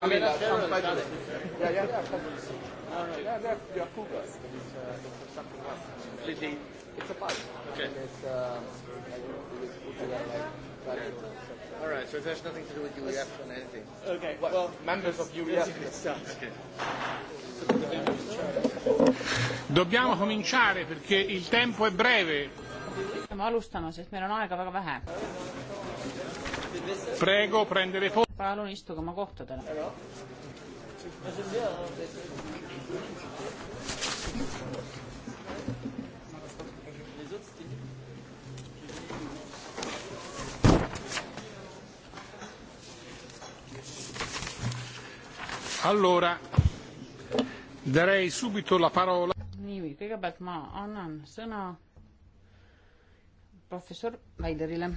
I mean, that's Trump's Yeah, yeah, yeah. No, no, no, they're, they're cool guys. It's, uh, it's something else. Completely. It's a bug. Okay. And it's, uh, like, it's put together, like, okay. All right, so it has nothing to do with UEF and anything. Okay, well, well members of UEF. Okay. Dobbiamo cominciare perché il tempo è breve. Stiamo alustama, sest meil on aega väga vähe. Prego prendere posto. palun istuge oma kohtadele. Allora, darei subito la parola. nii, kõigepealt ma annan sõna professor Väiderile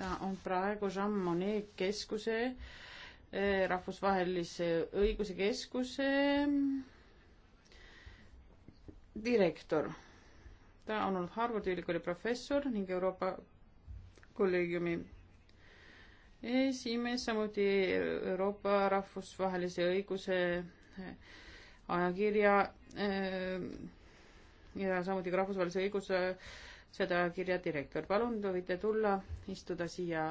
ta on praegu Jean Monnet keskuse, eh, rahvusvahelise õiguse keskuse mm, direktor. ta on olnud Harvardi ülikooli professor ning Euroopa kolleegiumi esimees, samuti Euroopa rahvusvahelise õiguse eh, ajakirja eh, ja samuti ka rahvusvahelise õiguse seda kirja direktor. palun, te võite tulla, istuda siia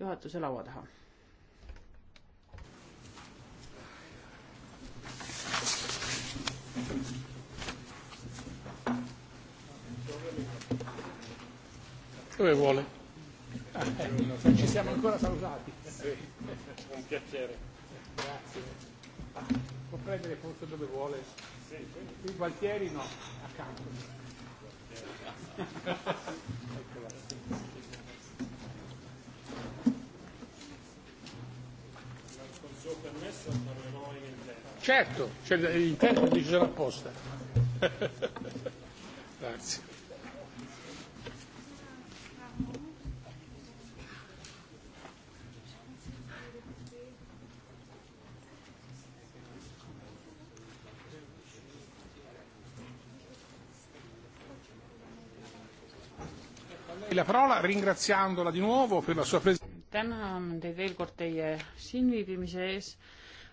juhatuse laua taha. Dove vuole? Ah, eh, ci siamo ancora salutati. Sì, un piacere. Grazie. Ah, può prendere posto dove vuole. Sì, sì. I Gualtieri no, accanto. Certo, cioè, l'interprete ci sarà apposta. Grazie. la parola ringraziandola di nuovo per la sua presenza. tänan teid veel kord teie siinviibimise ees.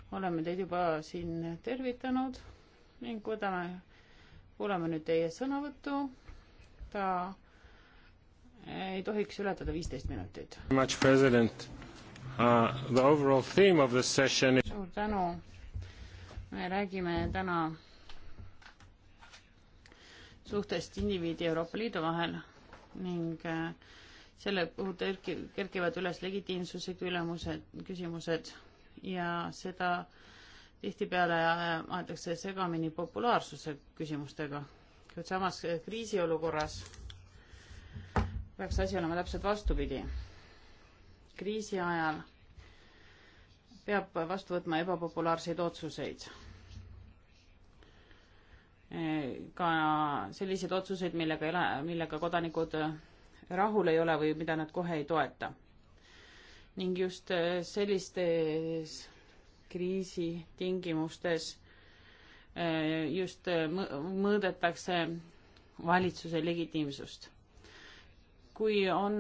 oleme teid juba siin tervitanud ning võtame, kuulame nüüd teie sõnavõttu. ta ei tohiks ületada viisteist minutit. Uh, session... suur tänu. me räägime täna suhtest indiviidi Euroopa Liidu vahel ning äh, selle puhul kerkivad üles legitiimsuse külemused, küsimused ja seda tihtipeale äh, aetakse segamini populaarsuse küsimustega. kuid samas äh, kriisiolukorras peaks asi olema täpselt vastupidi. kriisi ajal peab vastu võtma ebapopulaarseid otsuseid ka selliseid otsuseid, millega ela, millega kodanikud äh, rahul ei ole või mida nad kohe ei toeta. ning just äh, sellistes kriisi tingimustes äh, just mõõdetakse valitsuse legitiimsust. kui on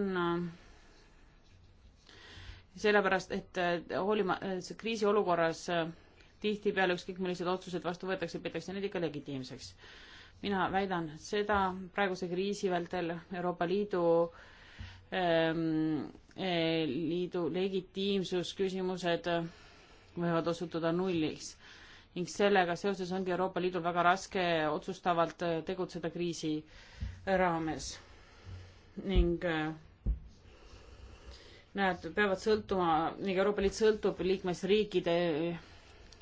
sellepärast, et hoolima-, kriisiolukorras tihtipeale ükskõik millised otsused vastu võetakse, peetakse neid ikka legitiimseks. mina väidan seda praeguse kriisi vältel Euroopa Liidu ähm, liidu legitiimsusküsimused võivad osutuda nulliks ning sellega seoses ongi Euroopa Liidul väga raske otsustavalt tegutseda kriisi raames. ning e, nad peavad sõltuma, ning Euroopa Liit sõltub liikmesriikide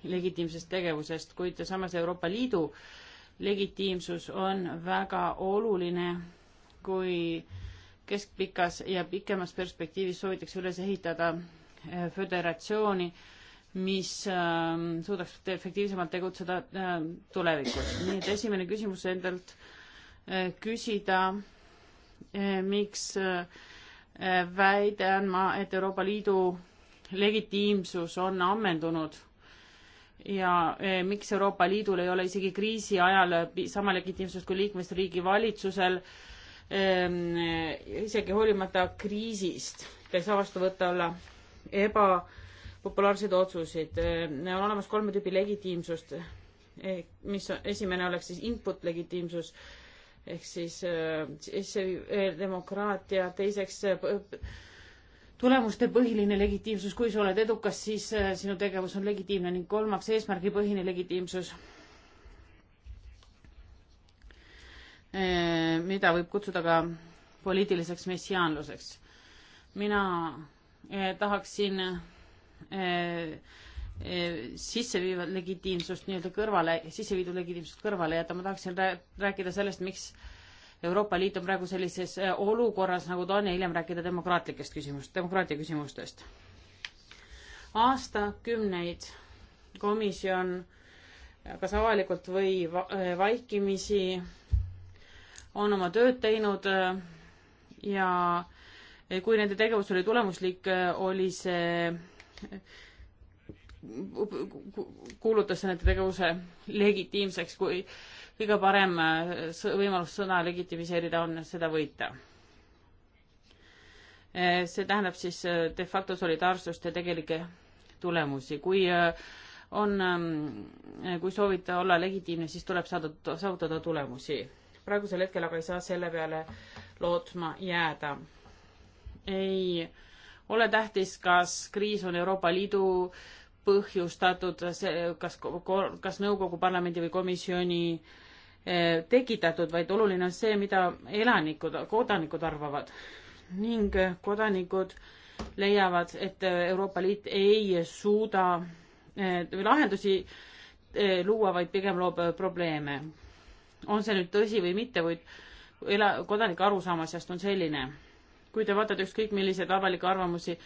legitiimsest tegevusest, kuid samas Euroopa Liidu legitiimsus on väga oluline, kui keskpikas ja pikemas perspektiivis soovitakse üles ehitada äh, föderatsiooni, mis äh, suudaks efektiivsemalt tegutseda äh, tulevikus. nii et esimene küsimus endalt äh, küsida, äh, miks äh, väidan ma, et Euroopa Liidu legitiimsus on ammendunud ja eh, miks Euroopa Liidul ei ole isegi kriisi ajal sama legitiimsust kui liikmesriigi valitsusel eh,, isegi hoolimata kriisist, ta ei saa vastu võtta olla ebapopulaarseid otsuseid eh,. on olemas kolme tüüpi legitiimsust, eh, mis on, esimene oleks siis input legitiimsus ehk siis eh, sisse eh, demokraatia, teiseks tulemuste põhiline legitiimsus, kui sa oled edukas, siis äh, sinu tegevus on legitiimne ning kolmaks eesmärgipõhine legitiimsus, äh, mida võib kutsuda ka poliitiliseks messiaanluseks. mina äh, tahaksin sisse viivad legitiimsust nii-öelda kõrvale, sisse viidud legitiimsust kõrvale jätta, ma tahaksin rääkida sellest, miks äh, Euroopa Liit on praegu sellises äh, olukorras, nagu ta on ja hiljem rääkida demokraatlikest küsimust, demokraatia küsimustest. aastakümneid komisjon kas avalikult või va äh, vaikimisi on oma tööd teinud äh, ja kui nende tegevus oli tulemuslik, oli see kuulutas nende tegevuse legitiimseks, kui kõige parem äh, võimalus sõna legitimiseerida on seda võita. Äh, see tähendab siis äh, de facto solidaarsust ja tegelikke tulemusi. kui on, ähm, kui soovida olla legitiimne, siis tuleb saada, saavutada tulemusi. praegusel hetkel aga ei saa selle peale lootma jääda. ei ole tähtis, kas kriis on Euroopa Liidu põhjustatud, kas, kas nõukogu, parlamendi või komisjoni äh, Eh, tekitatud, vaid oluline on see, mida elanikud, kodanikud arvavad. ning eh, kodanikud leiavad, et eh, Euroopa Liit ei suuda lahendusi luua, vaid pigem loob probleeme. on see nüüd tõsi või mitte, kuid ela-, kodanike arusaam asjast on selline. kui te vaatate ükskõik milliseid avalikke arvamusi,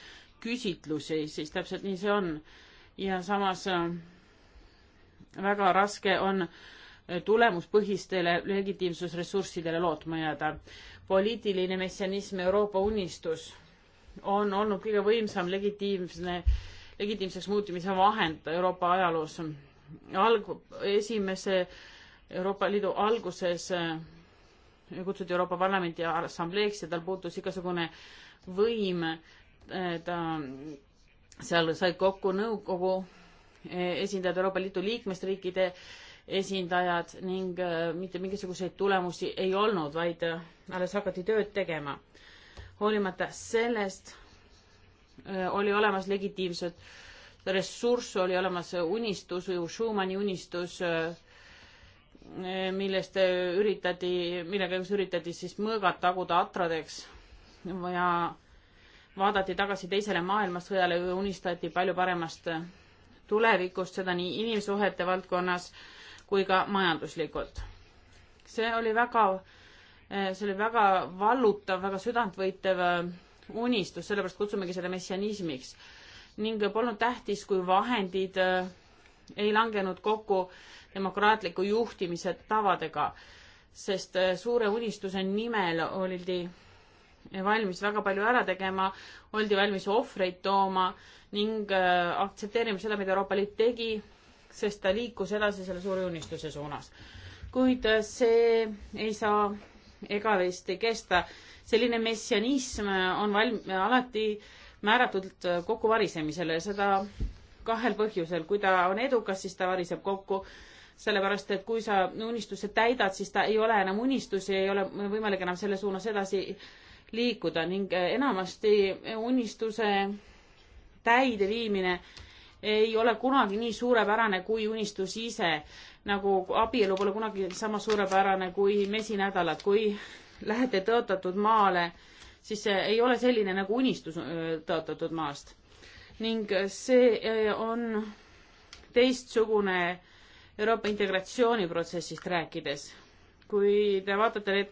küsitlusi, siis täpselt nii see on. ja samas väga raske on äh, tulemuspõhistele legitiimsusressurssidele lootma jääda. poliitiline messianism Euroopa unistus on olnud kõige võimsam legitiimsne, legitiimseks muutumise vahend Euroopa ajaloos. alg-, esimese Euroopa Liidu alguses äh, kutsuti Euroopa Parlamendi assambleeks ja tal puutus igasugune võim, äh, ta, seal said kokku nõukogu äh, esindajad Euroopa Liidu liikmesriikide äh, esindajad ning äh, mitte mingisuguseid tulemusi ei olnud, vaid äh, alles hakati tööd tegema. hoolimata sellest äh, oli olemas legitiimsed ressurss, oli olemas unistus, Schumanni unistus, millest üritati, mille käigus üritati siis mõõgad taguda atradeks ja vaadati tagasi teisele maailmasõjale ja unistati palju paremast tulevikust, seda nii inimsuhete valdkonnas kui ka majanduslikult. see oli väga, eh, see oli väga vallutav, väga südantvõitev eh, unistus, sellepärast kutsumegi seda messianismiks ning polnud tähtis, kui vahendid eh, ei langenud kokku demokraatliku juhtimise tavadega, sest suure unistuse nimel oldi valmis väga palju ära tegema, oldi valmis ohvreid tooma ning aktsepteerima seda, mida Euroopa Liit tegi sest ta liikus edasi selle suure unistuse suunas. kuid see ei saa igavesti kesta. selline messianism on valm-, alati määratult kokku varisemisele, seda kahel põhjusel, kui ta on edukas, siis ta variseb kokku, sellepärast et kui sa unistuse täidad, siis ta ei ole enam unistus ja ei ole võimalik enam selle suunas edasi liikuda ning enamasti unistuse täideviimine ei ole kunagi nii suurepärane kui unistus ise, nagu abielu pole kunagi sama suurepärane kui mesinädalad, kui lähete tõotatud maale, siis see ei ole selline nagu unistus äh, tõotatud maast. ning see äh, on teistsugune Euroopa integratsiooniprotsessist rääkides. kui te vaatate need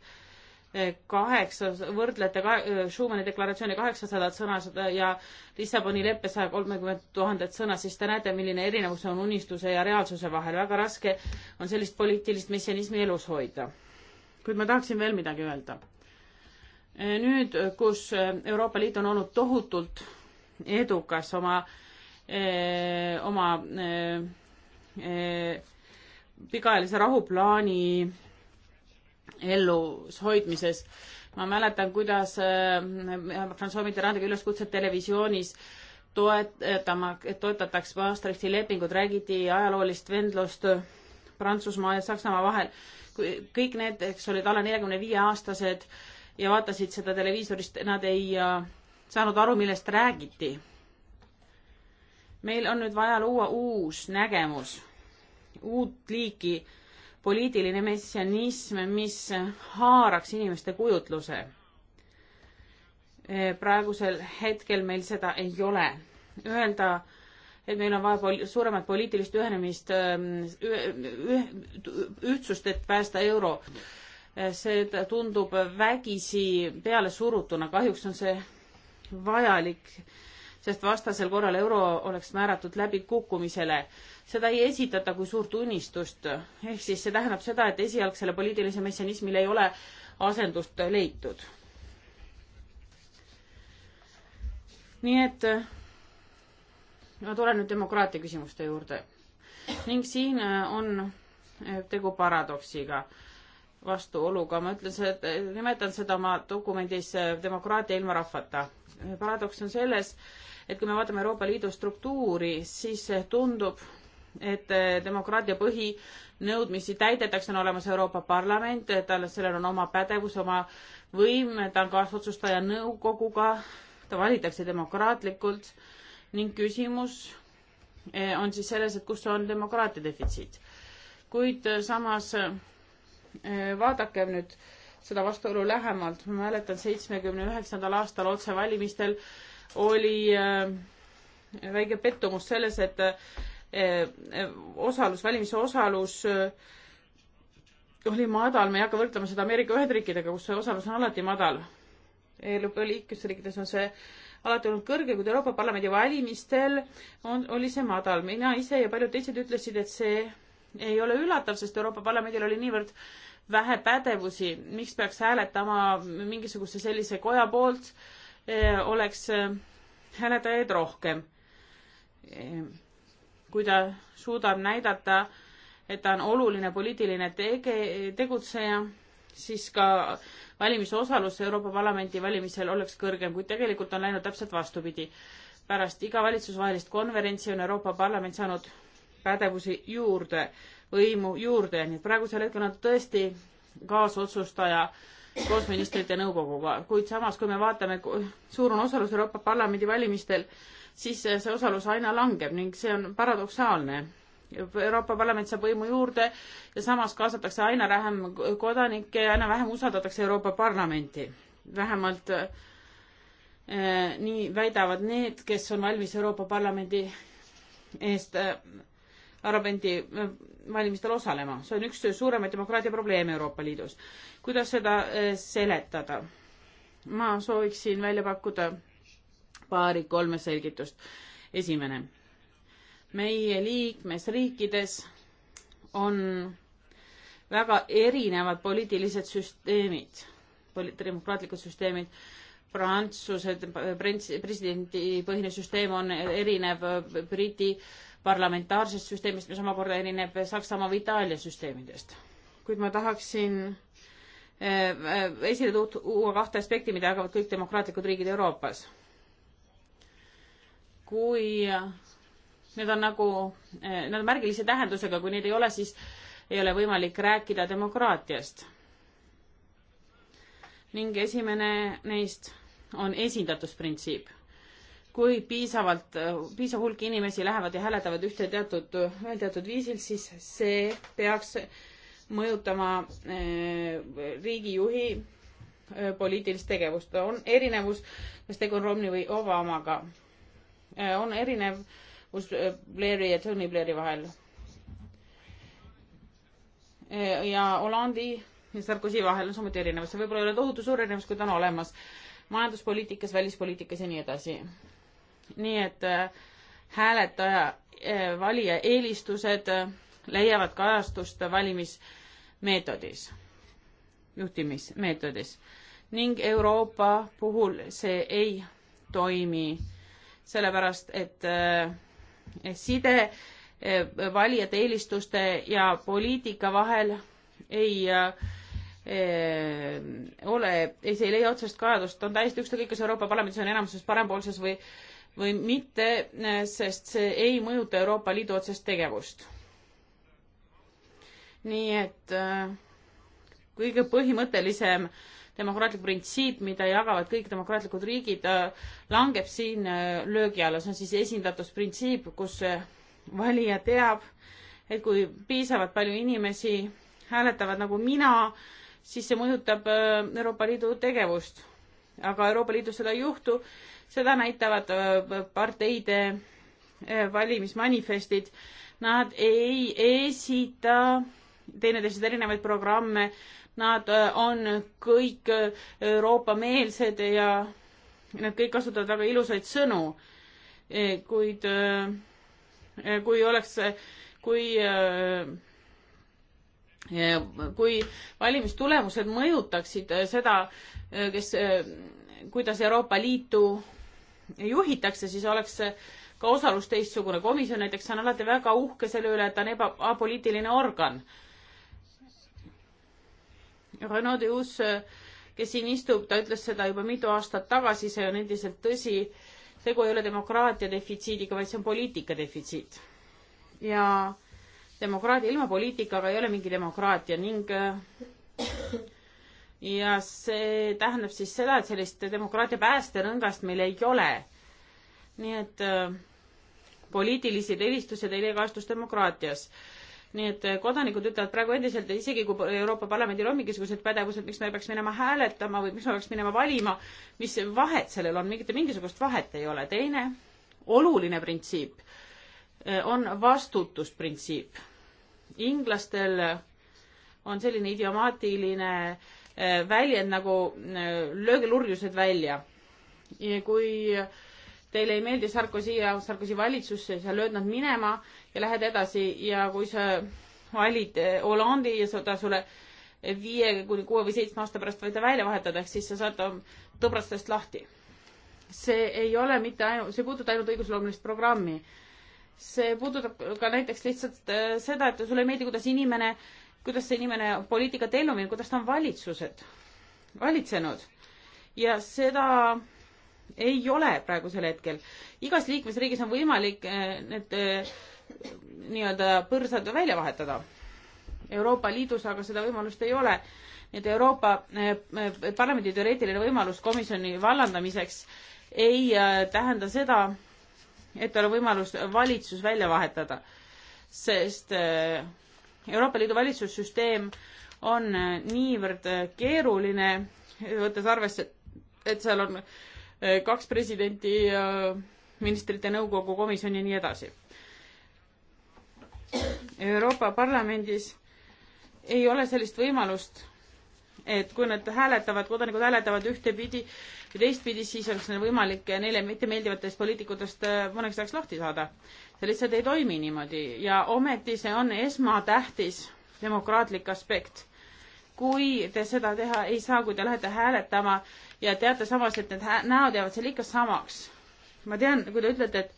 kaheksa, võrdlete ka Schumanni deklaratsiooni kaheksasadat sõna ja Lissaboni leppe saja kolmekümmet tuhandet sõna, siis te näete, milline erinevus on unistuse ja reaalsuse vahel. väga raske on sellist poliitilist messianismi elus hoida. kuid ma tahaksin veel midagi öelda. nüüd, kus Euroopa Liit on olnud tohutult edukas oma, eh, oma eh, eh, pikaajalise rahuplaani ellus hoidmises. ma mäletan, kuidas äh, Francois Mitterrandiga üleskutset televisioonis toetama, et toetataks Maastrichti lepingut, räägiti ajaloolist vendlust Prantsusmaa ja Saksamaa vahel. kõik need, eks olid alla neljakümne viie aastased ja vaatasid seda televiisorist, nad ei äh, saanud aru, millest räägiti. meil on nüüd vaja luua uus nägemus, uut liiki poliitiline messianism, mis haaraks inimeste kujutluse. Eh, praegusel hetkel meil seda ei ole. Öelda, et meil on vaja pol-, suuremat poliitilist ühenemist, ehm, ühtsust, et päästa euro, eh, see tundub vägisi pealesurutuna, kahjuks on see vajalik sest vastasel korral euro oleks määratud läbikukkumisele. seda ei esitata kui suurt unistust, ehk siis see tähendab seda, et esialgsele poliitilisele messianismile ei ole asendust leitud. nii et äh, ma tulen nüüd demokraatia küsimuste juurde ning siin äh, on äh, tegu paradoksiga vastuoluga, ma ütlen, nimetan seda oma dokumendis demokraatia ilma rahvata. paradoks on selles, et kui me vaatame Euroopa Liidu struktuuri, siis tundub, et eh, demokraatia põhinõudmisi täidetakse, on olemas Euroopa Parlament, tal, sellel on oma pädevus, oma võim, ta on kaasotsustaja nõukoguga, ta valitakse demokraatlikult ning küsimus eh, on siis selles, et kus on demokraatia defitsiit. kuid eh, samas vaadakem nüüd seda vastuolu lähemalt, ma mäletan seitsmekümne üheksandal aastal otsevalimistel äh, oli äh, väike pettumus selles, et äh, äh, osalus, valimise osalus oli madal, me ei hakka võrdlema seda Ameerika Ühendriikidega, kus see osalus on alati madal. E liikmesriikides on see alati olnud kõrge, kuid Euroopa Parlamendi valimistel on, oli see madal. mina ise ja paljud teised ütlesid, et see ei ole üllatav, sest Euroopa Parlamendil oli niivõrd vähe pädevusi, miks peaks hääletama mingisuguse sellise koja poolt äh,, Eh, oleks eh, hääletajaid rohkem. Eh, kui ta suudab näidata, et ta on oluline poliitiline tege-, tegutseja, siis ka valimisosalus Euroopa Parlamendi valimisel oleks kõrgem, kuid tegelikult on läinud täpselt vastupidi. pärast iga valitsusvahelist konverentsi on Euroopa Parlament saanud pädevusi juurde, võimu juurde, nii et praegusel hetkel on tõesti kaasotsustaja äh, koos ministrite nõukoguga, kuid samas, kui me vaatame, suur on osalus Euroopa Parlamendi valimistel, siis see osalus aina langeb ning see on paradoksaalne. Euroopa Parlament saab võimu juurde ja samas kaasatakse aina vähem kodanikke ja aina vähem usaldatakse Euroopa Parlamenti. vähemalt eh, nii väidavad need, kes on valmis Euroopa Parlamendi eest eh, parlamendi eh, valimistel osalema. see on üks suuremaid demokraatia probleeme Euroopa Liidus. kuidas seda eh, seletada? ma sooviksin välja pakkuda paari-kolme selgitust. esimene. meie liikmesriikides on väga erinevad poliitilised süsteemid, demokraatlikud süsteemid. Prantsuse presidendipõhine süsteem on erinev Briti äh, parlamentaarsest süsteemist, mis omakorda erineb Saksamaa või Itaalia süsteemidest. kuid ma tahaksin eh, eh, esile tuua kahte aspekti, mida jagavad kõik demokraatlikud riigid Euroopas. kui need on nagu, eh, need on märgilise tähendusega, kui neid ei ole, siis ei ole võimalik rääkida demokraatiast. ning esimene neist on esindatuse printsiip kui piisavalt, piisav hulk inimesi lähevad ja hääletavad ühte teatud, ühel teatud viisil, siis see peaks mõjutama eh, riigijuhi eh, poliitilist tegevust. on erinevus, kas tegu on Romney või Obamaga. Eh, on erinevus Blairi ja Tony Blairi vahel. ja Hollandi ja Sarkozy vahel on samuti erinevus. see võib-olla ei ole tohutu suur erinevus, kuid on olemas majanduspoliitikas, välispoliitikas ja nii edasi nii et äh, hääletaja, äh, valija eelistused äh, leiavad kajastust valimismeetodis, juhtimismeetodis ning Euroopa puhul see ei toimi, sellepärast et side valijate eelistuste ja poliitika vahel ei ole, ei, see ei leia otsest kajadust, on täiesti ükskõik, kas Euroopa Parlamendis on enamuses parempoolses või või mitte, sest see ei mõjuta Euroopa Liidu otsest tegevust. nii et äh, kõige põhimõttelisem demokraatlik printsiip, mida jagavad kõik demokraatlikud riigid, äh, langeb siin äh, löögi alla, see on siis esindatusprintsiip, kus valija teab, et kui piisavalt palju inimesi hääletavad nagu mina, siis see mõjutab Euroopa Liidu tegevust. aga Euroopa Liidus seda ei juhtu, seda näitavad parteide valimismanifestid. Nad ei esita teineteisest erinevaid programme, nad on kõik Euroopa-meelsed ja nad kõik kasutavad väga ilusaid sõnu. kuid kui oleks, kui kui valimistulemused mõjutaksid äh, seda, äh, kes, äh, kuidas Euroopa Liitu juhitakse, siis oleks ka osalus teistsugune. komisjon näiteks on alati väga uhke selle üle, et ta on eba-, apoliitiline organ. Renaud de Jus, kes siin istub, ta ütles seda juba mitu aastat tagasi, see on endiselt tõsi. tegu ei ole demokraatia defitsiidiga, vaid see on poliitika defitsiit. ja demokraatia ilma poliitikaga ei ole mingi demokraatia ning ja see tähendab siis seda, et sellist demokraatia päästerõngast meil ei ole. nii et äh, poliitilised eelistused ei leia kajastust demokraatias. nii et äh, kodanikud ütlevad praegu endiselt, isegi kui Euroopa Parlamendil on mingisugused pädevused, miks me peaks minema hääletama või miks me peaks minema valima, mis vahet sellel on, mingit, mingisugust vahet ei ole. teine oluline printsiip äh, on vastutusprintsiip. inglastel on selline idiomaatiline äh, Äh, väljend nagu äh, lööge lurjused välja. kui teile ei meeldi Sarkozy ja Sarkozy valitsus, sa lööd nad minema ja lähed edasi ja kui sa valid äh, Hollandi ja ta sulle viie kuni kuue või seitsme aasta pärast võid ta välja vahetada, ehk siis sa saad tõbrastest lahti. see ei ole mitte ainult, see ei puuduta ainult õigusloomulist programmi. see puudutab ka näiteks lihtsalt seda, et sulle ei meeldi, kuidas inimene äh, kuidas see inimene poliitikat ellu viinud, kuidas ta on valitsused, valitsenud ja seda ei ole praegusel hetkel. igas liikmesriigis on võimalik eh, need eh, nii-öelda põrsad välja vahetada. Euroopa Liidus aga seda võimalust ei ole. nii et Euroopa eh, Parlamendi teoreetiline võimalus komisjoni vallandamiseks ei tähenda seda, et tal on võimalus valitsus välja vahetada, sest Euroopa Liidu valitsussüsteem on äh, niivõrd äh, keeruline, võttes arvesse, et seal on äh, kaks presidenti ja ministrite nõukogu komisjon ja nii edasi. Euroopa Parlamendis ei ole sellist võimalust et kui nad hääletavad, kodanikud hääletavad ühtepidi või teistpidi, siis oleks neil võimalik neile mittemeeldivatest poliitikutest äh, mõneks ajaks lahti saada. see lihtsalt ei toimi niimoodi ja ometi see on esmatähtis demokraatlik aspekt. kui te seda teha ei saa, kui te lähete hääletama ja teate samas, et need näod jäävad seal ikka samaks. ma tean, kui te ütlete, et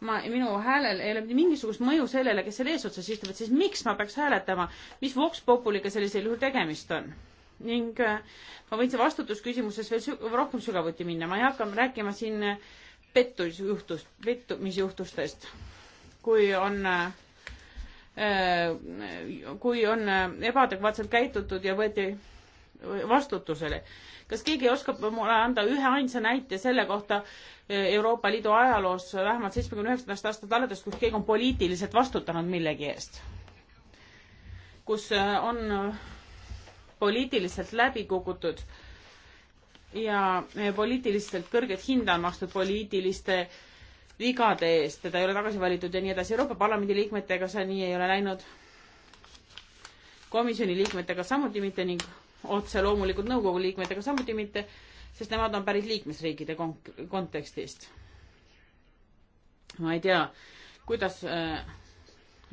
ma, minu häälel ei ole mitte mingisugust mõju sellele, kes seal eesotsas istuvad, siis miks ma peaks hääletama, mis voks populiga sellisel juhul tegemist on? ning äh, ma võin see vastutusküsimuses veel sü rohkem sügavuti minna, ma ei hakka rääkima siin äh, pettusjuhtust, pettumisjuhtustest, kui on äh, kui on ebaadekvaatselt käitutud ja võeti vastutusele. kas keegi oskab mulle anda ühe ainsa näite selle kohta Euroopa Liidu ajaloos vähemalt seitsmekümne üheksandast aastast alates, kus keegi on poliitiliselt vastutanud millegi eest? kus on poliitiliselt läbi kukutud ja eh, poliitilistelt kõrget hinda on makstud poliitiliste vigade eest, teda ei ole tagasi valitud ja nii edasi. Euroopa Parlamendi liikmetega see nii ei ole läinud, komisjoni liikmetega samuti mitte ning otse loomulikult nõukogu liikmetega samuti mitte, sest nemad on pärit liikmesriikide kontekstist. ma ei tea, kuidas äh,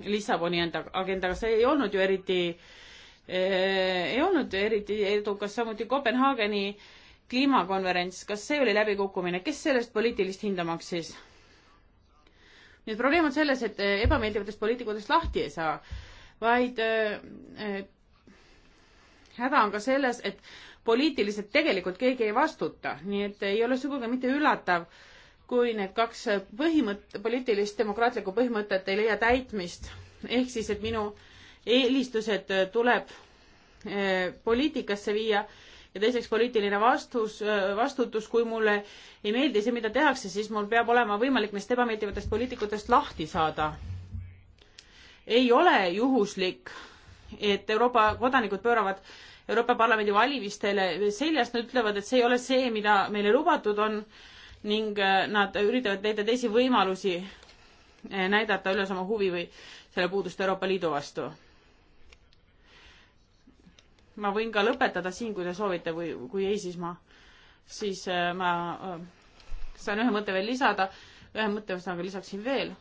Lissaboni enda agendaga, see ei olnud ju eriti äh, Äh, ei olnud eriti edukas, samuti Kopenhaageni kliimakonverents, kas see oli läbikukkumine, kes sellest poliitilist hinda maksis? nüüd probleem on selles, et äh, ebameeldivatest poliitikutest lahti ei saa, vaid äh, häda on ka selles, et poliitiliselt tegelikult keegi ei vastuta, nii et ei ole sugugi mitte üllatav, kui need kaks põhimõtt-, poliitilist demokraatlikku põhimõtet ei leia täitmist, ehk siis, et minu äh, eelistused tuleb eh, poliitikasse viia ja teiseks poliitiline vastus, eh, vastutus, kui mulle ei meeldi see, mida tehakse, siis mul peab olema võimalik neist ebameeldivatest poliitikutest lahti saada. ei ole juhuslik, et Euroopa kodanikud pööravad Euroopa Parlamendi valimistele seljast, nad ütlevad, et see ei ole see, mida meile lubatud on ning eh, nad üritavad leida teisi võimalusi näidata üles oma huvi või selle puudust Euroopa Liidu vastu ma võin ka lõpetada siin, kui te soovite või kui ei, siis ma, siis äh, ma äh, saan ühe mõtte veel lisada, ühe mõtte ühesõnaga lisaksin veel.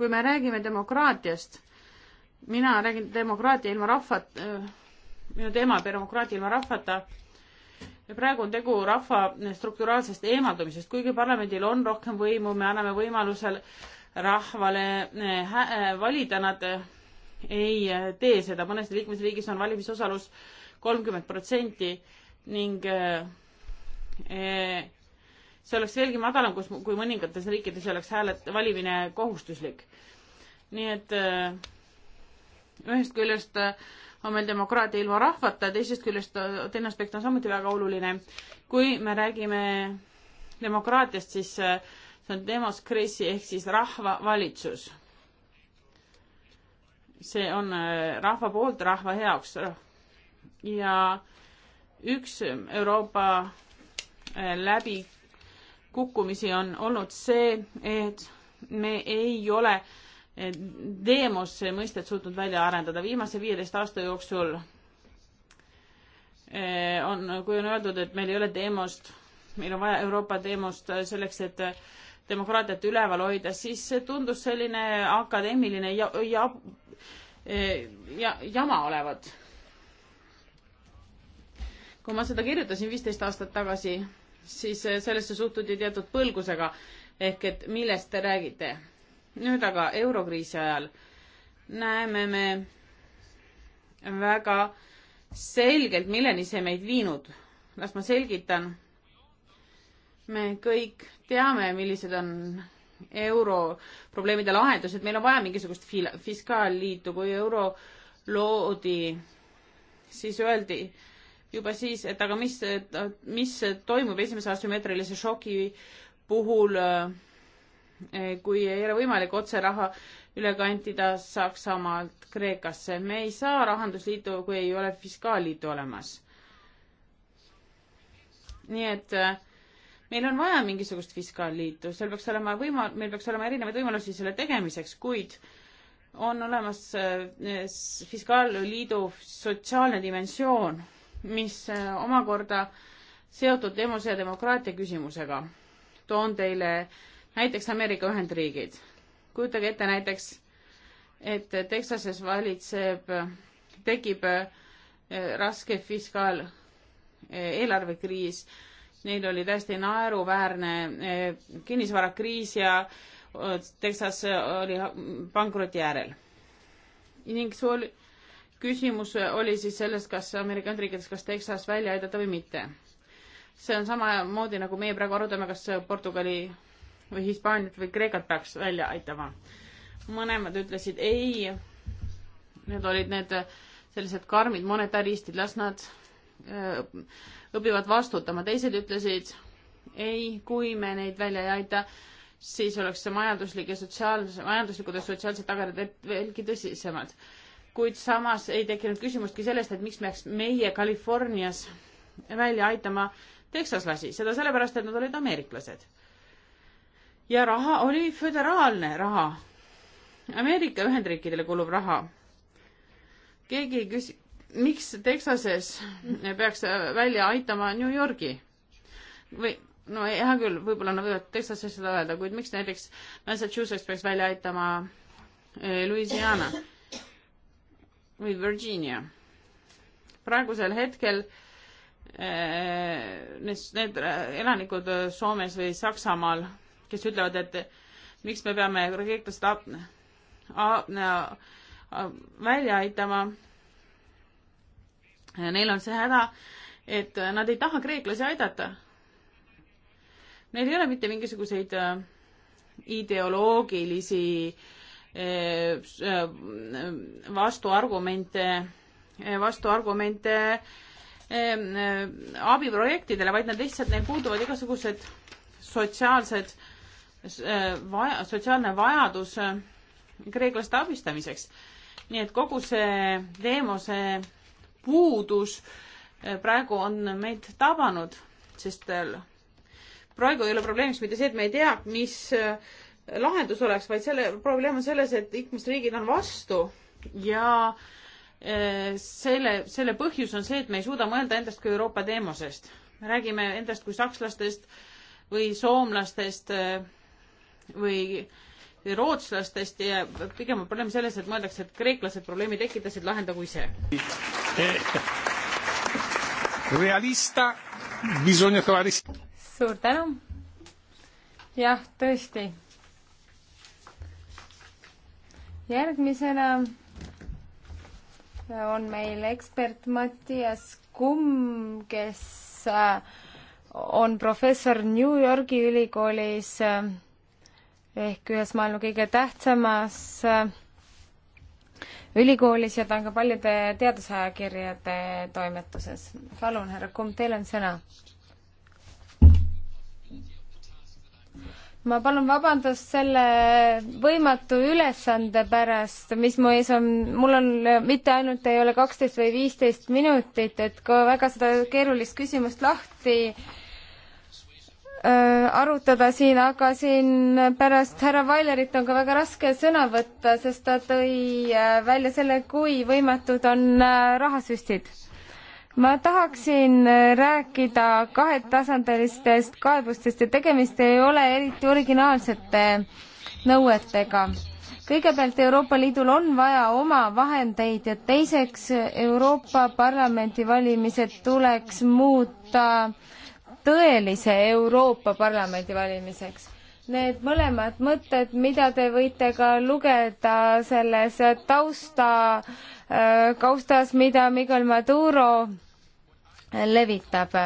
kui me räägime demokraatiast, mina räägin demokraatia ilma rahvat, äh, minu teema on demokraatia ilma rahvata ja praegu on tegu rahva strukturaalsest eemaldumisest, kuigi parlamendil on rohkem võimu, me anname võimalusel rahvale valida nad ei äh, tee seda, mõnes liikmesriigis on valimisosalus kolmkümmend protsenti ning äh, äh, see oleks veelgi madalam, kus, kui mõningates riikides oleks hääled, valimine kohustuslik. nii et ühest küljest on meil demokraatia ilma rahvata, teisest küljest teine aspekt on samuti väga oluline. kui me räägime demokraatiast, siis see on demos ehk siis rahvavalitsus see on äh, rahva poolt rahva heaks. ja üks Euroopa äh, läbikukkumisi on olnud see, et me ei ole äh, Demos mõistet suutnud välja arendada. viimase viieteist aasta jooksul on, kui on öeldud, et meil ei ole Demost, meil on vaja Euroopa Demost selleks, et demokraatiat üleval hoida, siis see tundus selline akadeemiline ja, ja, e, ja jama olevat. kui ma seda kirjutasin viisteist aastat tagasi, siis sellesse suhtuti teatud põlgusega ehk et millest te räägite. nüüd aga eurokriisi ajal näeme me väga selgelt, milleni see meid viinud. las ma selgitan me kõik teame, millised on euro probleemide lahendused, meil on vaja mingisugust fiskaalliitu, kui euro loodi, siis öeldi juba siis, et aga mis, mis toimub esimese asümmeetrilise šoki puhul, eh, kui ei ole võimalik otse raha üle kantida Saksamaalt Kreekasse. me ei saa rahandusliitu, kui ei ole fiskaalliitu olemas. nii et äh, meil on vaja mingisugust fiskaalliitu, seal peaks olema võima-, meil peaks olema erinevaid võimalusi selle tegemiseks, kuid on olemas äh, fiskaalliidu sotsiaalne dimensioon, mis äh, omakorda seotud demose ja demokraatia küsimusega. toon teile näiteks Ameerika Ühendriigid. kujutage ette näiteks, et Texases valitseb, tekib äh, raske fiskaal eelarvekriis Neil oli täiesti naeruväärne eh, kinnisvarakriis ja eh, Texas eh, oli pankroti äärel. ning see oli, küsimus oli siis selles, kas Ameerika Ühendriikides, kas Texas välja aidata või mitte. see on samamoodi, nagu meie praegu arutame, kas Portugali või Hispaaniat või Kreekat peaks välja aitama. mõlemad ütlesid ei. Need olid need sellised karmid monetaristid, las nad Äh, õpivad vastutama, teised ütlesid ei, kui me neid välja ei aita, siis oleks see majanduslik ja sotsiaalse, majanduslikud ja sotsiaalsed tagajärjed veelgi tõsisemad. kuid samas ei tekkinud küsimustki sellest, et miks peaks meie Californias välja aitama teksaslasi, seda sellepärast, et nad olid ameeriklased. ja raha oli föderaalne raha. Ameerika Ühendriikidele kuluv raha. keegi ei küsi-, miks Texases peaks välja aitama New Yorgi või no hea küll, võib-olla nad võivad Texases seda öelda, kuid miks näiteks Massachusetts peaks välja aitama eh, Louisiana või Virginia? praegusel hetkel eh, need, need elanikud Soomes või Saksamaal, kes ütlevad, et miks me peame kreeklased välja aitama Neil on see häda, et äh, nad ei taha kreeklasi aidata. Neil ei ole mitte mingisuguseid äh, ideoloogilisi äh, vastuargumente, vastuargumente ähm, abiprojektidele, vaid nad lihtsalt, neil puuduvad igasugused sotsiaalsed, vaja, sotsiaalne vajadus kreeklaste abistamiseks. nii et kogu see Deemose puudus eh, praegu on meid tabanud, sest eh, praegu ei ole probleemiks mitte see, et me ei tea, mis eh, lahendus oleks, vaid selle probleem on selles, et liikmesriigid on vastu ja selle, selle põhjus on see, et me ei suuda mõelda endast kui Euroopa teemusest. me räägime endast kui sakslastest või soomlastest või rootslastest ja pigem on probleem selles, et mõeldakse, et kreeklased probleemi tekitasid, lahendagu ise. Eh, realista, bisogna trovare. suur tänu. jah, tõesti. järgmisena on meil ekspert Mattias Kumm, kes äh, on professor New Yorgi ülikoolis äh, ehk ühes maailma kõige tähtsamas äh, ülikoolis ja ta on ka paljude teadusajakirjade toimetuses. palun, härra Kumb, teil on sõna. ma palun vabandust selle võimatu ülesande pärast, mis mu ees on, mul on, mitte ainult ei ole kaksteist või viisteist minutit, et kui väga seda keerulist küsimust lahti äh, arutada siin, aga siin pärast härra Vailerit on ka väga raske sõna võtta, sest ta tõi äh, välja selle, kui võimatud on äh, rahasüstid. ma tahaksin äh, rääkida kahetasandilistest kaebustest ja tegemist ei ole eriti originaalsete nõuetega. kõigepealt Euroopa Liidul on vaja oma vahendeid ja teiseks Euroopa Parlamendi valimised tuleks muuta äh, tõelise Euroopa Parlamendi valimiseks. Need mõlemad mõtted, mida te võite ka lugeda selles tausta, äh, kaustas, mida Miguel Maduro levitab.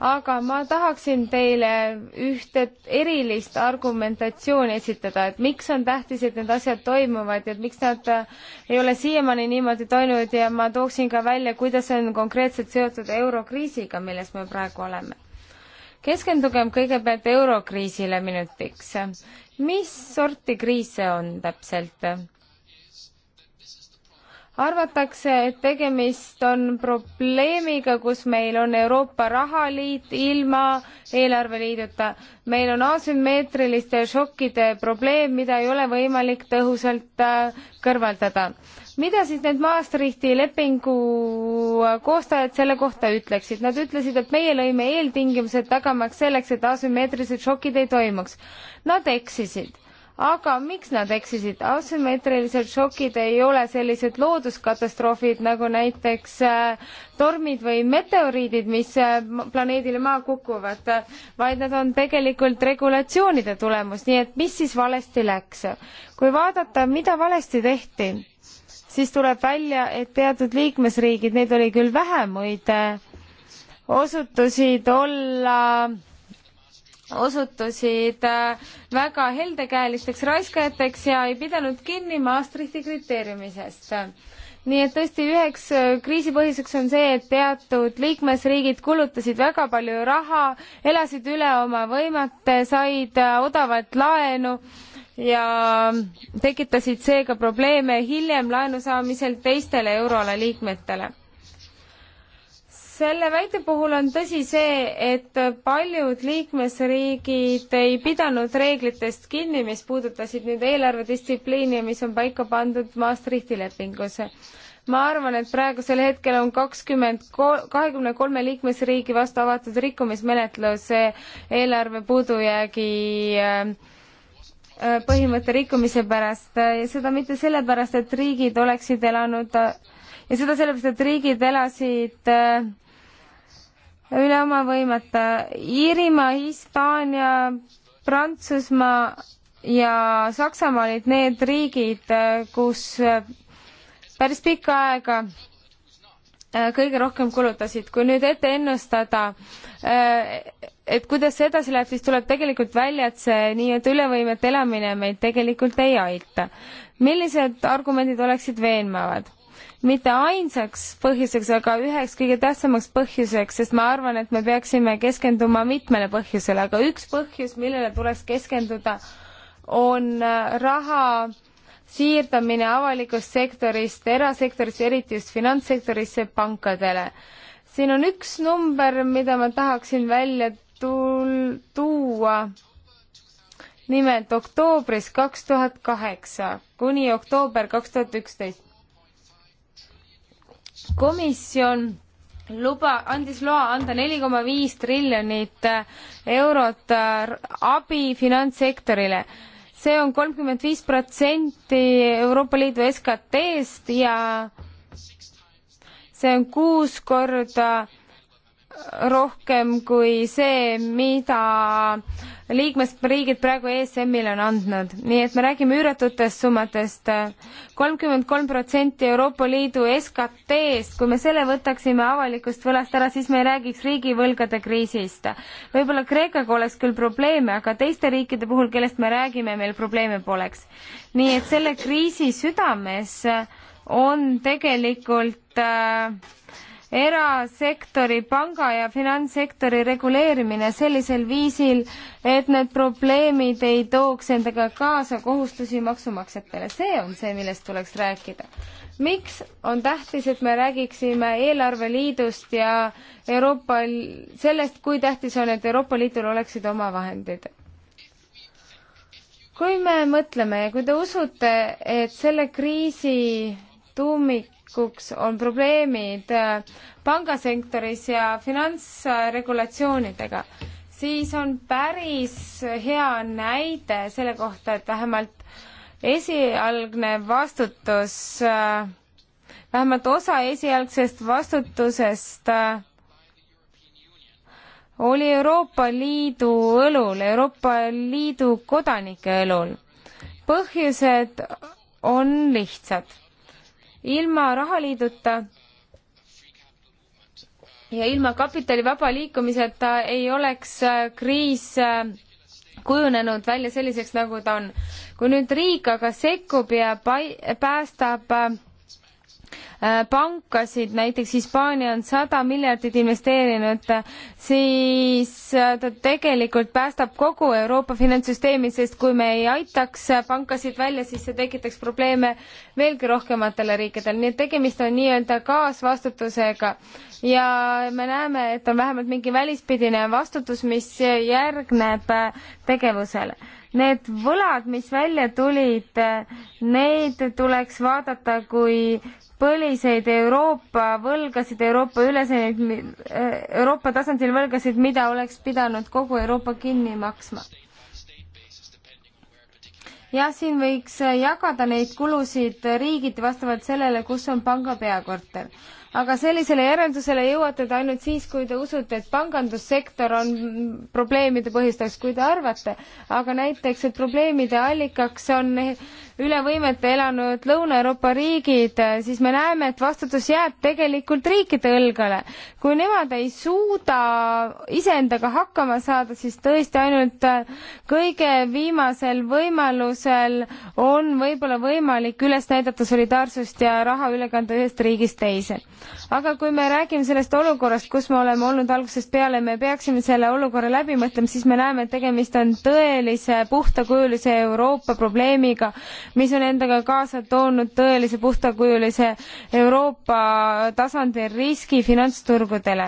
aga ma tahaksin teile ühte erilist argumentatsiooni esitada, et miks on tähtis, et need asjad toimuvad ja et miks nad äh, ei ole siiamaani niimoodi toimunud ja ma tooksin ka välja, kuidas see on konkreetselt seotud eurokriisiga, milles me praegu oleme keskendugem kõigepealt eurokriisile minutiks. mis sorti kriis see on täpselt? arvatakse, et tegemist on probleemiga, kus meil on Euroopa rahaliit ilma eelarveliiduta. meil on asümmeetriliste šokkide probleem, mida ei ole võimalik tõhusalt äh, kõrvaldada mida siis need Maastrichti lepingu äh, koostajad selle kohta ütleksid? Nad ütlesid, et meie lõime eeltingimused tagamaks selleks, et asümmeetrilised šokid ei toimuks. Nad eksisid. aga miks nad eksisid? asümmeetrilised šokid ei ole sellised looduskatastroofid nagu näiteks äh, tormid või meteoriidid, mis äh, planeedile maa kukuvad, vaid nad on tegelikult regulatsioonide tulemus, nii et mis siis valesti läks? kui vaadata, mida valesti tehti siis tuleb välja, et teatud liikmesriigid, neid oli küll vähe muide, äh, osutusid olla osutusid äh, väga heldekäelisteks raiskajateks ja ei pidanud kinni Maastrichti kriteeriumisest. nii et tõesti üheks äh, kriisi põhjuseks on see, et teatud liikmesriigid kulutasid väga palju raha, elasid üle oma võimete, said odavat laenu ja tekitasid seega probleeme hiljem laenu saamisel teistele euroala liikmetele. selle väite puhul on tõsi see, et paljud liikmesriigid ei pidanud reeglitest kinni, mis puudutasid nüüd eelarvedistsipliini, mis on paika pandud Maastrichti lepingus ma arvan, et praegusel hetkel on kakskümmend, kahekümne kolme liikmesriigi vastu avatud rikkumismenetlus eelarve puudujäägi äh, Äh, põhimõtte rikkumise pärast äh, ja seda mitte sellepärast, et riigid oleksid elanud äh, ja seda sellepärast, et riigid elasid üle oma võimete. Iirimaa, Hispaania, Prantsusmaa ja Saksamaa olid need riigid, kus päris pikka aega kõige rohkem kulutasid. kui nüüd ette ennustada et kuidas see edasi läheb, siis tuleb tegelikult välja, et see nii-öelda ülevõimet elamine meid tegelikult ei aita. millised argumendid oleksid veenvavad? mitte ainsaks põhjuseks, aga üheks kõige tähtsamaks põhjuseks, sest ma arvan, et me peaksime keskenduma mitmele põhjusele, aga üks põhjus, millele tuleks keskenduda, on äh, raha siirdamine avalikust sektorist erasektorisse, eriti just finantssektorisse, pankadele. siin on üks number, mida ma tahaksin välja tul-, tuua nimelt oktoobris kaks tuhat kaheksa kuni oktoober kaks tuhat üksteist. komisjon luba, andis loa anda neli koma viis triljonit äh, eurot äh, abi finantssektorile. see on kolmkümmend viis protsenti Euroopa Liidu SKT-st ja see on kuus korda äh, rohkem kui see, mida liikmesriigid praegu ESM-ile on andnud. nii et me räägime üüratutest summadest. kolmkümmend kolm protsenti Euroopa Liidu SKT-st, kui me selle võtaksime avalikust võlast ära, siis me ei räägiks riigivõlgade kriisist. võib-olla Kreekaga oleks küll probleeme, aga teiste riikide puhul, kellest me räägime, meil probleeme poleks. nii et selle kriisi südames on tegelikult äh, erasektori, panga ja finantssektori reguleerimine sellisel viisil, et need probleemid ei tooks endaga kaasa kohustusi maksumaksjatele. see on see, millest tuleks rääkida. miks on tähtis, et me räägiksime eelarveliidust ja Euroopa, sellest, kui tähtis on, et Euroopa Liidul oleksid oma vahendid? kui me mõtleme ja kui te usute, et selle kriisi tuumik tulevikuks on probleemid äh, pangasektoris ja finantsregulatsioonidega, siis on päris hea näide selle kohta, et vähemalt esialgne vastutus, äh, vähemalt osa esialgsest vastutusest äh, oli Euroopa Liidu õlul, Euroopa Liidu kodanike õlul. põhjused on lihtsad ilma rahaliiduta ja ilma kapitali vaba liikumiseta ei oleks äh, kriis äh, kujunenud välja selliseks, nagu ta on. kui nüüd riik aga sekkub ja pai-, päästab äh, Äh, pankasid, näiteks Hispaania on sada miljardit investeerinud, siis äh, ta tegelikult päästab kogu Euroopa finantssüsteemi, sest kui me ei aitaks pankasid välja, siis see tekitaks probleeme veelgi rohkematele riikidele, nii et tegemist on nii-öelda kaasvastutusega. ja me näeme, et on vähemalt mingi välispidine vastutus, mis järgneb äh, tegevusele need võlad, mis välja tulid, neid tuleks vaadata kui põliseid Euroopa võlgasid, Euroopa üleseid, Euroopa tasandil võlgasid, mida oleks pidanud kogu Euroopa kinni maksma. jah, siin võiks jagada neid kulusid riigiti vastavalt sellele, kus on panga peakorter. aga sellisele järeldusele jõuate te ainult siis, kui te usute, et pangandussektor on probleemide põhjustajaks, kui te arvate, aga näiteks, et probleemide allikaks on üle võimete elanud Lõuna-Euroopa riigid, siis me näeme, et vastutus jääb tegelikult riikide õlgale. kui nemad ei suuda iseendaga hakkama saada, siis tõesti ainult äh, kõige viimasel võimalusel on võib-olla võimalik üles näidata solidaarsust ja raha üle kanda ühest riigist teise. aga kui me räägime sellest olukorrast, kus me oleme olnud algusest peale, me peaksime selle olukorra läbi mõtlema, siis me näeme, et tegemist on tõelise puhtakujulise Euroopa probleemiga, mis on endaga kaasa toonud tõelise puhtakujulise Euroopa tasandil riski finantsturgudele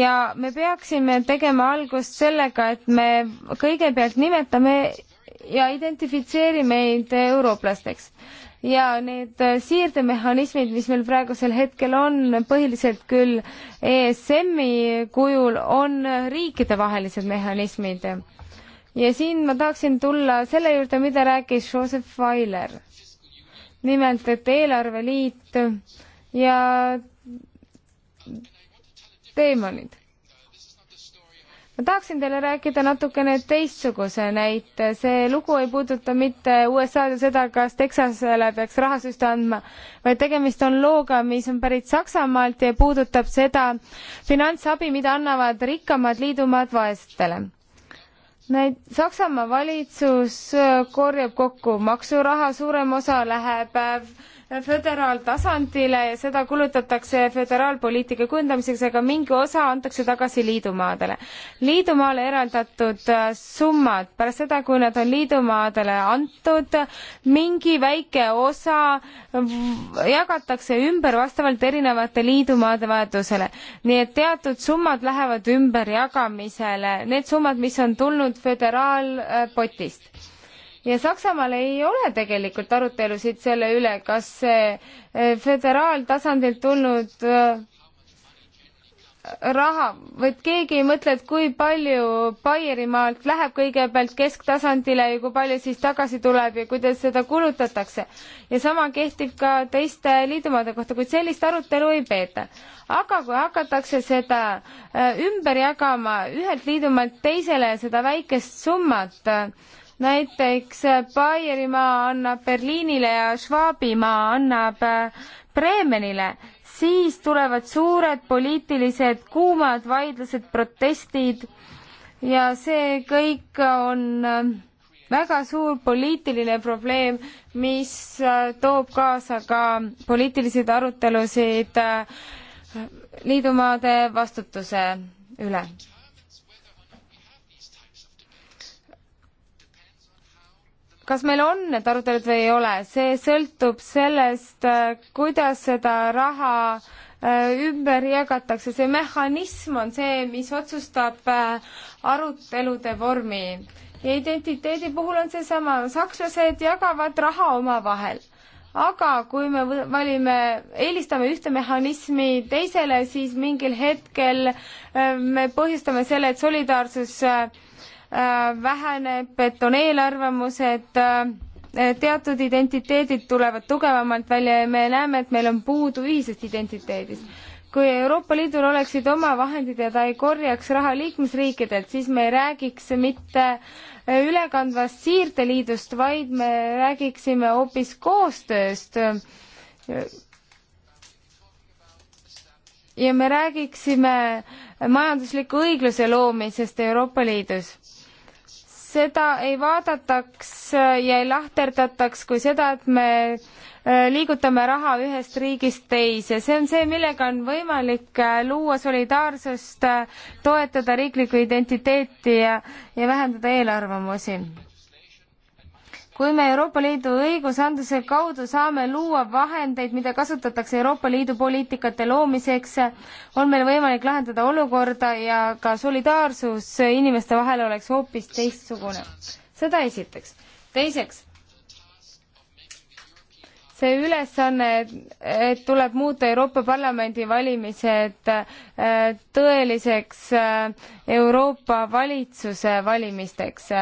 ja me peaksime tegema algust sellega, et me kõigepealt nimetame ja identifitseerime end eurooplasteks ja need siirdemehhanismid, mis meil praegusel hetkel on, põhiliselt küll ESM-i kujul, on riikidevahelised mehhanismid ja siin ma tahaksin tulla selle juurde, mida rääkis Joseph Weiler. nimelt, et eelarveliit ja teemonid. ma tahaksin teile rääkida natukene teistsuguse näite, see lugu ei puuduta mitte USA-d ja seda, kas Texasele peaks rahasüste andma, vaid tegemist on looga, mis on pärit Saksamaalt ja puudutab seda finantsabi, mida annavad rikkamad liidumaad vaestele Neid, Saksamaa valitsus äh, korjab kokku maksuraha, suurem osa läheb äh, föderaaltasandile ja seda kulutatakse föderaalpoliitika kujundamiseks, aga mingi osa antakse tagasi liidumaadele. liidumaale eraldatud äh, summad pärast seda, kui nad on liidumaadele antud, mingi väike osa jagatakse ümber vastavalt erinevate liidumaade vajadusele. nii et teatud summad lähevad ümberjagamisele, need summad, mis on tulnud föderaalpotist äh, ja Saksamaal ei ole tegelikult arutelusid selle üle, kas see eh, föderaaltasandilt tulnud eh, raha, vaid keegi ei mõtle, et kui palju Baierimaalt läheb kõigepealt kesktasandile ja kui palju siis tagasi tuleb ja kuidas seda kulutatakse. ja sama kehtib ka teiste liidumaade kohta, kuid sellist arutelu ei peeta. aga kui hakatakse seda eh, ümber jagama ühelt liidumaalt teisele, seda väikest summat, näiteks äh, Baierimaa annab Berliinile ja Schwabimaa annab äh, Bremenile, siis tulevad suured poliitilised kuumad vaidlused, protestid ja see kõik on äh, väga suur poliitiline probleem, mis toob kaasa ka poliitilised arutelusid liidumaade vastutuse üle kas meil on need arutelud või ei ole, see sõltub sellest, kuidas seda raha äh, ümber jagatakse, see mehhanism on see, mis otsustab äh, arutelude vormi. ja identiteedi puhul on seesama, sakslased jagavad raha omavahel. aga kui me valime, eelistame ühte mehhanismi teisele, siis mingil hetkel äh, me põhjustame selle, et solidaarsus Äh, väheneb, et on eelarvamused, äh, äh, teatud identiteedid tulevad tugevamalt välja ja me näeme, et meil on puudu ühisest identiteedist kui Euroopa Liidul oleksid oma vahendid ja ta ei korjaks raha liikmesriikidelt, siis me ei räägiks mitte ülekandvast siirdeliidust, vaid me räägiksime hoopis koostööst. ja me räägiksime majandusliku õigluse loomisest Euroopa Liidus seda ei vaadataks ja ei lahterdataks kui seda, et me äh, liigutame raha ühest riigist teise. see on see, millega on võimalik äh, luua solidaarsust, äh, toetada riiklikku identiteeti ja, ja vähendada eelarvamusi kui me Euroopa Liidu õigusandluse kaudu saame luua vahendeid, mida kasutatakse Euroopa Liidu poliitikate loomiseks, on meil võimalik lahendada olukorda ja ka solidaarsus inimeste vahel oleks hoopis teistsugune. seda esiteks. teiseks, see ülesanne, et tuleb muuta Euroopa Parlamendi valimised äh, tõeliseks äh, Euroopa valitsuse valimisteks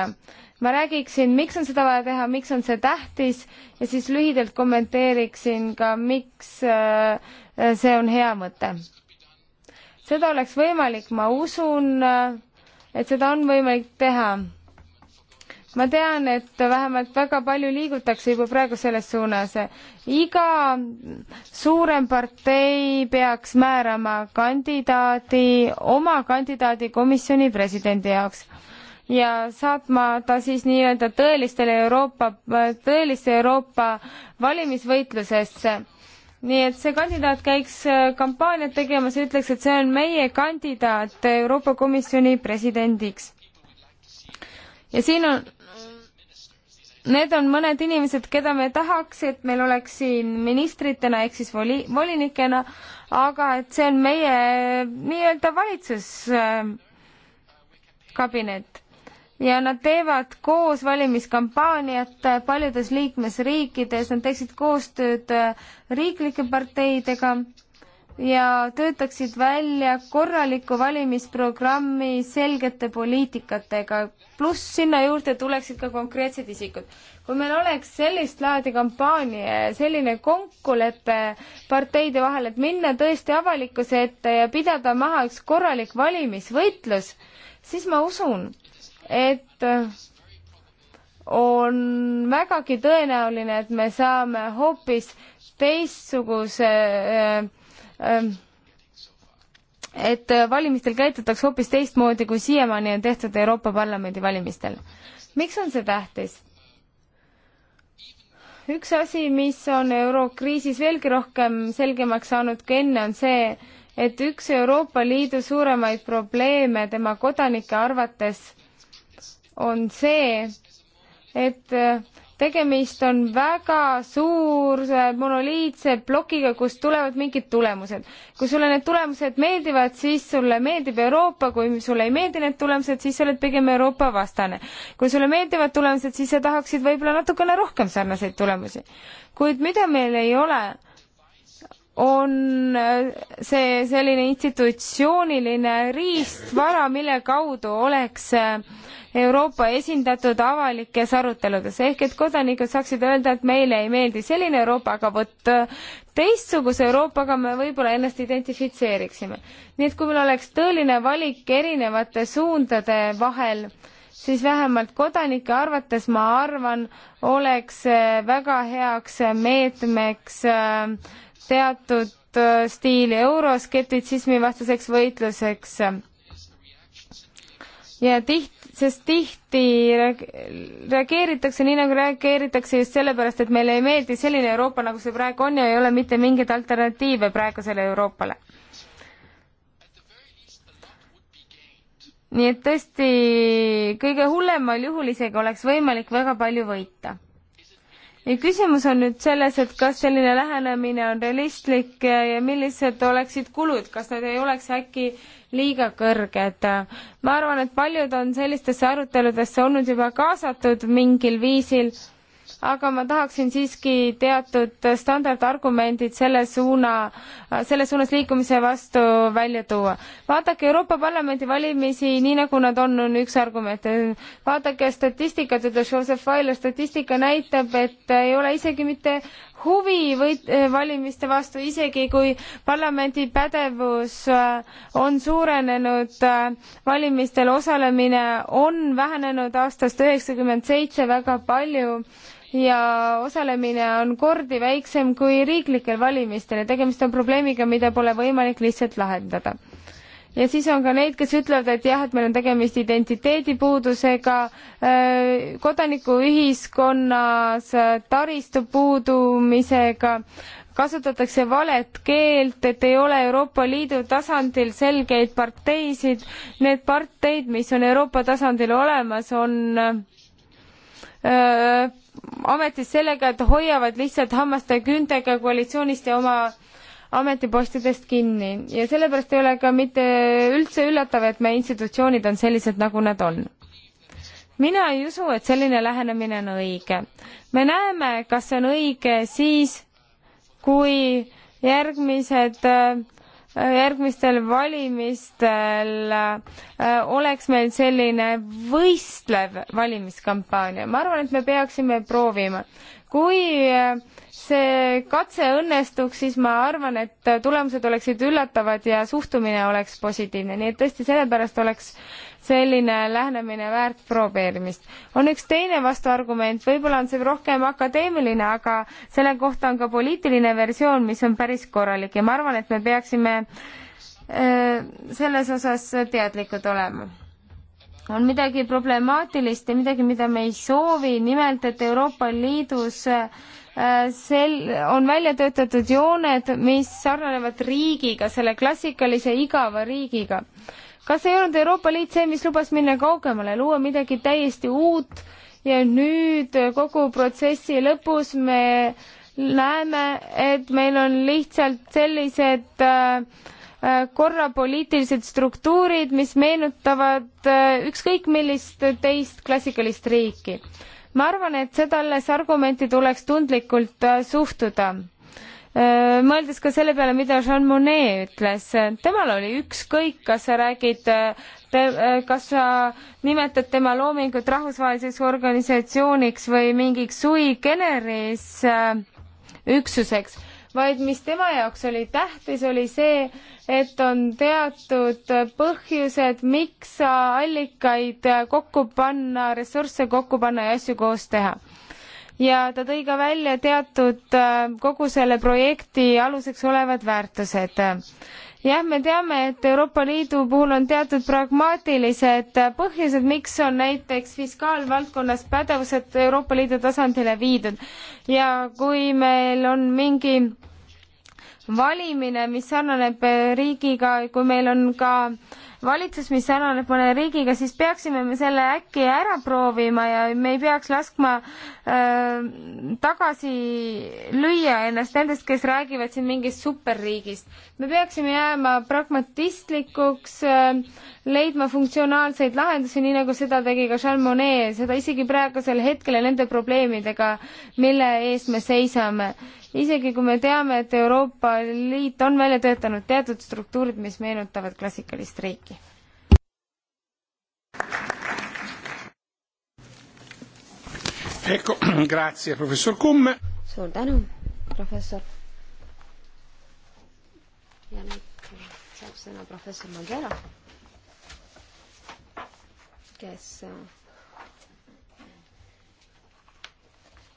ma räägiksin, miks on seda vaja teha, miks on see tähtis ja siis lühidalt kommenteeriksin ka, miks äh, see on hea mõte. seda oleks võimalik, ma usun, äh, et seda on võimalik teha. ma tean, et vähemalt väga palju liigutakse juba praegu selles suunas. iga suurem partei peaks määrama kandidaadi, oma kandidaadi komisjoni presidendi jaoks ja saatma ta siis nii-öelda tõelistele Euroopa, tõelisse Euroopa valimisvõitlusesse nii et see kandidaat käiks äh, kampaaniat tegemas ja ütleks, et see on meie kandidaat Euroopa Komisjoni presidendiks. ja siin on, need on mõned inimesed, keda me tahaks, et meil oleks siin ministritena ehk siis voli, volinikena, aga et see on meie äh, nii-öelda valitsuskabinet äh, ja nad teevad koos valimiskampaaniat paljudes liikmesriikides, nad teeksid koostööd riiklike parteidega ja töötaksid välja korraliku valimisprogrammi selgete poliitikatega, pluss sinna juurde tuleksid ka konkreetsed isikud. kui meil oleks sellist laadi kampaania ja selline kokkulepe parteide vahel, et minna tõesti avalikkuse ette ja pidada maha üks korralik valimisvõitlus, siis ma usun, et on vägagi tõenäoline, et me saame hoopis teistsuguse äh, äh, et valimistel käitutakse hoopis teistmoodi, kui siiamaani on tehtud Euroopa Parlamendi valimistel. miks on see tähtis? üks asi, mis on eurokriisis veelgi rohkem selgemaks saanud kui enne, on see, et üks Euroopa Liidu suuremaid probleeme tema kodanike arvates on see, et äh, tegemist on väga suure monoliitse plokiga, kust tulevad mingid tulemused. kui sulle need tulemused meeldivad, siis sulle meeldib Euroopa, kui sulle ei meeldi need tulemused, siis sa oled pigem Euroopa vastane. kui sulle meeldivad tulemused, siis sa tahaksid võib-olla natukene rohkem sarnaseid tulemusi. kuid mida meil ei ole, on äh, see selline institutsiooniline riistvara, mille kaudu oleks äh, Euroopa esindatud avalikes aruteludes, ehk et kodanikud saaksid öelda, et meile ei meeldi selline Euroopa, aga vot äh, teistsuguse Euroopaga me võib-olla ennast identifitseeriksime. nii et kui meil oleks tõeline valik erinevate suundade vahel, siis vähemalt kodanike arvates, ma arvan, oleks väga heaks meetmeks äh, teatud äh, stiili euroskeptitsismi vastaseks võitluseks. ja tiht-, sest tihti reageeritakse nii, nagu reageeritakse just sellepärast, et meile ei meeldi selline Euroopa, nagu see praegu on ja ei ole mitte mingeid alternatiive praegusele Euroopale nii et tõesti kõige hullemal juhul isegi oleks võimalik väga palju võita ja küsimus on nüüd selles, et kas selline lähenemine on realistlik ja millised oleksid kulud, kas need ei oleks äkki liiga kõrged? ma arvan, et paljud on sellistesse aruteludesse olnud juba kaasatud mingil viisil aga ma tahaksin siiski teatud standardargumendid selle suuna, selles suunas liikumise vastu välja tuua. vaadake Euroopa Parlamendi valimisi nii, nagu nad on, on üks argument. vaadake statistikat, ütles Joseph Weiler, statistika näitab, et ei ole isegi mitte huvi või valimiste vastu, isegi kui parlamendi pädevus äh, on suurenenud, äh, valimistel osalemine on vähenenud aastast üheksakümmend seitse väga palju ja osalemine on kordi väiksem kui riiklikel valimistel ja tegemist on probleemiga, mida pole võimalik lihtsalt lahendada. ja siis on ka neid, kes ütlevad, et jah, et meil on tegemist identiteedipuudusega, äh, kodanikuühiskonnas äh, taristu puudumisega, kasutatakse valet keelt, et ei ole Euroopa Liidu tasandil selgeid parteisid. Need parteid, mis on Euroopa tasandil olemas, on äh, ametis sellega, et hoiavad lihtsalt hammaste küüntega koalitsioonist ja oma ametipostidest kinni ja sellepärast ei ole ka mitte üldse üllatav, et meie institutsioonid on sellised, nagu nad on. mina ei usu, et selline lähenemine on õige. me näeme, kas see on õige siis, kui järgmised äh, järgmistel valimistel äh, oleks meil selline võistlev valimiskampaania. ma arvan, et me peaksime proovima kui äh, see katse õnnestuks, siis ma arvan, et äh, tulemused oleksid üllatavad ja suhtumine oleks positiivne, nii et tõesti sellepärast oleks selline lähenemine väärt probeerimist. on üks teine vastuargument, võib-olla on see rohkem akadeemiline, aga selle kohta on ka poliitiline versioon, mis on päris korralik ja ma arvan, et me peaksime äh, selles osas teadlikud olema on midagi problemaatilist ja midagi, mida me ei soovi, nimelt et Euroopa Liidus äh, sel-, on välja töötatud jooned, mis sarnanevad riigiga, selle klassikalise igava riigiga. kas ei olnud Euroopa Liit see, mis lubas minna kaugemale, luua midagi täiesti uut ja nüüd äh, kogu protsessi lõpus me näeme, et meil on lihtsalt sellised äh, Äh, korra poliitilised struktuurid, mis meenutavad äh, ükskõik millist teist klassikalist riiki. ma arvan, et seda alles argumenti tuleks tundlikult äh, suhtuda. mõeldes ka selle peale, mida Jean Monnet ütles, temal oli ükskõik, kas sa räägid te, kas sa nimetad tema loomingut rahvusvaheliseks organisatsiooniks või mingiks sui generis üksuseks vaid mis tema jaoks oli tähtis, oli see, et on teatud põhjused, miks allikaid kokku panna, ressursse kokku panna ja asju koos teha ja ta tõi ka välja teatud äh, kogu selle projekti aluseks olevad väärtused. jah, me teame, et Euroopa Liidu puhul on teatud pragmaatilised põhjused, miks on näiteks fiskaalvaldkonnas pädevused Euroopa Liidu tasandile viidud ja kui meil on mingi valimine, mis sarnaneb äh, riigiga, kui meil on ka valitsus, mis sarnaneb mõne riigiga, siis peaksime me selle äkki ära proovima ja me ei peaks laskma äh, tagasi lüüa ennast nendest, kes räägivad siin mingist superriigist. me peaksime jääma pragmatistlikuks äh,, leidma funktsionaalseid lahendusi, nii nagu seda tegi ka Jean Monnet, seda isegi praegusel hetkel ja nende probleemidega, mille eest me seisame isegi kui me teame, et Euroopa Liit on välja töötanud teatud struktuurid, mis meenutavad klassikalist riiki. suur tänu, professor. ja nüüd saab sõna professor Mandela, kes äh,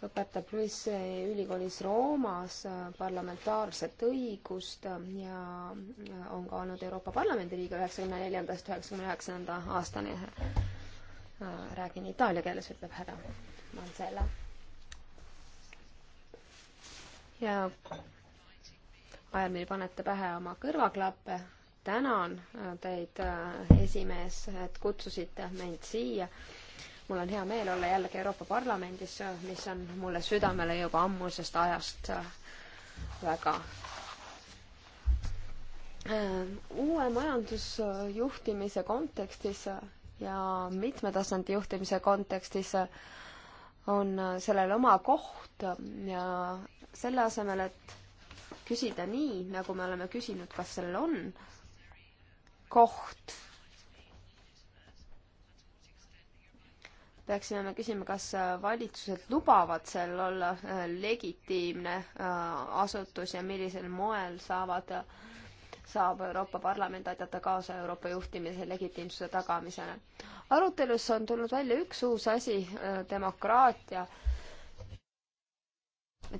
õpetab Luis ülikoolis Roomas äh, parlamentaarset õigust äh, ja äh, on ka olnud Euroopa Parlamendi liige üheksakümne neljandast üheksakümne üheksanda aastani. räägin itaalia keeles, ütleb härra Mansella. ja ajal, mil panete pähe oma kõrvaklappe, tänan teid, esimees, et kutsusite mind siia mul on hea meel olla jällegi Euroopa Parlamendis, mis on mulle südamele juba ammusest ajast äh, väga. Äh, uue majandusjuhtimise kontekstis äh, ja mitmetasandi juhtimise kontekstis on sellel oma koht ja selle asemel, et küsida nii, nagu me oleme küsinud, kas sellel on koht peaksime me küsima, kas äh, valitsused lubavad seal olla äh, legitiimne äh, asutus ja millisel moel saavad, saab Euroopa Parlament aidata kaasa Euroopa juhtimise legitiimsuse tagamisele. arutelus on tulnud välja üks uus asi, demokraatia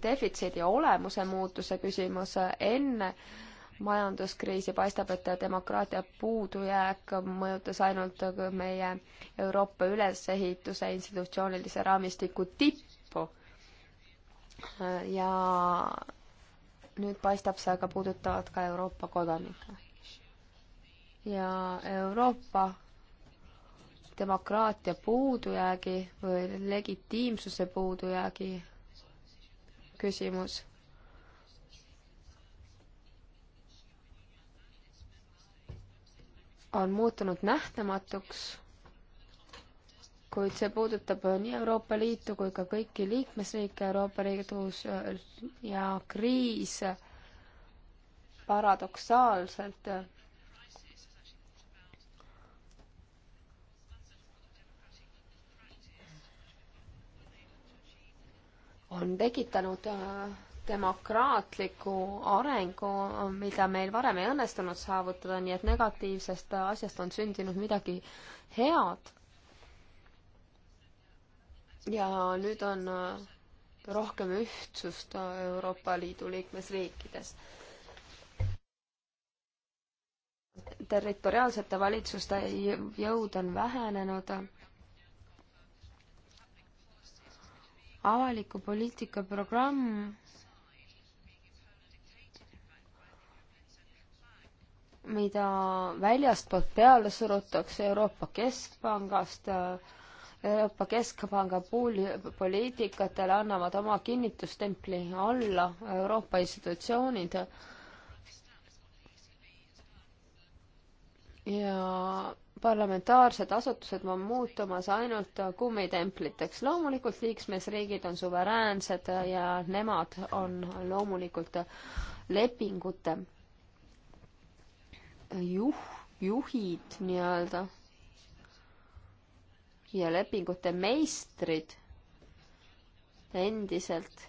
defitsiidi olemuse muutuse küsimus enne majanduskriisi, paistab, et demokraatia puudujääk mõjutas ainult meie Euroopa ülesehituse institutsioonilise raamistiku tippu. ja nüüd paistab see aga puudutavat ka Euroopa kodanikke. ja Euroopa demokraatia puudujäägi või legitiimsuse puudujäägi küsimus on muutunud nähtamatuks, kuid see puudutab nii Euroopa Liitu kui ka kõiki liikmesriike Euroopa Liidus ja kriis paradoksaalselt on tekitanud äh, demokraatliku arengu, mida meil varem ei õnnestunud saavutada, nii et negatiivsest asjast on sündinud midagi head. ja nüüd on rohkem ühtsust Euroopa Liidu liikmesriikides. territoriaalsete valitsuste jõud on vähenenud avaliku poliitika programm mida väljastpoolt peale surutakse Euroopa Keskpangast, Euroopa Keskpanga poliitikatele annavad oma kinnitustempli alla Euroopa institutsioonid. ja parlamentaarsed asutused on muutumas ainult kummitempliteks. loomulikult liikmesriigid on suveräänsed ja nemad on loomulikult lepingute juh-, juhid nii-öelda ja lepingute meistrid endiselt,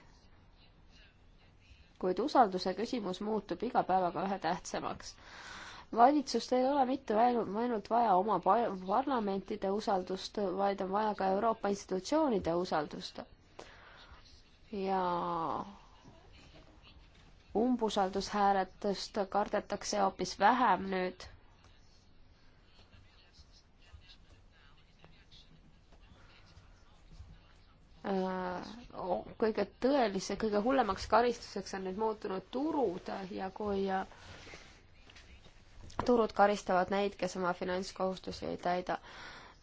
kuid usalduse küsimus muutub iga päevaga ühe tähtsamaks. valitsust ei ole mitte ainult vaja oma parlamentide usaldust, vaid on vaja ka Euroopa institutsioonide usaldust. ja umbusaldushääletust kardetakse hoopis vähem nüüd. Äh, kõige tõelise, kõige hullemaks karistuseks on nüüd muutunud turud ja kui äh, turud karistavad neid, kes oma finantskohustusi ei täida.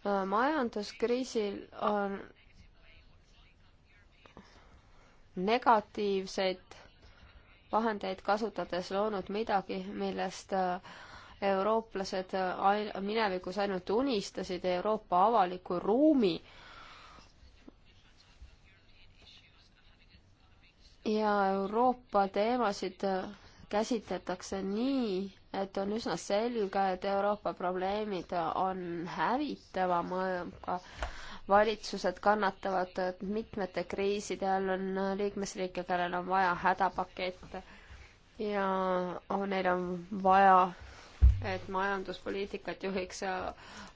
Äh, majanduskriisil on negatiivseid vahendeid kasutades loonud midagi, millest äh, eurooplased äh, minevikus ainult unistasid, Euroopa avaliku ruumi. ja Euroopa teemasid äh, käsitletakse nii, et on üsna selge, et Euroopa probleemid on hävitava mõjuga valitsused kannatavad mitmete kriiside all, on liikmesriike, kellel on vaja hädapakette ja oh, neil on vaja, et majanduspoliitikat juhiks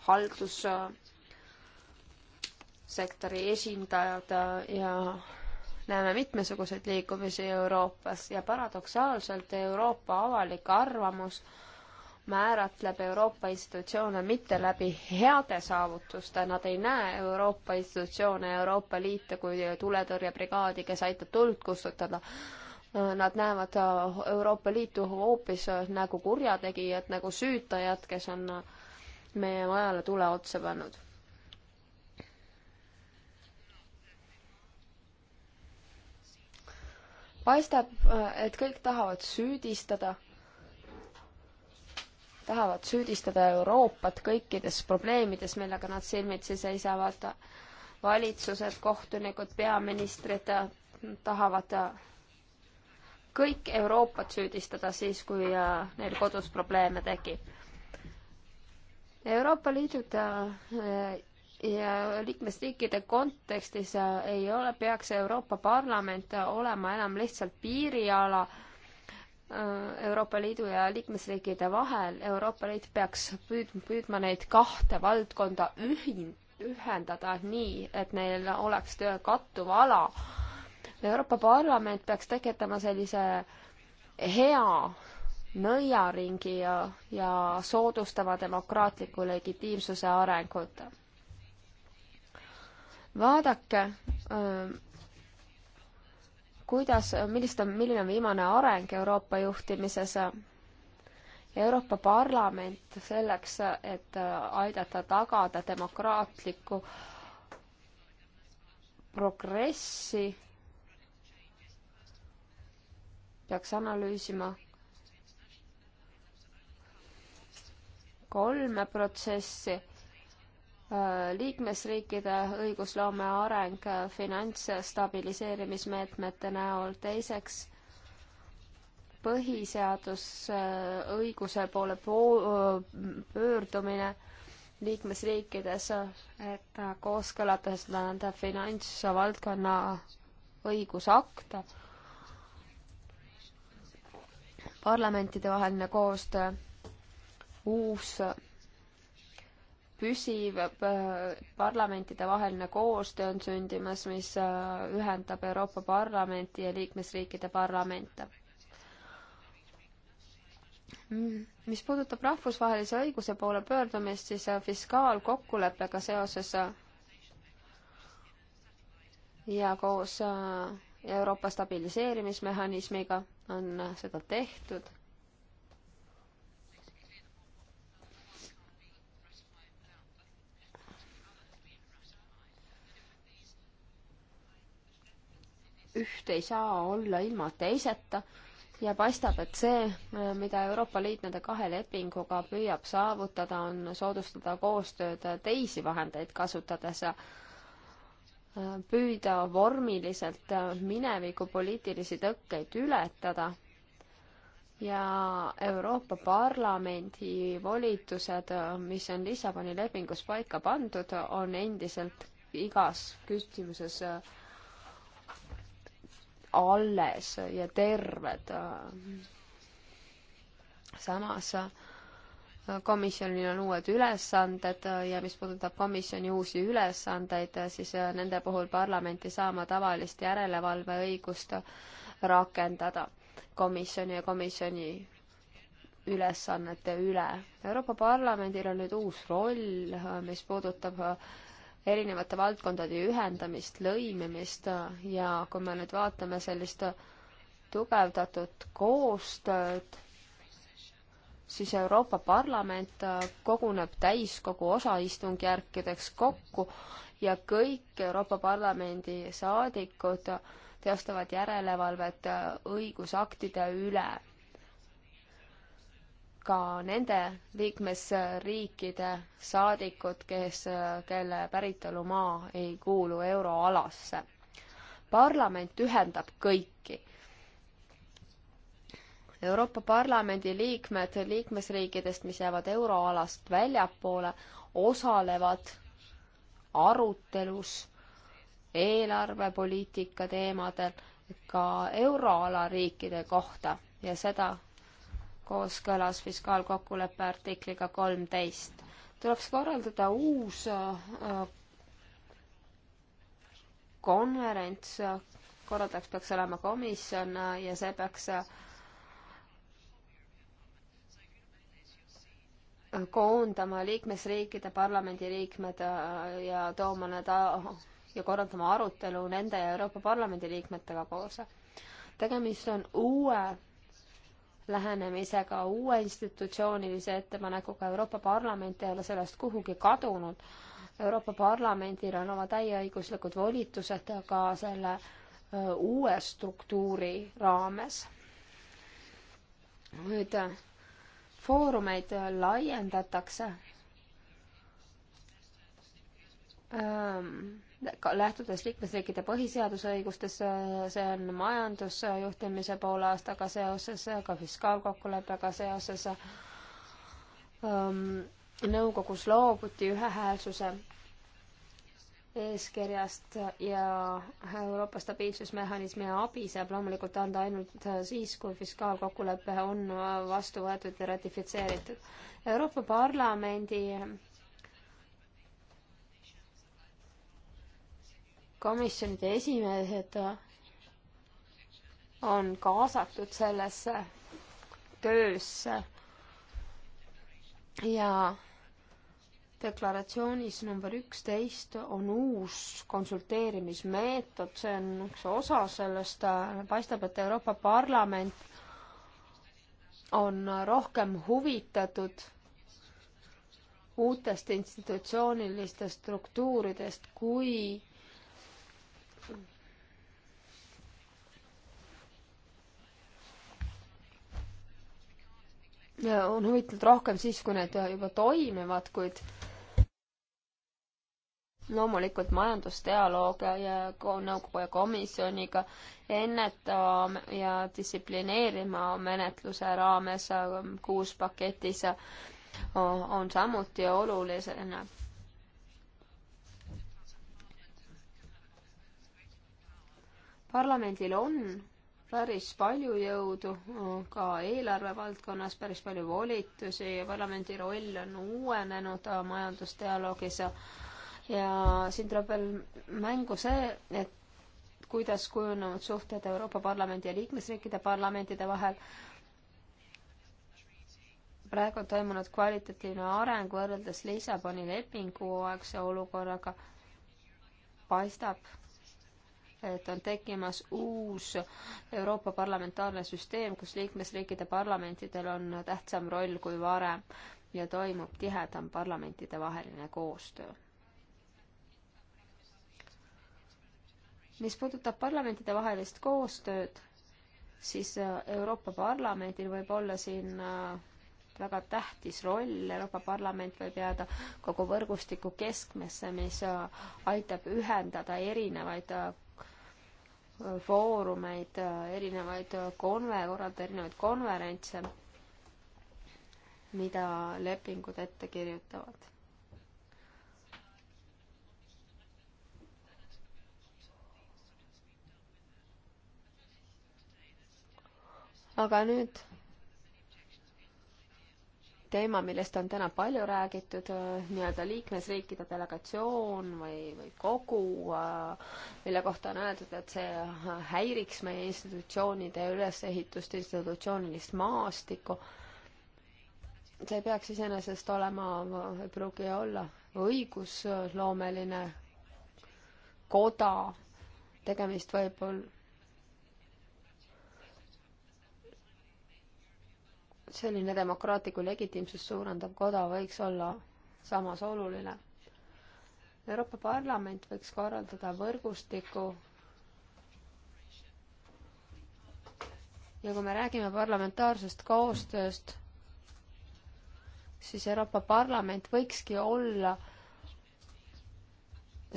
haldussektori esindajad ja näeme mitmesuguseid liikumisi Euroopas ja paradoksaalselt Euroopa avalik arvamus äh, määratleb Euroopa institutsioone mitte läbi heade saavutuste, nad ei näe Euroopa institutsioone, Euroopa Liite kui tuletõrjebrigaadi, kes aitab tuld kustutada. Nad näevad äh, Euroopa Liitu hoopis äh, nagu kurjategijad, nagu süütajad, kes on äh, meie majale tule otsa pannud. paistab, et kõik tahavad süüdistada tahavad süüdistada Euroopat kõikides probleemides, millega nad silmitsi seisavad. valitsused, kohtunikud, peaministrid tahavad kõik Euroopat süüdistada siis, kui äh, neil kodus probleeme tekib. Euroopa Liidud äh, ja liikmesriikide kontekstis äh, ei ole, peaks Euroopa Parlament olema enam lihtsalt piiriala äh, Äh, Euroopa Liidu ja liikmesriikide vahel, Euroopa Liit peaks püüd-, püüdma neid kahte valdkonda ühin-, ühendada nii, et neil oleks töö kattuv ala. Euroopa Parlament peaks tekitama sellise hea nõiaringi ja, ja soodustama demokraatliku legitiimsuse arengut. vaadake öö, ähm, kuidas, millist on, milline on viimane areng Euroopa juhtimises Euroopa Parlament selleks, et aidata tagada demokraatlikku progressi, peaks analüüsima kolme protsessi Äh, liikmesriikide õigusloome areng äh, finantsstabiliseerimismeetmete näol, teiseks põhiseaduse äh, õiguse poole pöördumine liikmesriikides, et kooskõlata seda nende finantsvaldkonna õigusakte, parlamentidevaheline koostöö, uus püsiv äh, parlamentidevaheline koostöö on sündimas, mis äh, ühendab Euroopa Parlamenti ja liikmesriikide parlamente. mis puudutab rahvusvahelise õiguse poole pöördumist, siis äh, fiskaalkokkuleppega seoses ja koos Euroopa stabiliseerimismehhanismiga on seda tehtud üht ei saa olla ilma teiseta ja paistab, et see, mida Euroopa Liit nende kahe lepinguga püüab saavutada, on soodustada koostööd teisi vahendeid kasutades ja püüda vormiliselt mineviku poliitilisi tõkkeid ületada ja Euroopa Parlamendi volitused, mis on Lissaboni lepingus paika pandud, on endiselt igas küsimuses äh, alles ja terved. samas äh, komisjonil on uued ülesanded äh, ja mis puudutab komisjoni uusi ülesandeid, äh, siis nende puhul parlament ei saa oma tavalist järelevalveõigust rakendada komisjoni ja komisjoni ülesannete üle. Euroopa Parlamendil on nüüd uus roll, mis puudutab erinevate valdkondade ühendamist, lõimimist äh, ja kui me nüüd vaatame sellist äh, tugevdatud koostööd, siis Euroopa Parlament äh, koguneb täiskogu osaistungjärkideks kokku ja kõik Euroopa Parlamendi saadikud teostavad järelevalvet õigusaktide üle ka nende liikmesriikide saadikud, kes, kelle päritolumaa ei kuulu euroalasse. parlament ühendab kõiki. Euroopa Parlamendi liikmed liikmesriikidest, mis jäävad euroalast väljapoole, osalevad arutelus eelarvepoliitika teemadel ka euroala riikide kohta ja seda kooskõlas fiskaalkokkuleppe artikliga kolmteist. tuleks korraldada uus äh, konverents, korraldajaks peaks olema komisjon äh, ja see peaks äh, koondama liikmesriikide parlamendiliikmed ja tooma need ja korraldama arutelu nende ja Euroopa Parlamendi liikmetega koos. tegemist on uue lähenemisega, uue institutsioonilise ettepanekuga, Euroopa Parlament ei ole sellest kuhugi kadunud. Euroopa Parlamendil on oma täieõiguslikud volitused ka selle uue struktuuri raames. nüüd foorumeid laiendatakse Ehm, ka lähtudes liikmesriikide põhiseadusõigustes, see on majandusjuhtimise poolaastaga seoses, ka fiskaalkokkuleppega seoses, ehm, nõukogus loobuti ühehäälsuse eeskirjast ja Euroopa stabiilsusmehhanismi abi saab loomulikult anda ainult siis, kui fiskaalkokkulepe on vastu võetud ja ratifitseeritud. Euroopa Parlamendi komisjonide esimehed on kaasatud sellesse töösse ja deklaratsioonis number üksteist on uus konsulteerimismeetod, see on üks osa sellest, paistab, et Euroopa Parlament on rohkem huvitatud uutest institutsioonilistest struktuuridest kui on huvitatud rohkem siis, kui need juba toimivad, kuid loomulikult majandusdialoog ja nõukogu ja komisjoniga ennetava ja distsiplineerima menetluse raames ähm, kuus paketis äh, on samuti oluline. parlamendil on päris palju jõudu ka eelarve valdkonnas, päris palju volitusi ja parlamendi roll on uuenenud äh, majandusdialoogis ja ja siin tuleb veel mängu see, et kuidas kujunevad suhted Euroopa Parlamendi ja liikmesriikide parlamentide vahel. praegu on toimunud kvalitatiivne areng võrreldes Lissaboni lepingu aegse olukorraga. paistab et on tekkimas uus Euroopa parlamentaarne süsteem, kus liikmesriikide parlamentidel on tähtsam roll kui varem ja toimub tihedam parlamentidevaheline koostöö. mis puudutab parlamentidevahelist koostööd, siis äh, Euroopa Parlamendil võib olla siin äh, väga tähtis roll, Euroopa Parlament võib jääda kogu võrgustiku keskmesse, mis äh, aitab ühendada erinevaid foorumeid, erinevaid konve-, korraldada erinevaid konverentse, mida lepingud ette kirjutavad. aga nüüd teema, millest on täna palju räägitud, äh, nii-öelda liikmesriikide delegatsioon või, või kogu, äh, mille kohta on öeldud, et see äh, häiriks meie institutsioonide ülesehitust, institutsioonilist maastikku. see ei peaks iseenesest olema, ei pruugi olla õigusloomeline koda, tegemist võib-olla selline demokraatlikku legitiimsust suurendav koda võiks olla samas oluline. Euroopa Parlament võiks korraldada võrgustiku ja kui me räägime parlamentaarsest koostööst, siis Euroopa Parlament võikski olla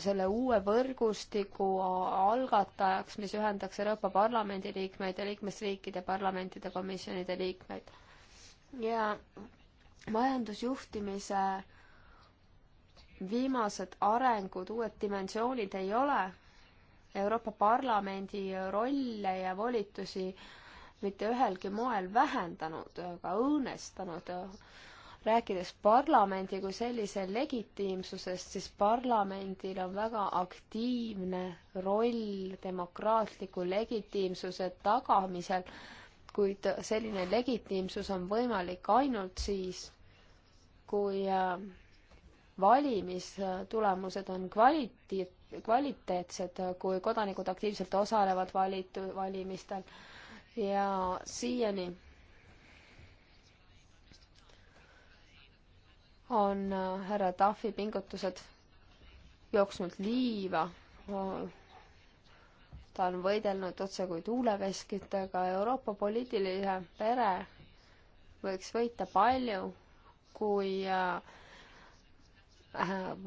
selle uue võrgustiku algatajaks, mis ühendaks Euroopa Parlamendi liikmeid ja liikmesriikide parlamentide komisjonide liikmeid ja majandusjuhtimise viimased arengud, uued dimensioonid ei ole Euroopa Parlamendi rolle ja volitusi mitte ühelgi moel vähendanud, aga õõnestanud. rääkides parlamendi kui sellise legitiimsusest, siis parlamendil on väga aktiivne roll demokraatliku legitiimsuse tagamisel kuid selline legitiimsus on võimalik ainult siis, kui äh, valimistulemused on kvaliteet, kvaliteetsed, kui kodanikud aktiivselt osalevad valitu-, valimistel ja siiani on äh, härra Tafi pingutused jooksnud liiva ta on võidelnud otse kui tuuleveskitega, Euroopa poliitilise pere võiks võita palju, kui äh,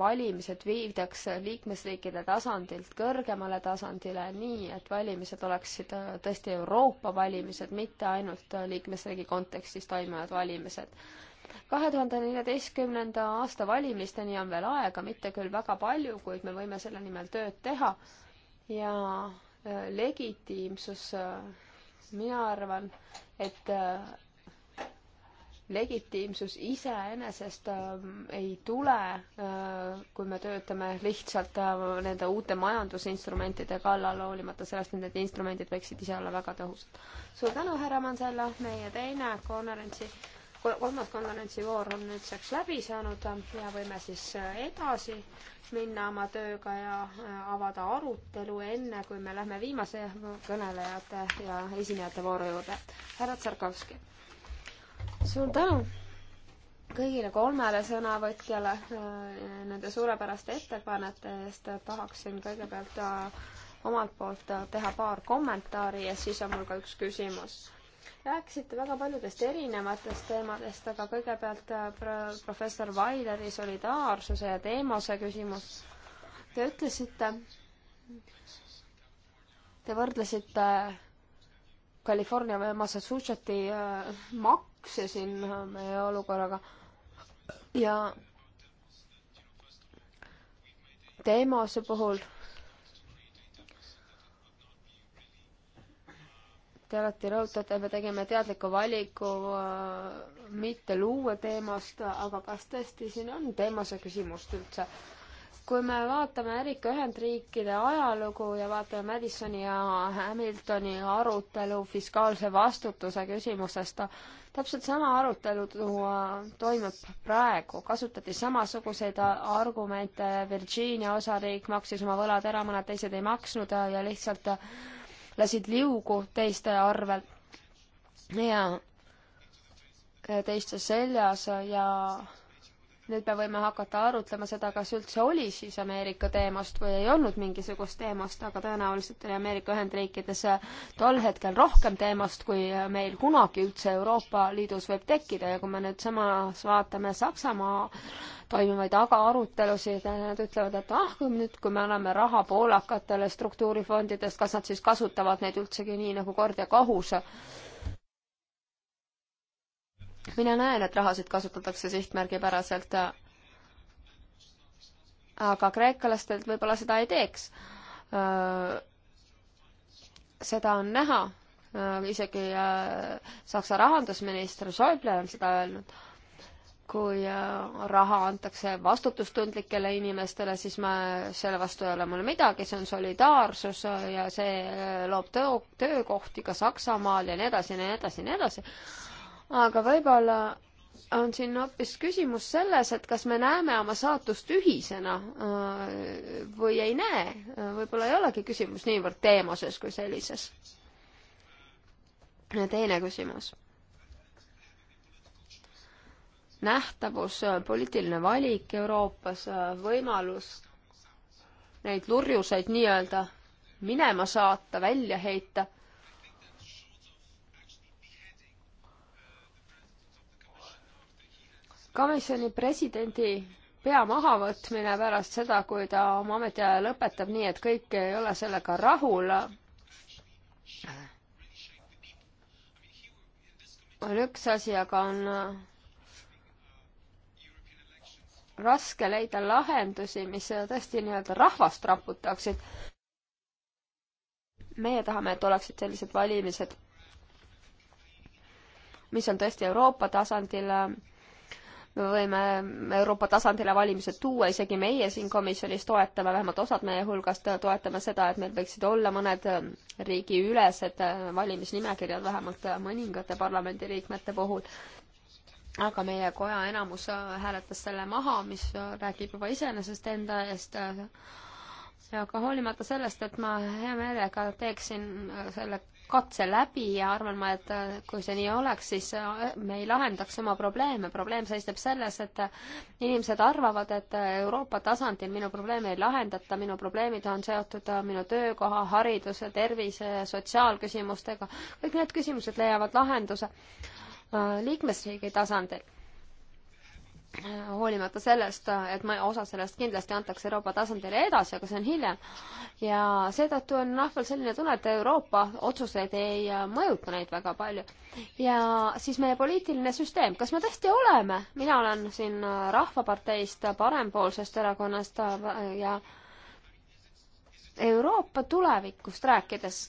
valimised viidaks liikmesriikide tasandilt kõrgemale tasandile nii, et valimised oleksid äh, tõesti Euroopa valimised, mitte ainult äh, liikmesriigi kontekstis toimuvad valimised. kahe tuhande neljateistkümnenda aasta valimisteni on veel aega, mitte küll väga palju, kuid me võime selle nimel tööd teha ja legitiimsus, mina arvan, et äh, legitiimsus iseenesest äh, ei tule äh,, kui me töötame lihtsalt äh, nende uute majandusinstrumentide kallal, hoolimata sellest, et need instrumendid võiksid ise olla väga tõhusad. suur tänu, härra Mansella, meie teine konverentsi kolmas konverentsi voor on nüüdseks läbi saanud äh, ja võime siis äh, edasi minna oma tööga ja äh, avada arutelu enne, kui me lähme viimase kõnelejate ja esinejate vooru juurde. härra Tsarkovski. suur tänu kõigile kolmele sõnavõtjale nende suurepäraste ettekannete eest. tahaksin kõigepealt omalt poolt teha paar kommentaari ja siis on mul ka üks küsimus rääkisite väga paljudest erinevatest teemadest, aga kõigepealt äh, professor Vaileri solidaarsuse ja teemase küsimus. Te ütlesite, te võrdlesite California või Massachusettsi äh, makse siin äh, meie olukorraga ja Teemase puhul te alati rõhutate, et me tegime teadliku valiku äh, mitte luua teemast, aga kas tõesti siin on teemase küsimust üldse? kui me vaatame Ameerika Ühendriikide ajalugu ja vaatame Madisoni ja Hamiltoni arutelu fiskaalse vastutuse küsimusest, täpselt sama arutelu äh, toimub praegu, kasutati samasuguseid argumente, Virginia osariik maksis oma võlad ära, mõned teised ei maksnud ja lihtsalt lasid liugu teiste arvel ja teiste seljas ja nüüd me võime hakata arutlema seda, kas üldse oli siis Ameerika teemast või ei olnud mingisugust teemast, aga tõenäoliselt oli Ameerika Ühendriikides tol hetkel rohkem teemast, kui meil kunagi üldse Euroopa Liidus võib tekkida ja kui me nüüd samas vaatame Saksamaa toimuvaid aga arutelusid, nad ütlevad, et ah, kui nüüd, kui me anname raha poolakatele struktuurifondidest, kas nad siis kasutavad neid üldsegi nii nagu kord ja kohus mina näen, et rahasid kasutatakse sihtmärgipäraselt, aga kreekalastelt võib-olla seda ei teeks. seda on näha, isegi äh, Saksa rahandusminister Schäuble on seda öelnud, kui äh, raha antakse vastutustundlikele inimestele, siis ma, selle vastu ei ole mul midagi, see on solidaarsus ja see äh, loob töö, töökohti ka Saksamaal ja nii edasi ja nii edasi ja nii edasi aga võib-olla on siin hoopis küsimus selles, et kas me näeme oma saatust ühisena äh, või ei näe. Äh, võib-olla ei olegi küsimus niivõrd teemases kui sellises. ja teine küsimus. nähtavus, äh, poliitiline valik Euroopas, võimalus neid lurjuseid nii-öelda minema saata, välja heita komisjoni presidendi pea mahavõtmine pärast seda, kui ta oma ametiaja lõpetab nii, et kõik ei ole sellega rahul, on üks asi, aga on äh, raske leida lahendusi, mis äh, tõesti nii-öelda rahvast raputaksid. meie tahame, et oleksid sellised valimised, mis on tõesti Euroopa tasandil äh, me võime Euroopa tasandile valimised tuua, isegi meie siin komisjonis toetame, vähemalt osad meie hulgast toetame seda, et meil võiksid olla mõned ähm, riigiülesed äh, valimisnimekirjad, vähemalt äh, mõningate parlamendiliikmete puhul. aga meie koja enamus äh, hääletas selle maha, mis räägib juba iseenesest enda eest ja ka hoolimata sellest, et ma hea meelega teeksin selle katse läbi ja arvan ma, et äh, kui see nii oleks, siis äh, me ei lahendaks oma probleeme. probleem seisneb selles, et äh, inimesed arvavad, et Euroopa tasandil minu probleeme ei lahendata, minu probleemid on seotud minu töökoha, hariduse, tervise, sotsiaalküsimustega. kõik need küsimused leiavad lahenduse liikmesriigi tasandil hoolimata sellest, et ma, osa sellest kindlasti antakse Euroopa tasandile edasi, aga see on hiljem. ja seetõttu on rahval selline tunne, et Euroopa otsuseid ei mõjuta neid väga palju. ja siis meie poliitiline süsteem, kas me tõesti oleme, mina olen siin Rahvaparteist, parempoolsest erakonnast ja Euroopa tulevikust rääkides,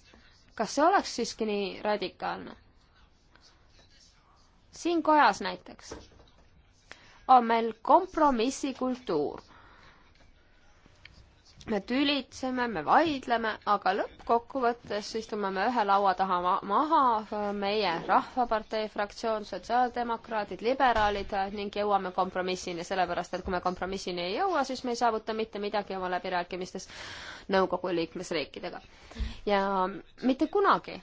kas see oleks siiski nii radikaalne? siin kojas näiteks on meil kompromissikultuur. me tülitseme, me vaidleme, aga lõppkokkuvõttes istume me ühe laua taha ma maha, meie Rahvapartei fraktsioon, sotsiaaldemokraadid, liberaalid ning jõuame kompromissini, sellepärast et kui me kompromissini ei jõua, siis me ei saavuta mitte midagi oma läbirääkimistes nõukogu liikmesriikidega. ja mitte kunagi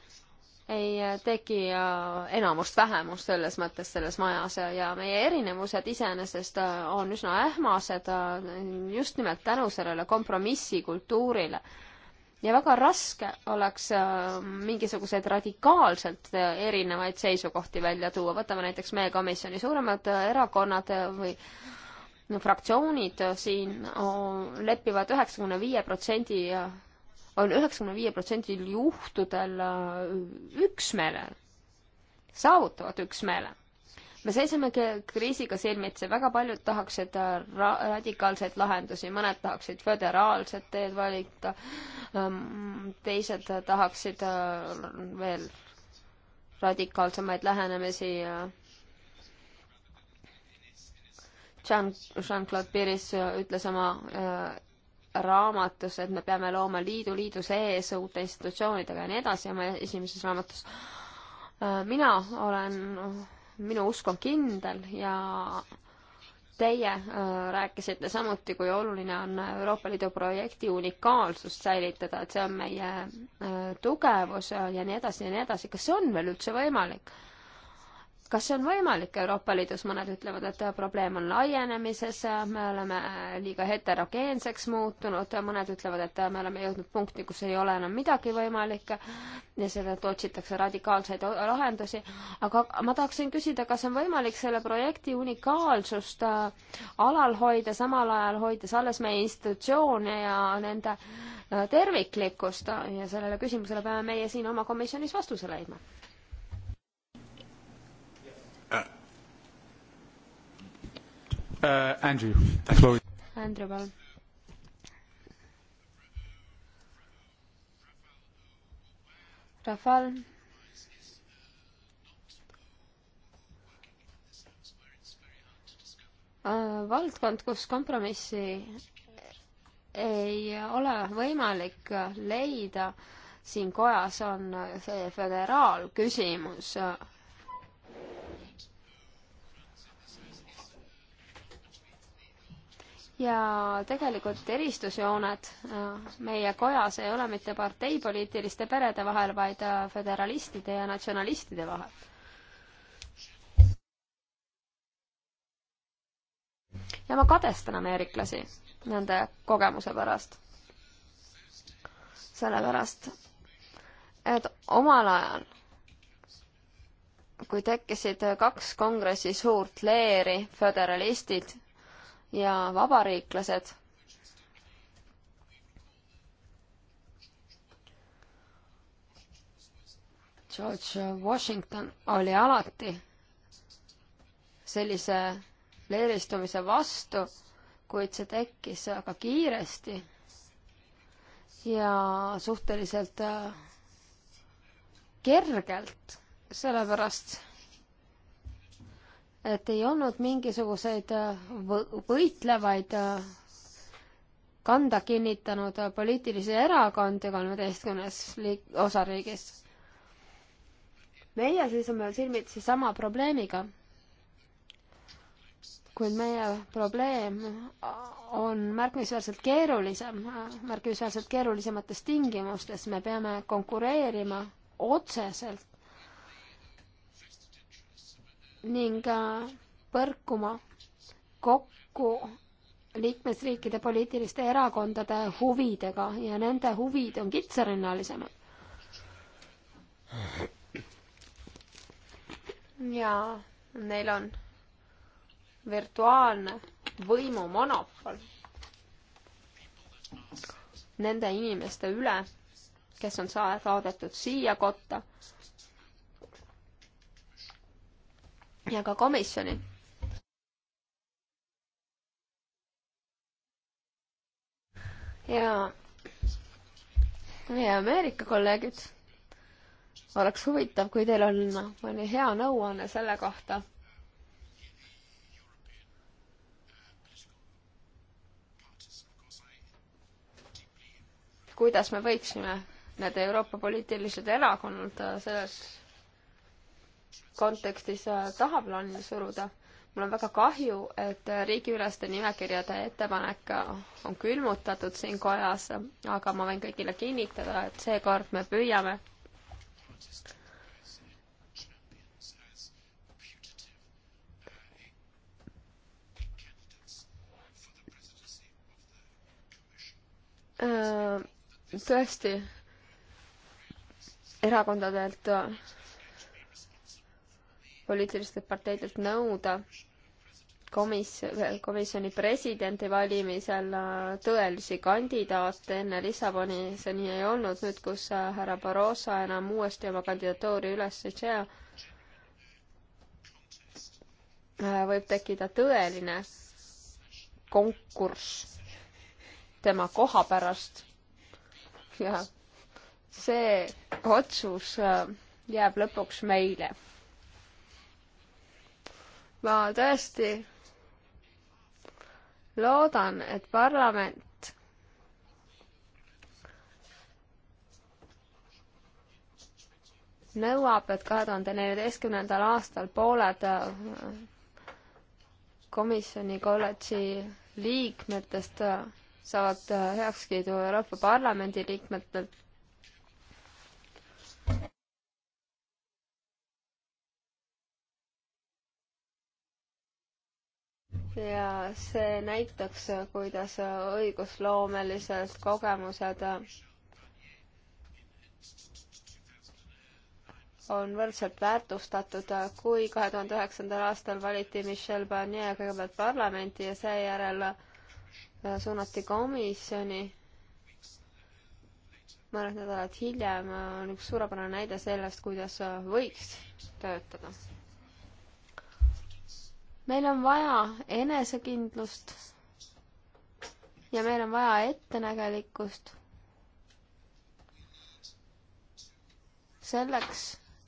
ei tegi äh, enamust vähemust selles mõttes selles majas ja meie erinevused iseenesest äh, on üsna ähmased äh, just nimelt tänu sellele kompromissikultuurile. ja väga raske oleks mingisuguseid radikaalselt erinevaid seisukohti välja tuua, võtame näiteks meie komisjoni suuremad erakonnad või fraktsioonid siin lepivad üheksakümne viie protsendi on üheksakümne viie protsendil juhtudel äh, üksmeelel, saavutavad üksmeele. me seisame kriisiga silmitsi, väga paljud tahaksid äh, ra radikaalseid lahendusi, mõned tahaksid föderaalset teed valida, ähm, teised tahaksid äh, veel radikaalsemaid lähenemisi Jean-Claude Jean Pires ütles oma raamatus, et me peame looma liidu liidu sees uute institutsioonidega ja nii edasi, oma esimeses raamatus. Äh, mina olen, minu usk on kindel ja teie äh, rääkisite samuti, kui oluline on Euroopa Liidu projekti unikaalsust säilitada, et see on meie äh, tugevus ja nii edasi ja nii edasi. kas see on veel üldse võimalik? kas see on võimalik Euroopa Liidus, mõned ütlevad, et probleem on laienemises, me oleme äh, liiga heterogeenseks muutunud, mõned ütlevad, et äh, me oleme jõudnud punkti, kus ei ole enam midagi võimalik ja seetõttu otsitakse radikaalseid lahendusi. aga ma tahaksin küsida, kas on võimalik selle projekti unikaalsust äh, alal hoida, samal ajal hoides alles meie institutsioone ja nende terviklikkust ja sellele küsimusele peame meie siin oma komisjonis vastuse leidma uh,? Andrew, thanks Laurie. Andrew, palun. Rafal. Uh, valdkond, kus kompromissi ei ole võimalik leida siin kojas, on see föderaalküsimus ja tegelikult eristusjooned äh, meie kojas ei ole mitte parteipoliitiliste perede vahel, vaid äh, föderalistide ja natsionalistide vahel. ja ma kadestan ameeriklasi nende kogemuse pärast. sellepärast, et omal ajal, kui tekkisid kaks kongressi suurt leeri, föderalistid ja vabariiklased George Washington oli alati sellise leeristumise vastu, kuid see tekkis väga kiiresti ja suhteliselt äh, kergelt, sellepärast et ei olnud mingisuguseid äh, võitlevaid äh, kanda kinnitanud äh, poliitilisi erakondi kolmeteistkümnes liik-, osariigis. meie seisame silmitsi sama probleemiga. kuid meie probleem on märkimisväärselt keerulisem, märkimisväärselt keerulisemates tingimustes, me peame konkureerima otseselt ning äh, põrkuma kokku liikmesriikide poliitiliste erakondade huvidega ja nende huvid on kitsarinnalisemad. ja neil on virtuaalne võimumonopol nende inimeste üle, kes on saadetud siia kotta ja ka komisjoni. ja meie Ameerika kolleegid, oleks huvitav, kui teil on mõni hea nõuanne selle kohta kuidas me võiksime need Euroopa poliitilised erakonnad selles kontekstis äh, tahaplaanile suruda. mul on väga kahju, et äh, riigiüleste nimekirjade ettepanek äh, on külmutatud siin kojas, aga ma võin kõigile kinnitada, et seekord me püüame tõesti erakondadelt poliitilistelt parteidelt nõuda komis-, komisjoni presidendi valimisel äh, tõelisi kandidaate, enne Lissaboni see nii ei olnud, nüüd kus äh, härra Barroso enam uuesti oma kandidatuuri üles ei sea, äh, võib tekkida tõeline konkurss tema koha pärast ja see otsus jääb lõpuks meile ma tõesti loodan, et parlament nõuab, et kahe tuhande neljateistkümnendal aastal pooled äh, komisjoni kolledži liikmetest äh, saavad äh, heakskiidu Euroopa Parlamendi liikmetelt ja see näitaks, kuidas õigusloomelised kogemused on võrdselt väärtustatud, kui kahe tuhande üheksandal aastal valiti Michel Barnier kõigepealt parlamenti ja seejärel suunati komisjoni. mõned nädalad hiljem on üks suurepärane näide sellest, kuidas võiks töötada meil on vaja enesekindlust ja meil on vaja ettenägelikkust selleks,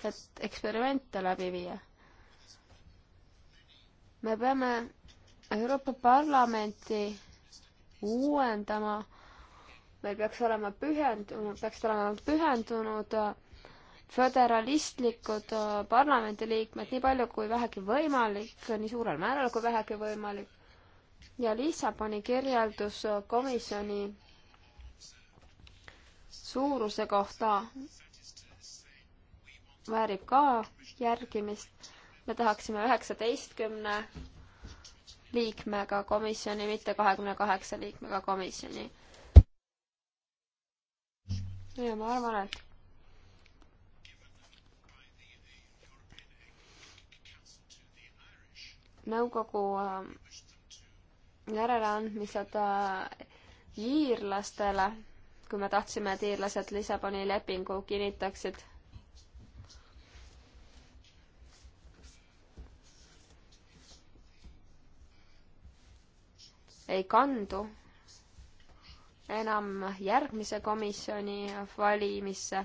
et eksperimente läbi viia. me peame Euroopa Parlamenti uuendama, meil peaks olema pühendunud, peaksid olema pühendunud, pühendunud föderalistlikud äh, parlamendiliikmed nii palju kui vähegi võimalik, nii suurel määral kui vähegi võimalik. ja Lissaboni kirjeldus äh, komisjoni suuruse kohta väärib ka järgimist. me tahaksime üheksateistkümne liikmega komisjoni, mitte kahekümne kaheksa liikmega komisjoni. ja ma arvan, et nõukogu ähm, järeleandmised äh, iirlastele, kui me tahtsime, et iirlased Lissaboni lepingu kinnitaksid. ei kandu enam järgmise komisjoni valimisse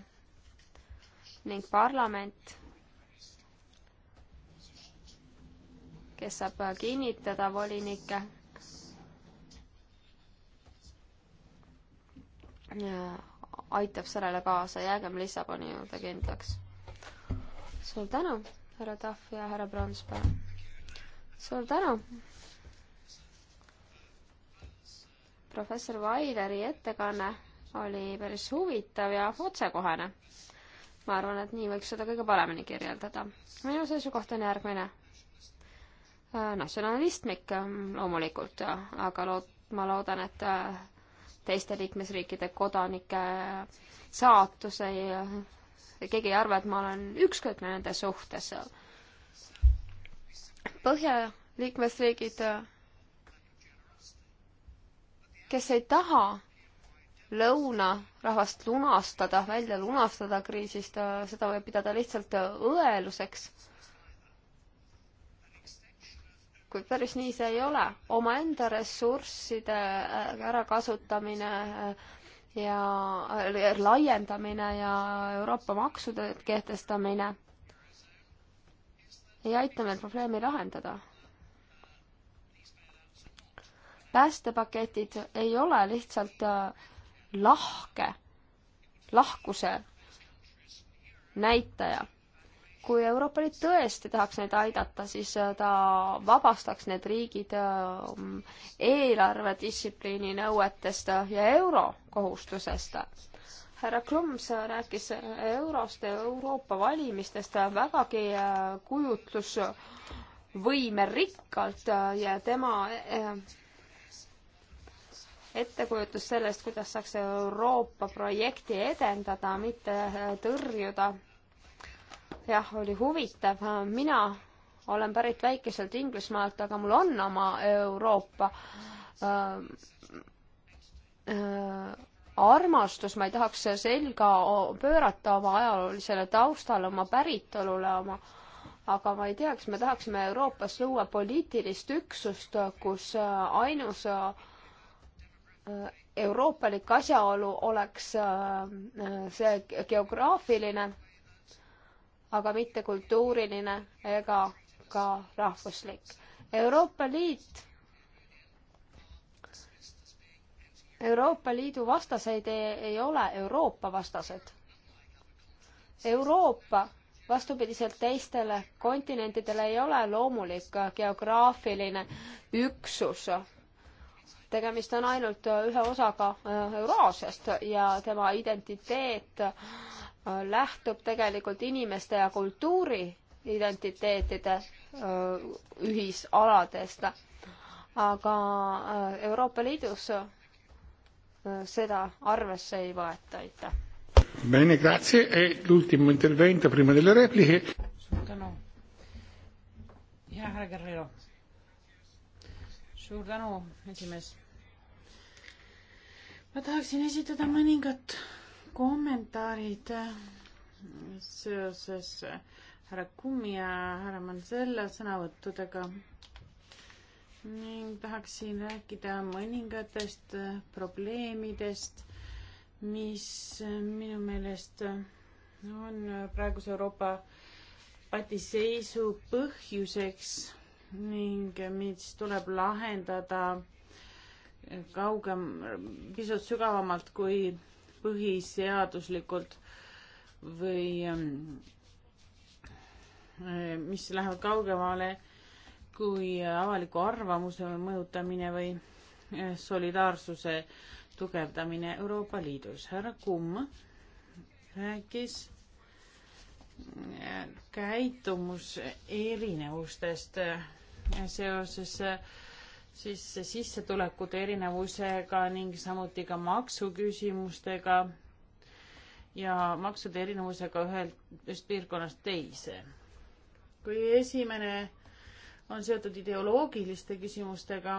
ning parlament kes saab kinnitada volinikke. aitab sellele kaasa, jäägem Lissaboni juurde kindlaks. suur tänu, härra Tahv ja härra Bronsberg. suur tänu. professor Vaileri ettekanne oli päris huvitav ja otsekohene ma arvan, et nii võiks seda kõige paremini kirjeldada. minu seisukoht on järgmine. Äh, natsionalistlik ähm, loomulikult, äh, aga lood-, ma loodan, et äh, teiste liikmesriikide kodanike saatus ei, keegi ei arva, et ma olen ükskõikne nende suhtes. Põhja liikmesriigid, kes ei taha lõunarahvast lunastada, välja lunastada kriisist, seda võib pidada lihtsalt õeluseks kuid päris nii see ei ole. omaenda ressursside äh, ärakasutamine äh, ja äh, laiendamine ja Euroopa maksude kehtestamine ei aita meil probleemi lahendada. päästepaketid ei ole lihtsalt lahke, lahkuse näitaja kui Euroopa Liit tõesti tahaks neid aidata, siis äh, ta vabastaks need riigid äh, eelarvedistsipliini nõuetest äh, ja eurokohustusest. härra Klums rääkis eurost ja Euroopa valimistest vägagi kujutlusvõimerikkalt ja tema ettekujutus sellest, kuidas saaks Euroopa projekti edendada, mitte tõrjuda jah, oli huvitav, mina olen pärit väikeselt Inglismaalt, aga mul on oma Euroopa äh, äh, armastus, ma ei tahaks selga pöörata oma ajaloolisele taustale, oma päritolule, oma aga ma ei tea, kas me tahaksime Euroopas luua poliitilist üksust, kus äh, ainus äh, euroopalik asjaolu oleks äh, see geograafiline aga mitte kultuuriline ega ka rahvuslik. Euroopa Liit, Euroopa Liidu vastaseid ei, ei ole Euroopa vastased. Euroopa vastupidiselt teistele kontinentidele ei ole loomulik geograafiline üksus. tegemist on ainult ühe osaga äh, Euraasiast ja tema identiteet äh, lähtub tegelikult inimeste ja kultuuri identiteetide ühisaladest. aga Euroopa Liidus seda arvesse ei võeta, aitäh. Bene, grazie e l'ultimo intervento prima delle repliche. suur tänu. ja härra Guerrero. suur tänu, esimees. ma tahaksin esitada mõningat kommentaarid seoses härra Kummi ja härra Mansella sõnavõttudega ning tahaksin rääkida mõningatest probleemidest, mis minu meelest on praeguse Euroopa patiseisu põhjuseks ning mis tuleb lahendada kaugem, pisut sügavamalt kui põhiseaduslikult või ähm, äh, mis lähevad kaugemale kui avaliku arvamuse mõjutamine või äh, solidaarsuse tugevdamine Euroopa Liidus. härra Kumm rääkis äh, käitumuserinevustest seoses siis sissetulekute erinevusega ning samuti ka maksuküsimustega ja maksude erinevusega ühelt, ühest piirkonnast teise. kui esimene on seotud ideoloogiliste küsimustega,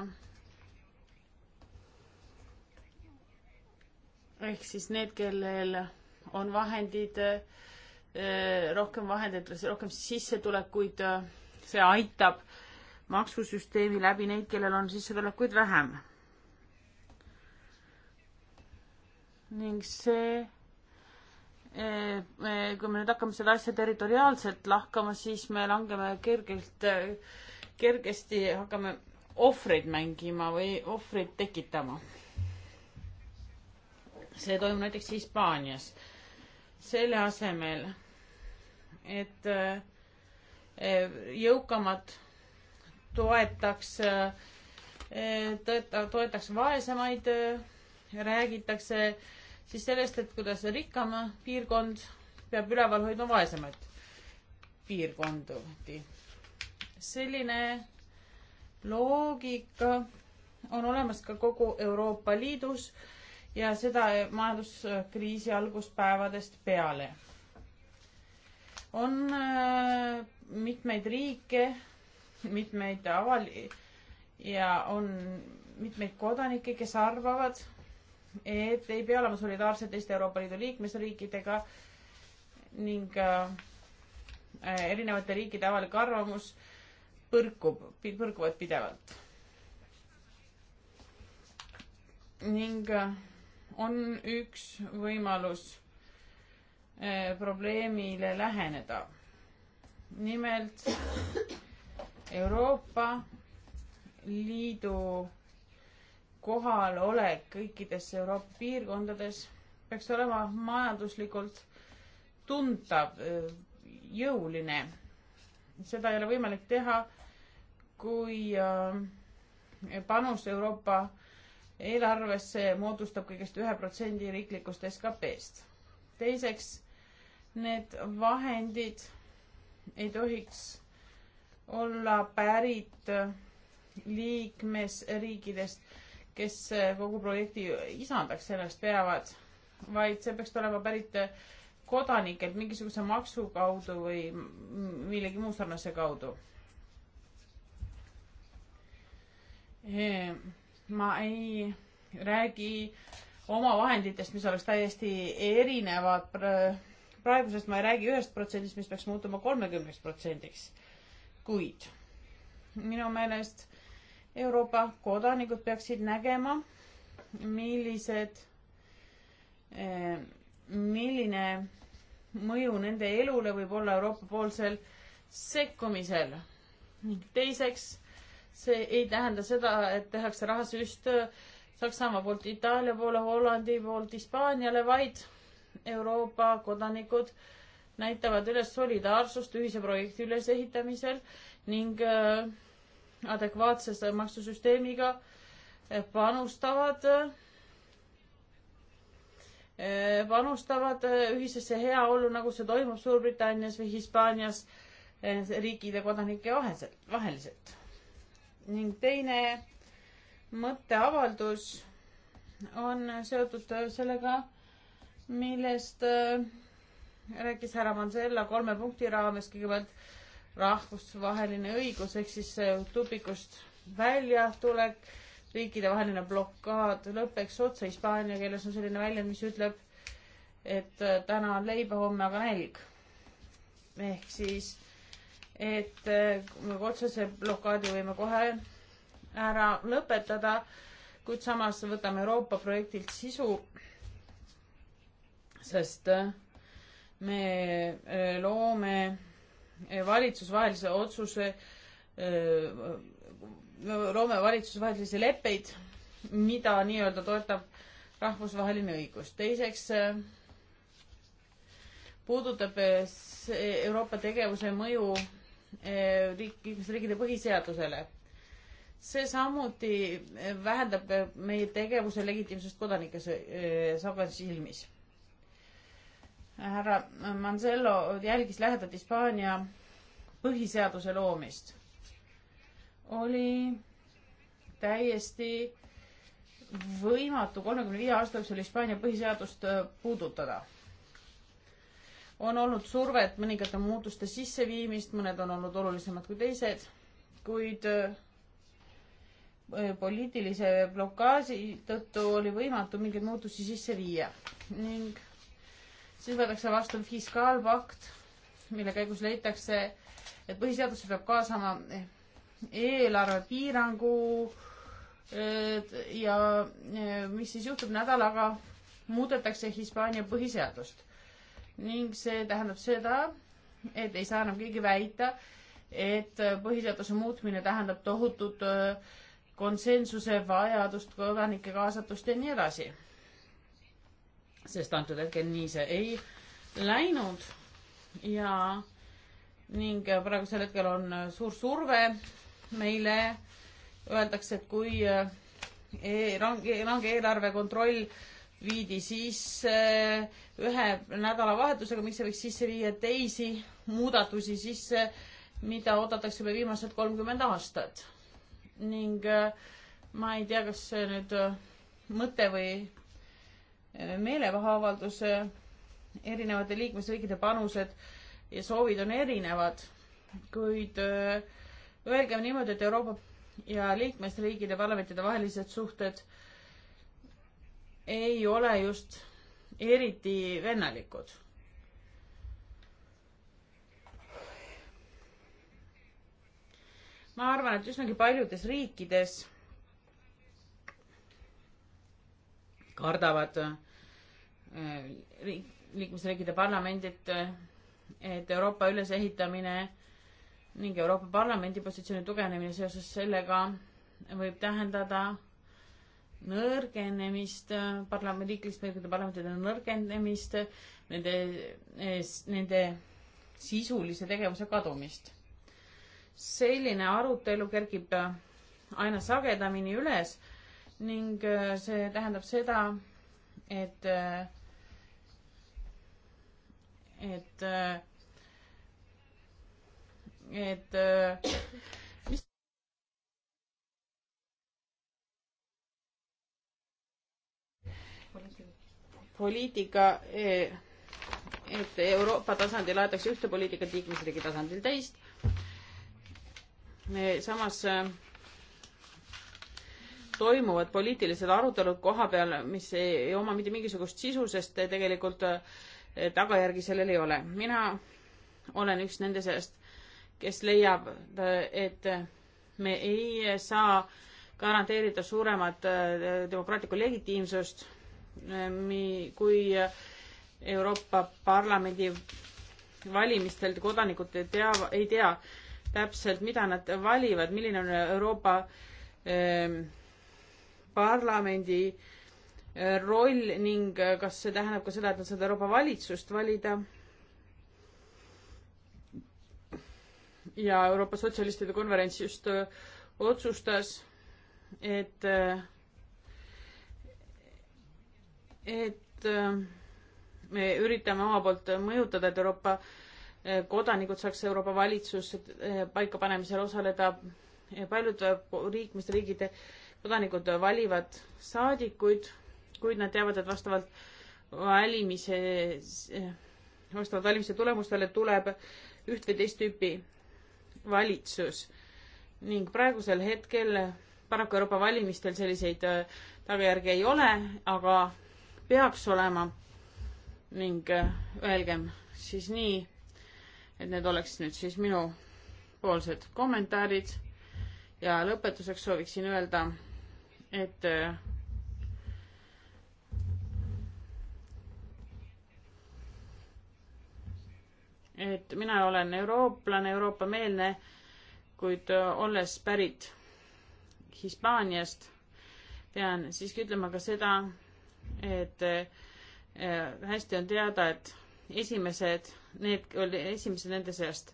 ehk siis need, kellel on vahendid, eh, rohkem vahendeid, rohkem sissetulekuid, eh, see aitab äh, maksusüsteemi läbi neid, kellel on sissetulekuid vähem. ning see, eh, eh, kui me nüüd hakkame seda asja territoriaalselt lahkama, siis me langeme kergelt, eh, kergesti hakkame ohvreid mängima või ohvreid tekitama. see toimub näiteks Hispaanias. selle asemel, et jõukamad toetaks, toetaks vaesemaid, räägitakse siis sellest, et kuidas rikkam piirkond peab üleval hoidma vaesemaid piirkondi. selline loogika on olemas ka kogu Euroopa Liidus ja seda majanduskriisi alguspäevadest peale. on äh, mitmeid riike mitmeid avali- ja on mitmeid kodanikke, kes arvavad, et ei pea olema solidaarsed teiste Euroopa Liidu liikmesriikidega ning äh, erinevate riikide avalik arvamus põrkub, põrkuvad pidevalt. ning äh, on üks võimalus äh, probleemile läheneda. nimelt Euroopa Liidu kohalolek kõikides Euroopa piirkondades peaks olema majanduslikult tuntav, jõuline. seda ei ole võimalik teha, kui äh, panus Euroopa eelarvesse moodustab kõigest ühe protsendi riiklikust SKP-st. teiseks, need vahendid ei tohiks olla pärit liikmesriikidest, kes kogu projekti isandaks sellest peavad, vaid see peaks olema pärit kodanikelt mingisuguse maksu kaudu või millegi muu sarnase kaudu. ma ei räägi omavahenditest, mis oleks täiesti erinevad praegusest, ma ei räägi ühest protsendist, mis peaks muutuma kolmekümneks protsendiks kuid minu meelest Euroopa kodanikud peaksid nägema, millised, eh, milline mõju nende elule võib olla Euroopa poolsel sekkumisel. teiseks, see ei tähenda seda, et tehakse rahasüst eh, Saksamaa poolt Itaalia poole, Hollandi poolt Hispaaniale, vaid Euroopa kodanikud äh, näitavad üles solidaarsust ühise projekti ülesehitamisel ning äh, adekvaatses maksusüsteemiga äh, panustavad, äh, panustavad ühisesse heaollu, nagu see toimub Suurbritannias või Hispaanias riikide kodanike vaheliselt. ning teine mõtteavaldus on seotud sellega, millest äh, rääkis härra Mansella kolme punkti raames kõigepealt rahvusvaheline õigus ehk siis tupikust väljatulek, riikidevaheline blokaad lõpeks otse, hispaania keeles on selline väljend, mis ütleb, et äh, täna on leiba, homme aga nälg. ehk siis, et äh, otsese blokaadi võime kohe ära lõpetada, kuid samas võtame Euroopa projektilt sisu, sest äh, me äh, loome äh, valitsusvahelise otsuse, äh, loome valitsusvahelisi leppeid, mida nii-öelda toetab rahvusvaheline õigus. teiseks puudutab Euroopa tegevuse mõju liikmesriikide põhiseadusele. see samuti vähendab meie tegevuse legitiimsust kodanike silmis härra Manzello jälgis lähedalt Hispaania põhiseaduse loomist. oli täiesti võimatu kolmekümne viie aasta jooksul Hispaania põhiseadust äh, puudutada. on olnud survet mõningate muutuste sisseviimist, mõned on olnud olulisemad kui teised, kuid äh, poliitilise blokaaži tõttu oli võimatu mingeid muutusi sisse viia ning siis võetakse vastu fiskaalpakt, mille käigus leitakse, et põhiseadusse peab kaasama eelarvepiirangu ja eh, mis siis juhtub nädalaga, muudetakse Hispaania põhiseadust. ning see tähendab seda, et ei saa enam keegi väita, et põhiseaduse muutmine tähendab tohutut eh, konsensuse vajadust, kodanike kaasatust ja nii edasi sest antud hetkel nii see ei läinud ja ning praegusel hetkel on suur surve meile, öeldakse, et kui e range, range eelarve kontroll viidi sisse ühe nädalavahetusega, miks ei võiks sisse viia teisi muudatusi sisse, mida oodatakse juba viimased kolmkümmend aastat. ning eh, ma ei tea, kas see nüüd eh, mõte või meeleavalduse erinevate liikmesriikide panused ja soovid on erinevad, kuid äh, öelgem niimoodi, et Euroopa ja liikmesriikide parlamentide vahelised suhted ei ole just eriti vennalikud. ma arvan, et üsnagi paljudes riikides kardavad äh, Äh, liikmesriikide parlamendid, äh, et Euroopa ülesehitamine ning Euroopa Parlamendi positsiooni tugevnemine seoses sellega võib tähendada nõrgenemist, parlamendi, liikmesriikide parlamentide nõrgenemist, nende, nende sisulise tegevuse kadumist. selline arutelu kerkib aina sagedamini üles ning äh, see tähendab seda, et äh, et, et mis poliitika, et Euroopa tasandil aetakse ühte poliitikat, liikmesriigi tasandil teist. samas toimuvad poliitilised arutelud koha peal, mis ei, ei oma mitte mingisugust sisu, sest tegelikult äh, Eh, tagajärgi sellel ei ole. mina olen üks nende seast, kes leiab, eh, et eh, me ei saa garanteerida suuremat demokraatlikku legitiimsust, kui Euroopa Parlamendi valimistel kodanikud ei tea, ei tea täpselt, mida nad valivad, milline on Euroopa eh, Parlamendi eh, roll ning äh, kas see tähendab ka seda, et nad saavad Euroopa valitsust valida? ja Euroopa Sotsialistide Konverents just äh, otsustas, et, äh, et me üritame oma poolt mõjutada, et Euroopa kodanikud saaks Euroopa valitsuse paikapanemisel osaleda. paljud liikmesriigid, kodanikud valivad saadikuid kuid nad teavad, et vastavalt valimise, vastavalt valimise tulemustele tuleb üht või teist tüüpi valitsus. ning praegusel hetkel paraku Euroopa valimistel selliseid äh, tagajärgi ei ole, aga peaks olema. ning äh, öelgem siis nii, et need oleks nüüd siis minupoolsed kommentaarid ja lõpetuseks sooviksin öelda, et äh, et mina olen eurooplane, euroopameelne, kuid äh, olles pärit Hispaaniast, pean siiski ütlema ka seda, et äh, hästi on teada, et esimesed, need, esimesed nende seast,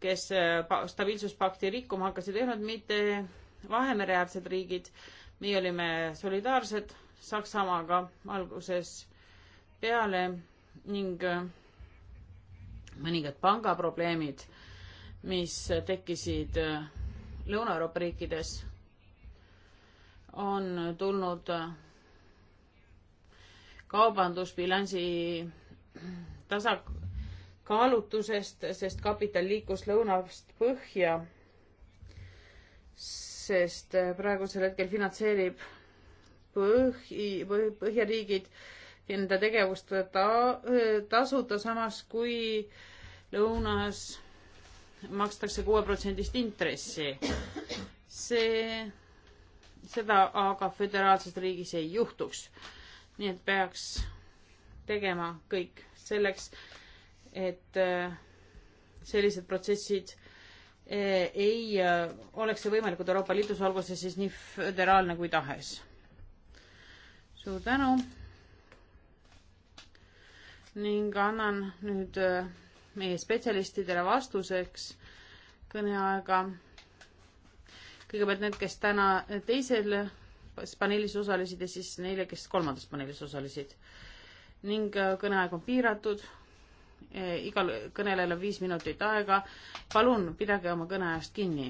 kes äh, stabiilsuspakti rikkuma hakkasid, ei olnud mitte Vahemereäärsed riigid, meie olime solidaarsed Saksamaaga algusest peale ning mõningad pangaprobleemid, mis tekkisid äh, Lõuna-Euroopa riikides, on tulnud äh, kaubandusbilansi äh, tasakaalutusest, sest kapital liikus lõunast põhja, sest praegusel hetkel finantseerib põhi, põhjariigid enda tegevust ta, tasuta, samas kui äh, lõunas makstakse kuueprotsendist intressi. see, seda aga föderaalses riigis ei juhtuks. nii et peaks tegema kõik selleks, et äh, sellised protsessid äh, ei äh, oleks see võimalikud Euroopa Liidus, olgu see siis nii föderaalne kui tahes. suur tänu ning annan nüüd meie spetsialistidele vastuseks kõneaega. kõigepealt need, kes täna teisel paneelis osalesid ja siis neile, kes kolmandas paneelis osalesid. ning äh, kõneaeg on piiratud. E, igal kõnelejal on viis minutit aega. palun pidage oma kõneajast kinni.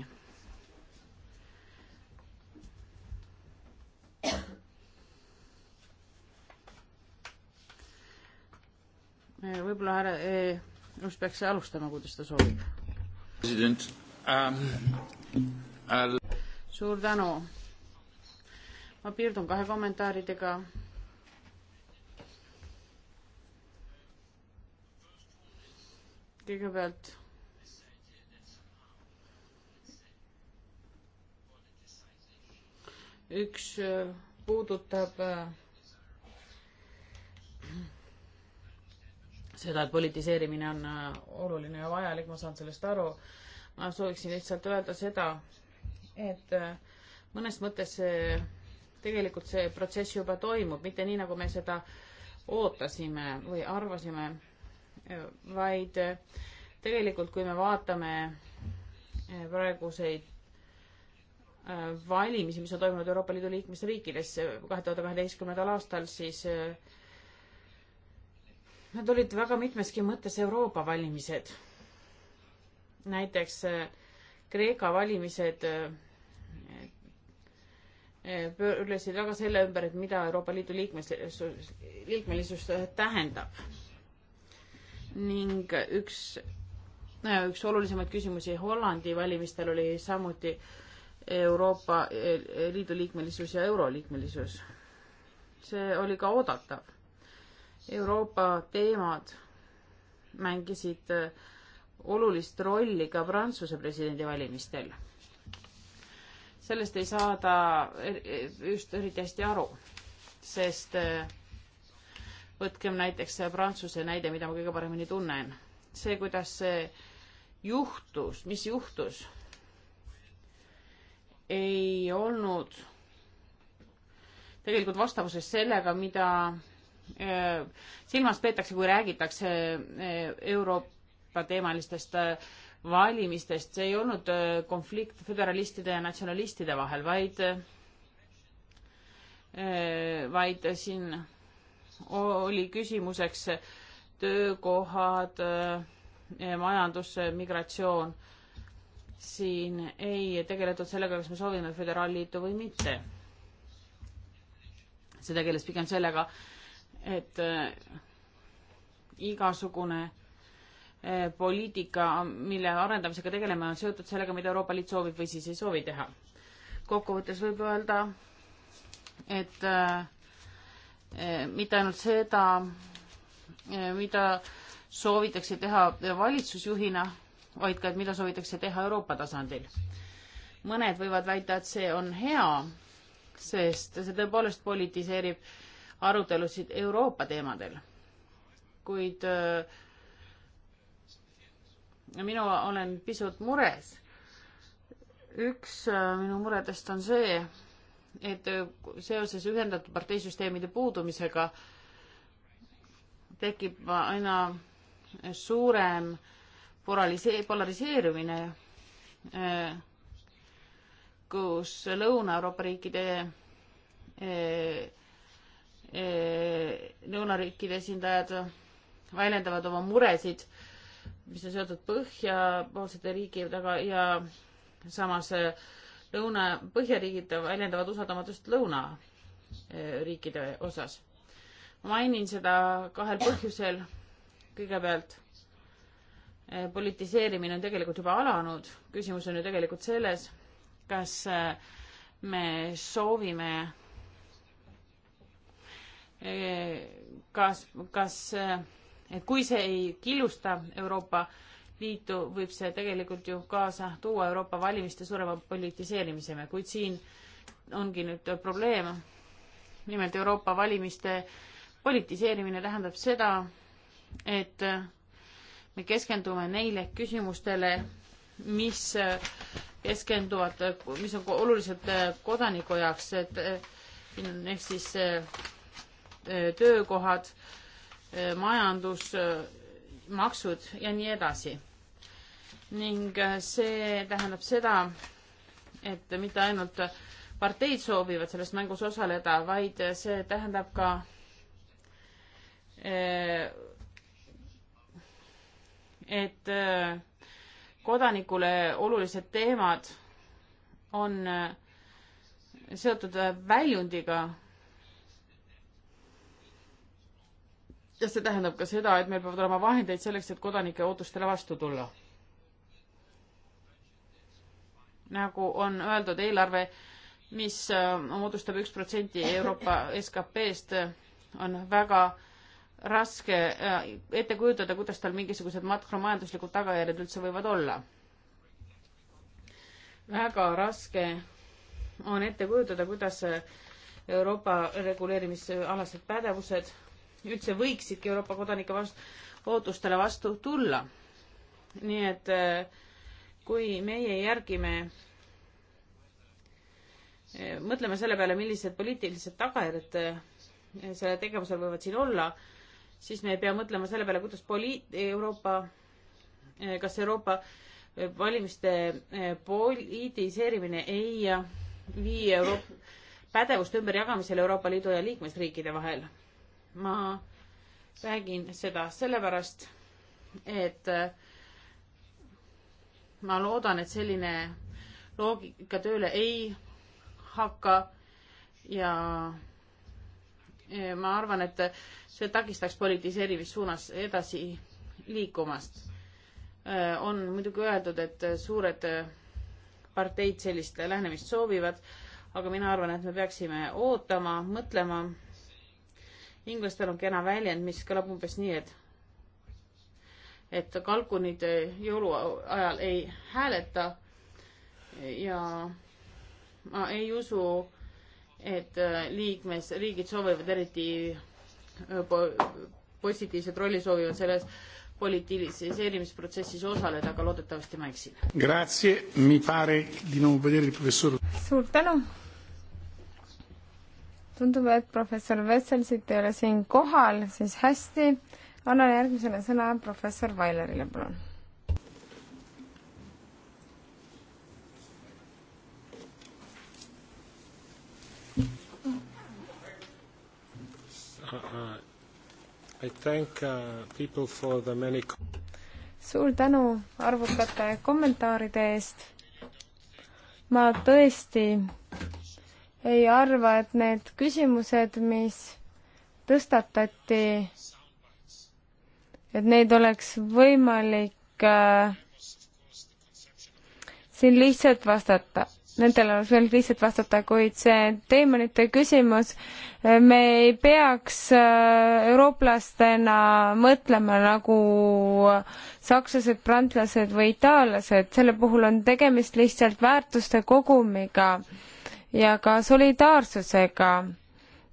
Äh, võib-olla härra äh, Rus peaks alustama, kuidas ta soovib. president um,, I'll suur tänu. ma piirdun kahe kommentaaridega. kõigepealt üks äh, puudutab äh, seda, et politiseerimine on äh, oluline ja vajalik, ma saan sellest aru. ma sooviksin lihtsalt öelda seda, et äh, mõnes mõttes see, tegelikult see protsess juba toimub, mitte nii, nagu me seda ootasime või arvasime, äh, vaid tegelikult, kui me vaatame praeguseid valimisi, mis on toimunud Euroopa Liidu liikmesriikides kahe tuhande kaheteistkümnendal aastal, siis Nad olid väga mitmeski mõttes Euroopa valimised. näiteks eh, Kreeka valimised eh, eh, pöörlesid väga selle ümber, et mida Euroopa Liidu liikmes, liikmelisus tähendab. ning üks, üks olulisemaid küsimusi Hollandi valimistel oli samuti Euroopa Liidu liikmelisus ja euroliikmelisus. see oli ka oodatav Euroopa teemad mängisid äh, olulist rolli ka Prantsuse presidendivalimistel. sellest ei saada er-, e-, just eriti hästi aru, sest äh, võtkem näiteks Prantsuse näide, mida ma kõige paremini tunnen. see, kuidas see juhtus, mis juhtus, ei olnud tegelikult vastavuses sellega, mida Äh, silmas peetakse, kui räägitakse äh, Euroopa teemalistest äh, valimistest, see ei olnud konflikt föderalistide ja natsionalistide vahel, vaid, vaid siin oli küsimuseks töökohad, majandus, migratsioon. siin ei tegeletud sellega, kas me soovime föderaalliitu või mitte. see tegeles pigem sellega, et äh, igasugune äh, poliitika, mille arendamisega tegeleme, on seotud sellega, mida Euroopa Liit soovib või siis ei soovi teha. kokkuvõttes võib öelda, et äh, mitte ainult seda, mida soovitakse teha valitsusjuhina, vaid ka, et mida soovitakse teha Euroopa tasandil. mõned võivad väita, et see on hea, sest see tõepoolest politiseerib arutelusid Euroopa teemadel. kuid äh, mina olen pisut mures. üks äh, minu muredest on see, et äh, seoses ühendatud parteisüsteemide puudumisega tekib aina suurem polarisee-, polariseerumine, kus Lõuna-Euroopa riikide lõunariikide esindajad väljendavad oma muresid, mis on seotud põhjapoolsete riikidega ja samas äh, lõuna, põhjariigid väljendavad usaldamatust lõunariikide äh, osas. mainin seda kahel põhjusel. kõigepealt äh, politiseerimine on tegelikult juba alanud, küsimus on ju tegelikult selles, kas me soovime Eh, kas, kas, eh, et kui see ei killusta Euroopa Liitu, võib see tegelikult ju kaasa tuua Euroopa valimiste suurema politiseerimisega, kuid siin ongi nüüd probleem. nimelt Euroopa valimiste politiseerimine tähendab seda, et me keskendume neile küsimustele, mis keskenduvad, mis on olulised kodaniku jaoks, et eh, ehk siis Eh, töökohad, eh, majandus, eh, maksud ja nii edasi. ning see tähendab seda, et mitte ainult parteid soovivad selles mängus osaleda, vaid see tähendab ka et kodanikule olulised teemad on seotud väljundiga ja see tähendab ka seda, et meil peavad olema vahendeid selleks, et kodanike ootustele vastu tulla. nagu on öeldud, eelarve, mis äh, moodustab üks protsenti Euroopa SKP-st, on väga raske äh, ette kujutada, kuidas tal mingisugused makromajanduslikud tagajärjed üldse võivad olla. väga raske on ette kujutada, kuidas äh, Euroopa reguleerimisalased pädevused üldse võiksidki Euroopa kodanike vastu, ootustele vastu tulla. nii et eh, kui meie järgime, eh, mõtleme selle peale, millised poliitilised tagajärjed eh, sellel tegevusel võivad siin olla, siis me ei pea mõtlema selle peale, kuidas poliit-, Euroopa, kas Euroopa valimiste politiseerimine ei vii Euroopa pädevuste ümberjagamisel Euroopa Liidu ja liikmesriikide vahel ma räägin seda sellepärast, et äh, ma loodan, et selline loogika tööle ei hakka ja äh, ma arvan, et see takistaks politiseerimissuunas edasi liikumast. Äh, on muidugi öeldud, et suured parteid sellist lähenemist soovivad, aga mina arvan, et me peaksime ootama, mõtlema inglastel on kena väljend, mis kõlab umbes nii, et et kalkunid jõuluajal ei hääleta ja ma ei usu, et äh, liikmesriigid soovivad eriti äh, positiivset rolli soovivad selles politiseerimisprotsessis osaleda, aga loodetavasti ma eksin. suur tänu tundub, et professor Vesselsit ei ole siin kohal, siis hästi, annan järgmisena sõna professor Vailerile, palun. Uh, uh, I thank uh, people for the many suur tänu arvukate kommentaaride eest. ma tõesti ei arva, et need küsimused, mis tõstatati, et neid oleks võimalik äh, siin lihtsalt vastata, nendele oleks võimalik lihtsalt vastata, kuid see teemonite küsimus, äh, me ei peaks äh, eurooplastena mõtlema nagu sakslased, prantslased või itaallased, selle puhul on tegemist lihtsalt väärtuste kogumiga äh, ja ka solidaarsusega.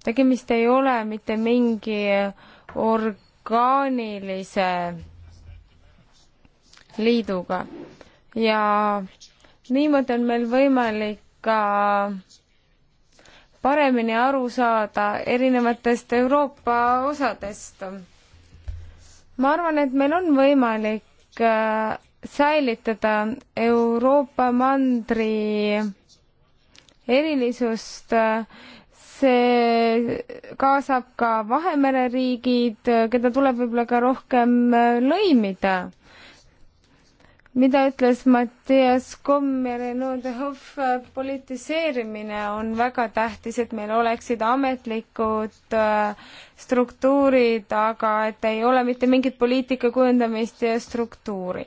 tegemist ei ole mitte mingi orgaanilise liiduga ja niimoodi on meil võimalik ka paremini aru saada erinevatest Euroopa osadest. ma arvan, et meil on võimalik äh, säilitada Euroopa mandri erilisust. see kaasab ka Vahemere riigid, keda tuleb võib-olla ka rohkem äh, lõimida. mida ütles Mattias Komm ja Renaud de Hoff, äh, politiseerimine on väga tähtis, et meil oleksid ametlikud äh, struktuurid, aga et ei ole mitte mingit poliitika kujundamist ja struktuuri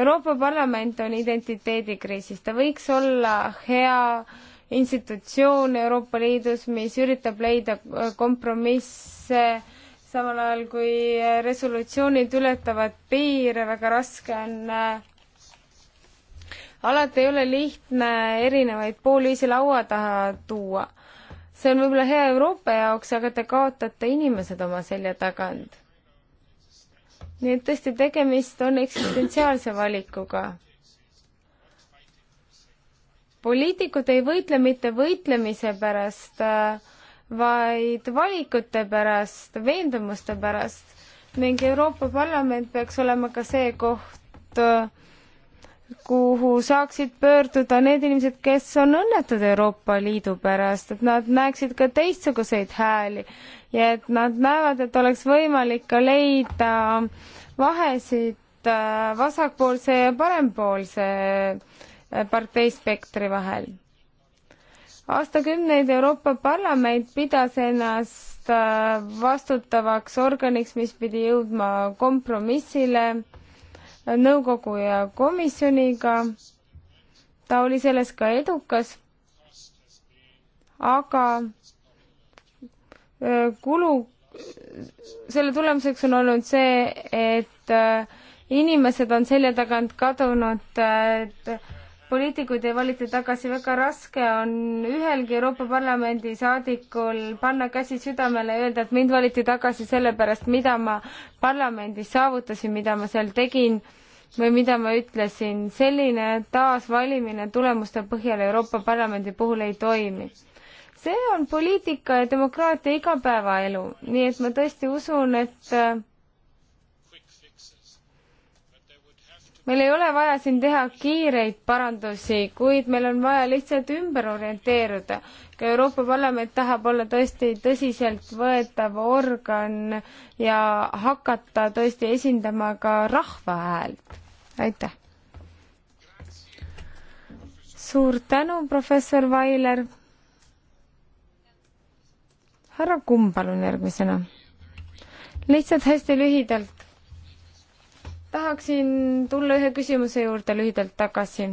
Euroopa Parlament on identiteedikriisis, ta võiks olla hea institutsioon Euroopa Liidus, mis üritab leida äh, kompromisse samal ajal kui äh, resolutsioonid ületavad piire, väga raske on äh, alati ei ole lihtne erinevaid poolviisi laua taha tuua. see on võib-olla hea Euroopa jaoks, aga te kaotate inimesed oma selja tagant. nii et tõesti, tegemist on eksistentsiaalse valikuga poliitikud ei võitle mitte võitlemise pärast, äh, vaid valikute pärast, veendumuste pärast ning Euroopa Parlament peaks olema ka see koht, kuhu saaksid pöörduda need inimesed, kes on õnnetud Euroopa Liidu pärast, et nad näeksid ka teistsuguseid hääli ja et nad näevad, et oleks võimalik ka leida vahesid äh, vasakpoolse ja parempoolse äh, parteispektri vahel. aastakümneid Euroopa Parlament pidas ennast äh, vastutavaks organiks, mis pidi jõudma kompromissile äh, nõukogu ja komisjoniga. ta oli selles ka edukas, aga äh, kulu, selle tulemuseks on olnud see, et inimesed on selja tagant kadunud, et poliitikuid ei valita tagasi, väga raske on ühelgi Euroopa Parlamendi saadikul panna käsi südamele ja öelda, et mind valiti tagasi sellepärast, mida ma parlamendis saavutasin, mida ma seal tegin või mida ma ütlesin. selline taasvalimine tulemuste põhjal Euroopa Parlamendi puhul ei toimi. see on poliitika ja demokraatia igapäevaelu, nii et ma tõesti usun, et meil ei ole vaja siin teha kiireid parandusi, kuid meil on vaja lihtsalt ümber orienteeruda. ka Euroopa Parlament tahab olla tõesti tõsiseltvõetav organ ja hakata tõesti esindama ka rahva häält. aitäh! suur tänu, professor Vailer! härra Kumm, palun järgmisena. lihtsalt hästi lühidalt tahaksin tulla ühe küsimuse juurde lühidalt tagasi.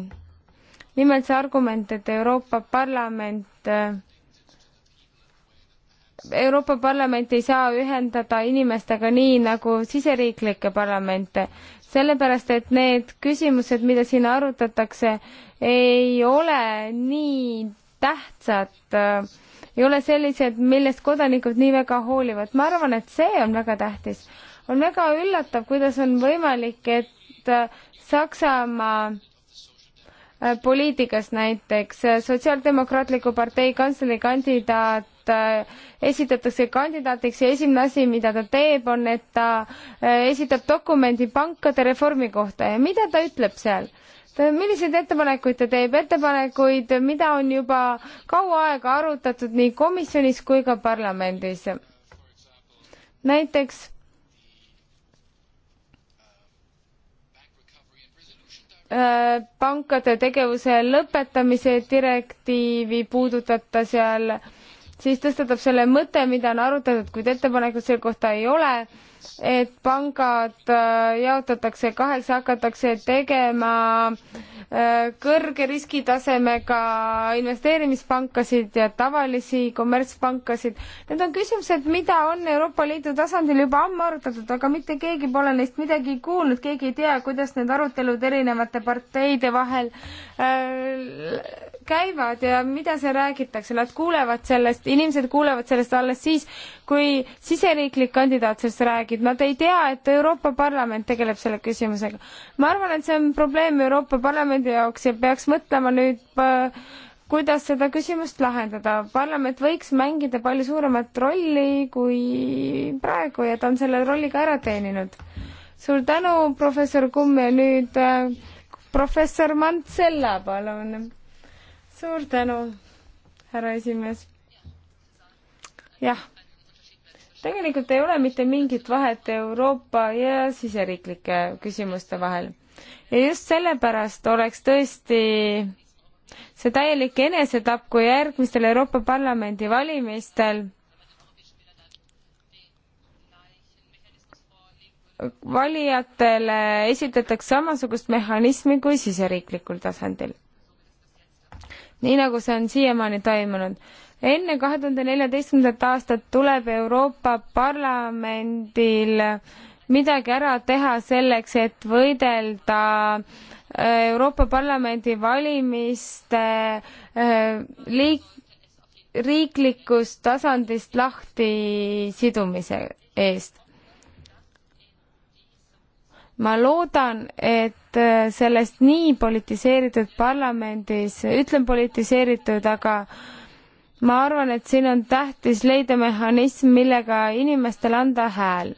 nimelt see argument, et Euroopa Parlament äh, Euroopa Parlament ei saa ühendada inimestega nii nagu siseriiklikke parlamente, sellepärast et need küsimused, mida siin arutatakse, ei ole nii tähtsad äh, ei ole sellised, millest kodanikud nii väga hoolivad. ma arvan, et see on väga tähtis on väga üllatav, kuidas on võimalik, et äh, Saksamaa äh, poliitikas näiteks äh, Sotsiaaldemokraatliku partei kantslerikandidaat esitatakse kandidaadiks ja esimene asi, mida ta teeb, on, et ta esitab dokumendi pankade reformi kohta ja mida ta ütleb seal? milliseid ettepanekuid ta teeb, ettepanekuid, mida on juba kaua aega arutatud nii komisjonis kui ka parlamendis? näiteks Äh, pankade tegevuse lõpetamise direktiivi puudutata seal, siis tõstatab selle mõte, mida on arutatud, kuid ettepanekut selle kohta ei ole, et pangad äh, jaotatakse kaheks, hakatakse tegema kõrge riskitasemega investeerimispankasid ja tavalisi kommertspankasid. Need on küsimused, mida on Euroopa Liidu tasandil juba ammu arutatud, aga mitte keegi pole neist midagi kuulnud, keegi ei tea, kuidas need arutelud erinevate parteide vahel äh, käivad ja mida seal räägitakse, nad kuulevad sellest, inimesed kuulevad sellest alles siis, kui siseriiklik kandidaat sellest räägib, nad ei tea, et Euroopa Parlament tegeleb selle küsimusega. ma arvan, et see on probleem Euroopa Parlamendi Parlamendi jaoks ja peaks mõtlema nüüd kuidas seda küsimust lahendada. parlament võiks mängida palju suuremat rolli kui praegu ja ta on selle rolli ka ära teeninud. suur tänu, professor Kumm ja nüüd äh, professor Mantsella, palun. suur tänu, härra esimees. jah, tegelikult ei ole mitte mingit vahet Euroopa ja siseriiklike küsimuste vahel ja just sellepärast oleks tõesti see täielik enesetapp, kui järgmistel Euroopa Parlamendi valimistel valijatele esitatakse samasugust mehhanismi kui siseriiklikul tasandil. nii nagu see on siiamaani toimunud. enne kahe tuhande neljateistkümnendat aastat tuleb Euroopa Parlamendil äh, midagi ära teha selleks, et võidelda äh, Euroopa Parlamendi valimiste äh, liik-, riiklikust tasandist lahti sidumise eest. ma loodan, et äh, sellest nii politiseeritud parlamendis, ütlen politiseeritud, aga ma arvan, et siin on tähtis leida mehhanism, millega inimestele anda hääl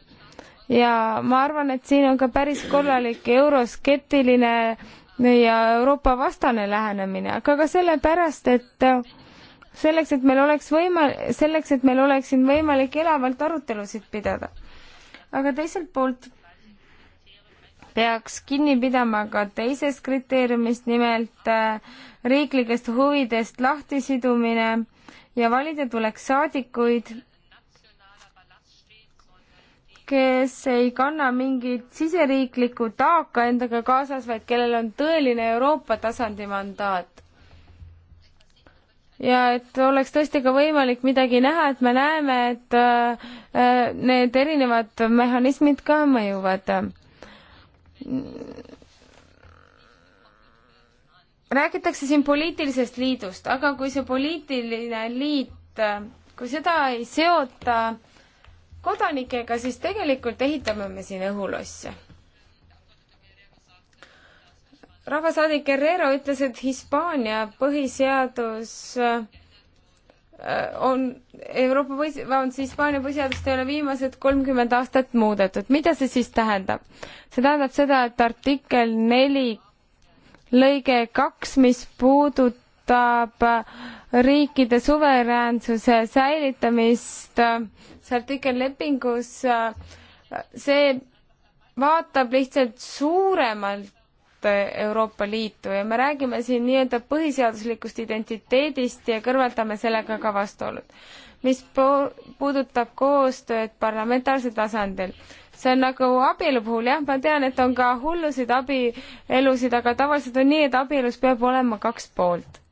ja ma arvan, et siin on ka päris korralik euroskeptiline ja Euroopa vastane lähenemine, aga ka sellepärast, et selleks, et meil oleks võima-, selleks, et meil oleks siin võimalik elavalt arutelusid pidada. aga teiselt poolt peaks kinni pidama ka teisest kriteeriumist, nimelt äh, riiklikest huvidest lahtisidumine ja valida tuleks saadikuid kes ei kanna mingit siseriiklikku taaka endaga kaasas, vaid kellel on tõeline Euroopa tasandi mandaat. ja et oleks tõesti ka võimalik midagi näha, et me näeme, et äh, need erinevad mehhanismid ka mõjuvad. räägitakse siin poliitilisest liidust, aga kui see poliitiline liit, äh, kui seda ei seota kodanikega, siis tegelikult ehitame me siin õhulosse. rahvasaadik Guerrero ütles, et Hispaania põhiseadus äh, on Euroopa põhi-, vabandust, Hispaania põhiseadust ei ole viimased kolmkümmend aastat muudetud. mida see siis tähendab? see tähendab seda, et artikkel neli lõige kaks, mis puudutab äh, riikide suveräänsuse säilitamist, äh, see artikkel lepingus, äh, see vaatab lihtsalt suuremalt äh, Euroopa Liitu ja me räägime siin nii-öelda põhiseaduslikust identiteedist ja kõrvaldame sellega ka vastuolud. mis puudutab koostööd parlamentaarsel tasandil, see on nagu abielu puhul jah, ma tean, et on ka hullusid abielusid, aga tavaliselt on nii, et abielus peab olema kaks poolt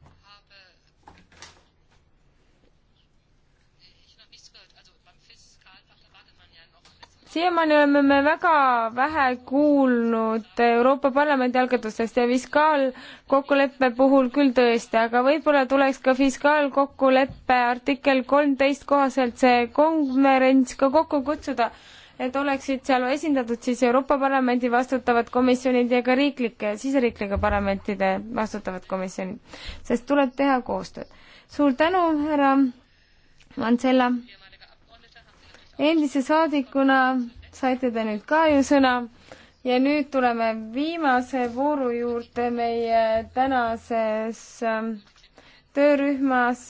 siiamaani oleme me väga vähe kuulnud Euroopa Parlamendi algatustest ja fiskaalkokkuleppe puhul küll tõesti, aga võib-olla tuleks ka fiskaalkokkuleppe artikkel kolmteist kohaselt see konverents ka kokku kutsuda, et oleksid seal esindatud siis Euroopa Parlamendi vastutavad komisjonid ja ka riiklike, siseriiklike parlamentide vastutavad komisjonid, sest tuleb teha koostööd. suur tänu, härra Mansella! endise saadikuna saite te nüüd ka ju sõna ja nüüd tuleme viimase vooru juurde meie tänases ähm, töörühmas.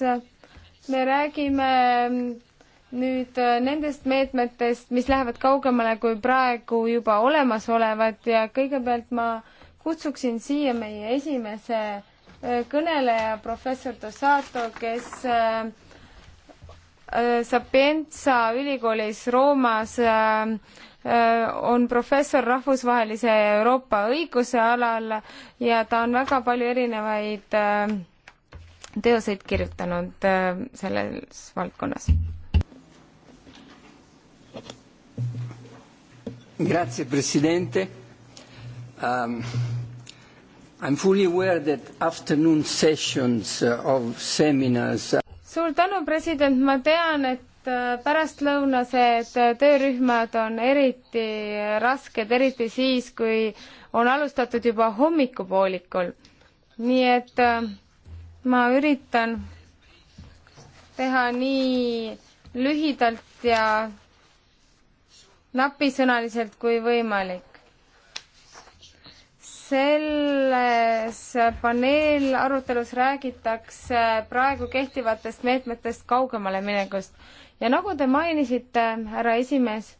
me räägime nüüd äh, nendest meetmetest, mis lähevad kaugemale kui praegu juba olemasolevad ja kõigepealt ma kutsuksin siia meie esimese äh, kõneleja, professor Dossato, kes äh, Äh, Sapienza ülikoolis Roomas äh, äh, on professor rahvusvahelise Euroopa õiguse alal ja ta on väga palju erinevaid teoseid kirjutanud selles valdkonnas. Grazie Presidente um,. I am fully aware that afternoon sessions of seminars suur tänu, president, ma tean, et äh, pärastlõunased äh, töörühmad on eriti rasked, eriti siis, kui on alustatud juba hommikupoolikul. nii et äh, ma üritan teha nii lühidalt ja napisõnaliselt kui võimalik selles paneelarutelus räägitakse praegu kehtivatest meetmetest kaugemale minekust ja nagu te mainisite, härra esimees,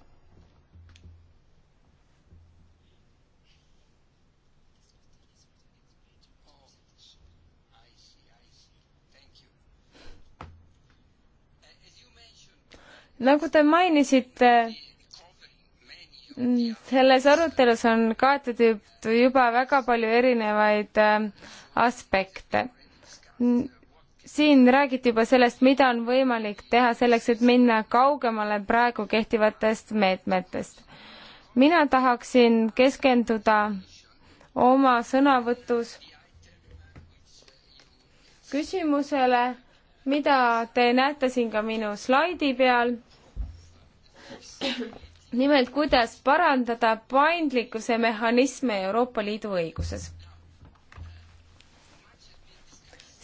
nagu te mainisite, selles arutelus on kaetud juba väga palju erinevaid äh, aspekte. siin räägiti juba sellest, mida on võimalik teha selleks, et minna kaugemale praegu kehtivatest meetmetest. mina tahaksin keskenduda oma sõnavõtus küsimusele, mida te näete siin ka minu slaidi peal nimelt, kuidas parandada paindlikkuse mehhanisme Euroopa Liidu õiguses.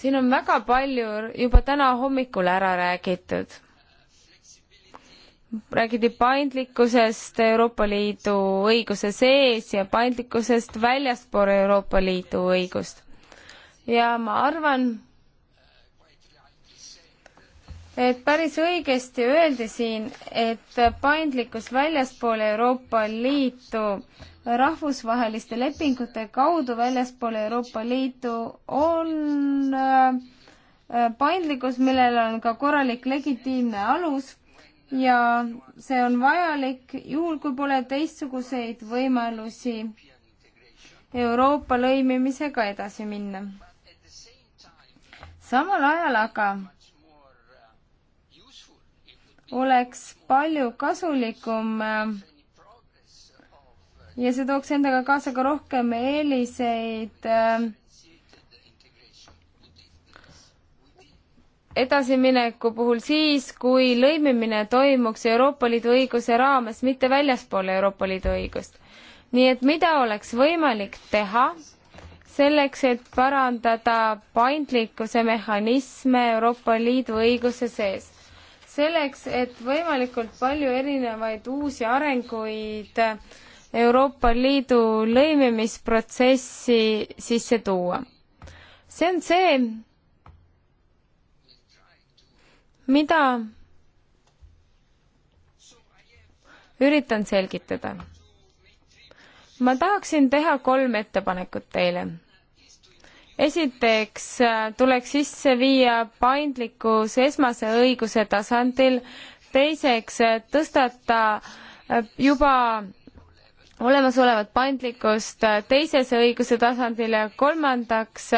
siin on väga palju juba täna hommikul ära räägitud. räägiti paindlikkusest Euroopa Liidu õiguse sees ja paindlikkusest väljaspool Euroopa Liidu õigust. ja ma arvan, et päris õigesti öeldi siin, et paindlikkus väljaspool Euroopa Liitu rahvusvaheliste lepingute kaudu väljaspool Euroopa Liitu on äh, äh, paindlikkus, millel on ka korralik legitiimne alus ja see on vajalik juhul, kui pole teistsuguseid võimalusi Euroopa lõimimisega edasi minna. samal ajal aga oleks palju kasulikum äh, ja see tooks endaga kaasa ka rohkem eeliseid äh, edasimineku puhul siis, kui lõimimine toimuks Euroopa Liidu õiguse raames, mitte väljaspool Euroopa Liidu õigust. nii et mida oleks võimalik teha selleks, et parandada paindlikkuse mehhanisme Euroopa Liidu õiguse sees? selleks, et võimalikult palju erinevaid uusi arenguid Euroopa Liidu lõimimisprotsessi sisse tuua. see on see, mida üritan selgitada. ma tahaksin teha kolm ettepanekut teile esiteks äh, tuleks sisse viia paindlikkus esmase õiguse tasandil, teiseks äh, tõstata äh, juba olemasolevat paindlikkust teises õiguse tasandil ja kolmandaks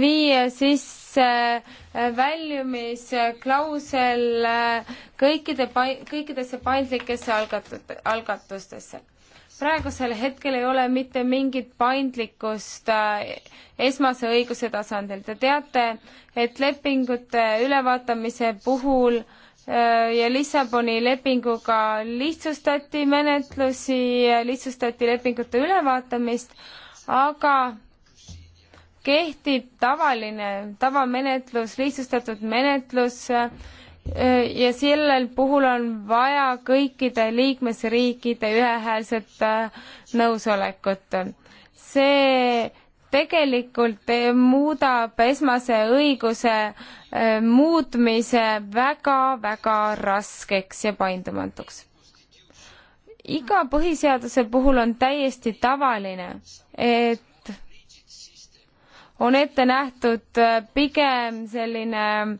viia sisse väljumisklausel kõikide, kõikidesse paindlikesse algatut-, algatustesse praegusel hetkel ei ole mitte mingit paindlikkust äh, esmase õiguse tasandil. Te teate, et lepingute ülevaatamise puhul äh, ja Lissaboni lepinguga lihtsustati menetlusi, lihtsustati lepingute ülevaatamist, aga kehtib tavaline tavamenetlus, lihtsustatud menetlus, menetlus äh, ja sellel puhul on vaja kõikide liikmesriikide ühehäälset äh, nõusolekut. see tegelikult äh, muudab esmase õiguse äh, muutmise väga-väga raskeks ja paindumatuks. iga põhiseaduse puhul on täiesti tavaline, et on ette nähtud pigem selline äh,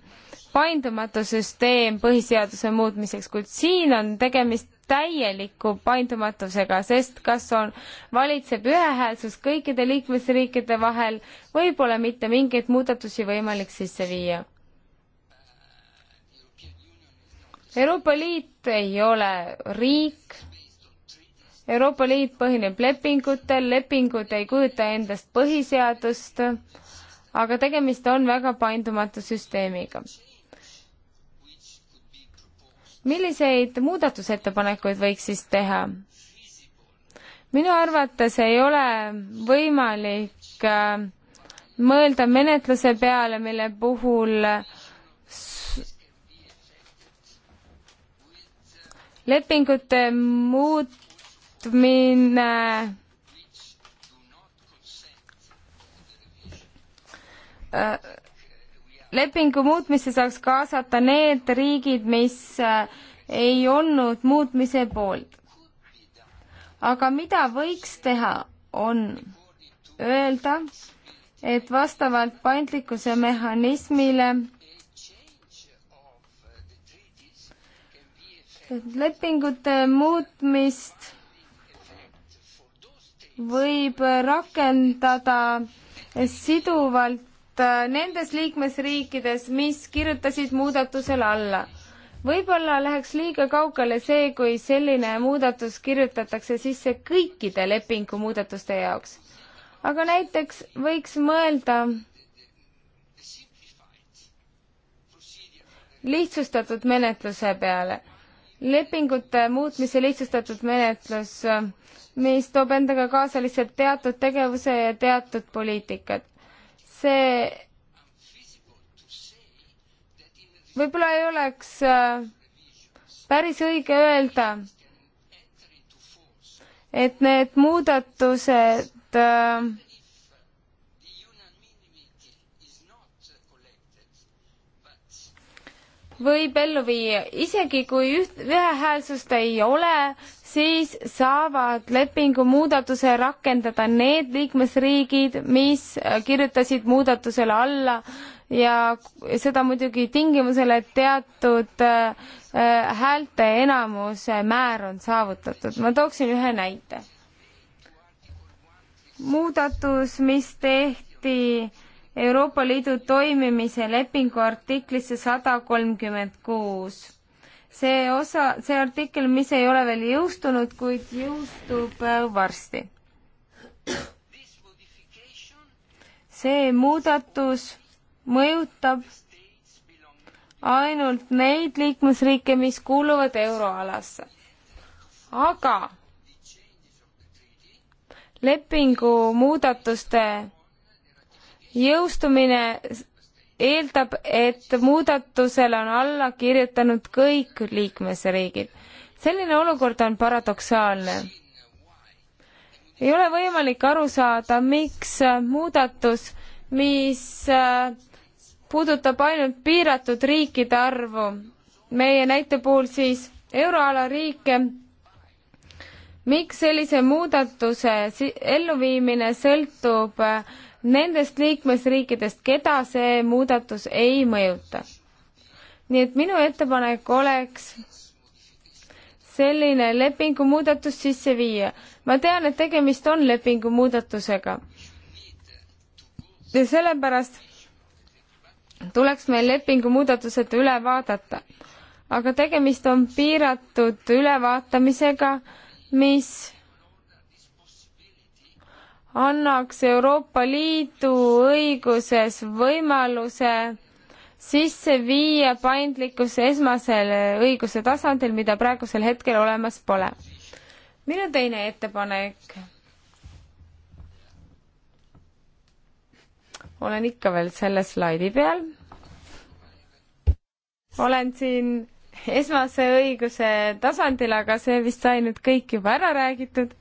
paindumatu süsteem põhiseaduse muutmiseks, kuid siin on tegemist täieliku paindumatusega, sest kas on, valitseb ühehäälsus kõikide liikmesriikide vahel või pole mitte mingeid muudatusi võimalik sisse viia. Euroopa Liit ei ole riik, Euroopa Liit põhineb lepingutel, lepingud ei kujuta endast põhiseadust, aga tegemist on väga paindumatu süsteemiga milliseid muudatusettepanekuid võiks siis teha? minu arvates ei ole võimalik äh, mõelda menetluse peale, mille puhul lepingute muutmine äh, lepingu muutmisse saaks kaasata need riigid, mis äh, ei olnud muutmise poolt. aga mida võiks teha, on öelda, et vastavalt paindlikkuse mehhanismile lepingute muutmist võib rakendada siduvalt Äh, nendes liikmesriikides, mis kirjutasid muudatusele alla. võib-olla läheks liiga kaugele see, kui selline muudatus kirjutatakse sisse kõikide lepingu muudatuste jaoks. aga näiteks võiks mõelda lihtsustatud menetluse peale. lepingute muutmise lihtsustatud menetlus, mis toob endaga kaasa lihtsalt teatud tegevuse ja teatud poliitikat see võib-olla ei oleks äh, päris õige öelda, et need muudatused äh, võib ellu viia, isegi kui üht, ühehäälsust ei ole, siis saavad lepingu muudatuse rakendada need liikmesriigid, mis äh, kirjutasid muudatusele alla ja seda muidugi tingimusel, et teatud äh, äh, häälte enamuse määr on saavutatud. ma tooksin ühe näite. muudatus, mis tehti Euroopa Liidu toimimise lepingu artiklisse sada kolmkümmend kuus see osa, see artikkel, mis ei ole veel jõustunud, kuid jõustub äh, varsti. see muudatus mõjutab ainult neid liikmesriike, mis kuuluvad euroalasse. aga lepingu muudatuste jõustumine eeldab, et muudatusele on alla kirjutanud kõik liikmesriigid. selline olukord on paradoksaalne. ei ole võimalik aru saada, miks muudatus, mis äh, puudutab ainult piiratud riikide arvu, meie näite puhul siis euroala riike, miks sellise muudatuse elluviimine sõltub äh, nendest liikmesriikidest, keda see muudatus ei mõjuta. nii et minu ettepanek oleks selline lepingumuudatus sisse viia. ma tean, et tegemist on lepingumuudatusega. ja sellepärast tuleks meil lepingumuudatused üle vaadata. aga tegemist on piiratud ülevaatamisega, mis annaks Euroopa Liidu õiguses võimaluse sisse viia paindlikkus esmasel õiguse tasandil, mida praegusel hetkel olemas pole. minu teine ettepanek. olen ikka veel selle slaidi peal. olen siin esmase õiguse tasandil, aga see vist sai nüüd kõik juba ära räägitud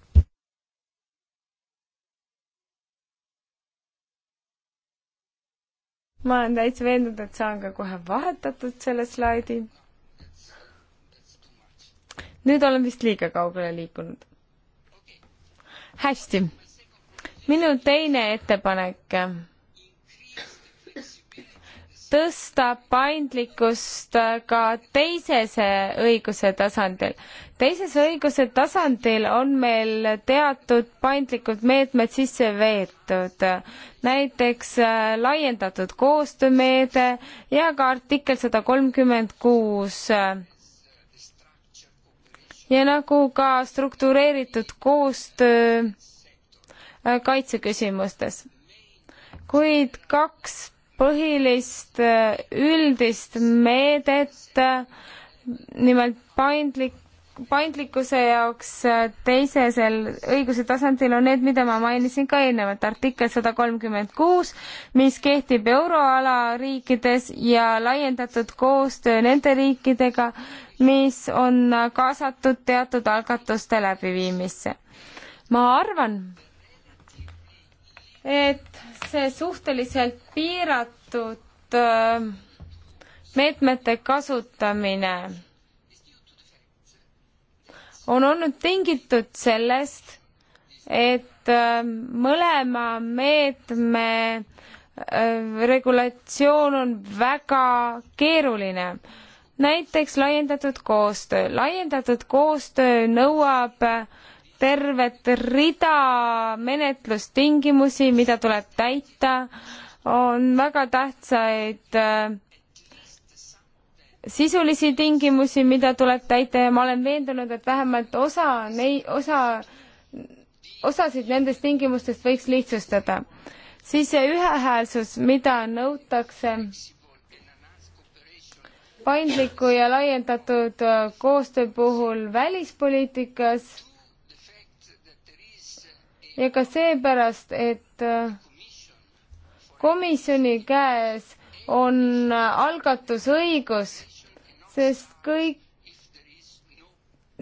ma olen täitsa veendunud, et saan ka kohe vahetatud selle slaidi. nüüd olen vist liiga kaugele liikunud. hästi. minu teine ettepanek tõstab paindlikkust ka teisese õiguse tasandil. teises õiguse tasandil on meil teatud paindlikud meetmed sisse veetud, näiteks äh, laiendatud koostöömeede ja ka artikkel sada kolmkümmend kuus ja nagu ka struktureeritud koostöö äh, kaitseküsimustes. kuid kaks põhilist äh, üldist meedet, äh, nimelt paindlik, paindlikkuse jaoks äh, teisesel õiguse tasandil on need, mida ma mainisin ka eelnevalt, artikkel sada kolmkümmend kuus, mis kehtib euroala riikides ja laiendatud koostöö nende riikidega, mis on kaasatud teatud algatuste läbiviimisse. ma arvan, et see suhteliselt piiratud äh, meetmete kasutamine on olnud tingitud sellest, et äh, mõlema meetme äh, regulatsioon on väga keeruline. näiteks laiendatud koostöö. laiendatud koostöö nõuab äh, tervet rida menetlustingimusi, mida tuleb täita, on väga tähtsaid äh, sisulisi tingimusi, mida tuleb täita ja ma olen veendunud, et vähemalt osa nei-, osa, osasid nendest tingimustest võiks lihtsustada. siis see ühehäälsus, mida nõutakse paindliku ja laiendatud äh, koostöö puhul välispoliitikas ja ka seepärast, et äh, komisjoni käes on algatusõigus, sest kõik,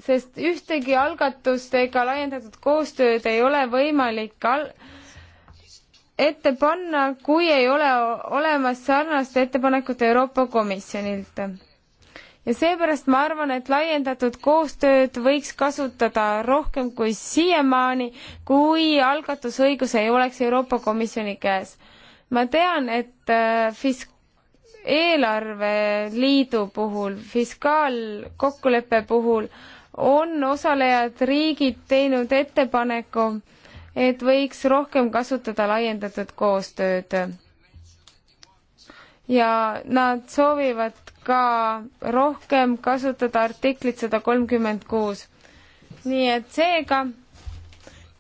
sest ühtegi algatust ega laiendatud koostööd ei ole võimalik al-, ette panna, kui ei ole olemas sarnast ettepanekut Euroopa Komisjonilt ja seepärast ma arvan, et laiendatud koostööd võiks kasutada rohkem kui siiamaani, kui algatusõigus ei oleks Euroopa Komisjoni käes. ma tean, et äh, fis-, eelarveliidu puhul, fiskaalkokkuleppe puhul on osalejad riigid teinud ettepaneku, et võiks rohkem kasutada laiendatud koostööd. ja nad soovivad ka rohkem kasutada artiklit sada kolmkümmend kuus. nii et seega,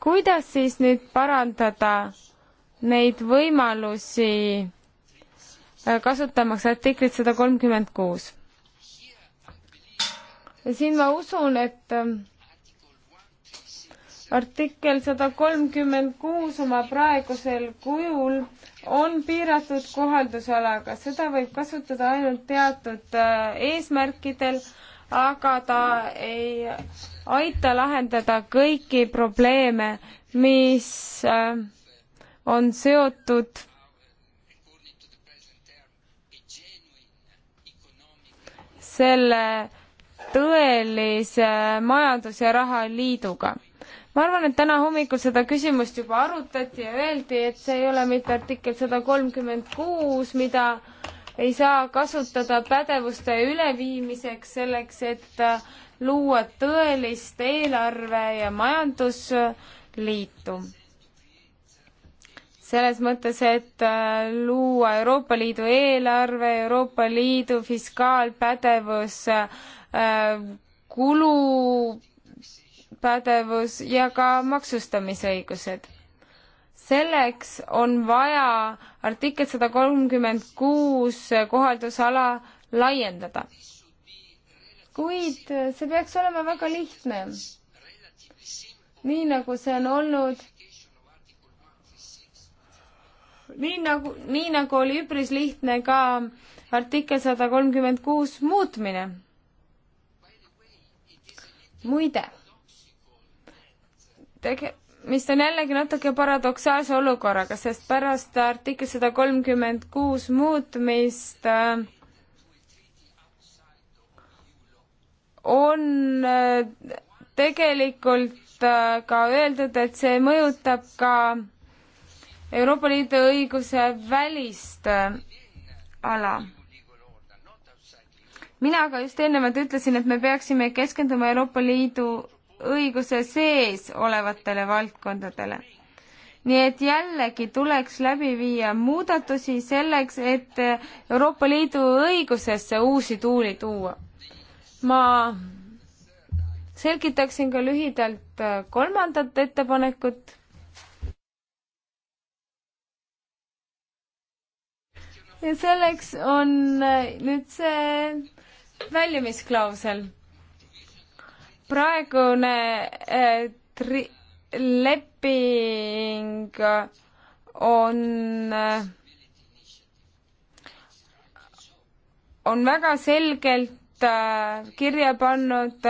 kuidas siis nüüd parandada neid võimalusi äh, kasutamaks artiklit sada kolmkümmend kuus? siin ma usun, et ähm, artikkel sada kolmkümmend kuus oma praegusel kujul on piiratud kohaldusalaga, seda võib kasutada ainult teatud äh, eesmärkidel, aga ta ei aita lahendada kõiki probleeme, mis äh, on seotud selle tõelise majandus- ja rahaliiduga ma arvan, et täna hommikul seda küsimust juba arutati ja öeldi, et see ei ole mitte artikkel sada kolmkümmend kuus, mida ei saa kasutada pädevuste üleviimiseks selleks, et äh, luua tõelist eelarve- ja majandusliitu. selles mõttes, et äh, luua Euroopa Liidu eelarve, Euroopa Liidu fiskaalpädevus, äh, kulu pädevus ja ka maksustamisõigused. selleks on vaja artikkel sada kolmkümmend kuus kohaldusala laiendada. kuid see peaks olema väga lihtne. nii nagu see on olnud nii nagu, nii nagu oli üpris lihtne ka artikkel sada kolmkümmend kuus muutmine. muide, tege-, mis on jällegi natuke paradoksaalse olukorraga, sest pärast artikkel sada kolmkümmend kuus muutmist äh, on äh, tegelikult äh, ka öeldud, et see mõjutab ka Euroopa Liidu õiguse välist ala. mina aga just ennemalt ütlesin, et me peaksime keskenduma Euroopa Liidu õiguse sees olevatele valdkondadele. nii et jällegi tuleks läbi viia muudatusi selleks, et Euroopa Liidu õigusesse uusi tuuli tuua. ma selgitaksin ka lühidalt kolmandat ettepanekut ja selleks on nüüd see väljumisklausel praegune äh, tri-, leping on, äh, on väga selgelt äh, kirja pannud,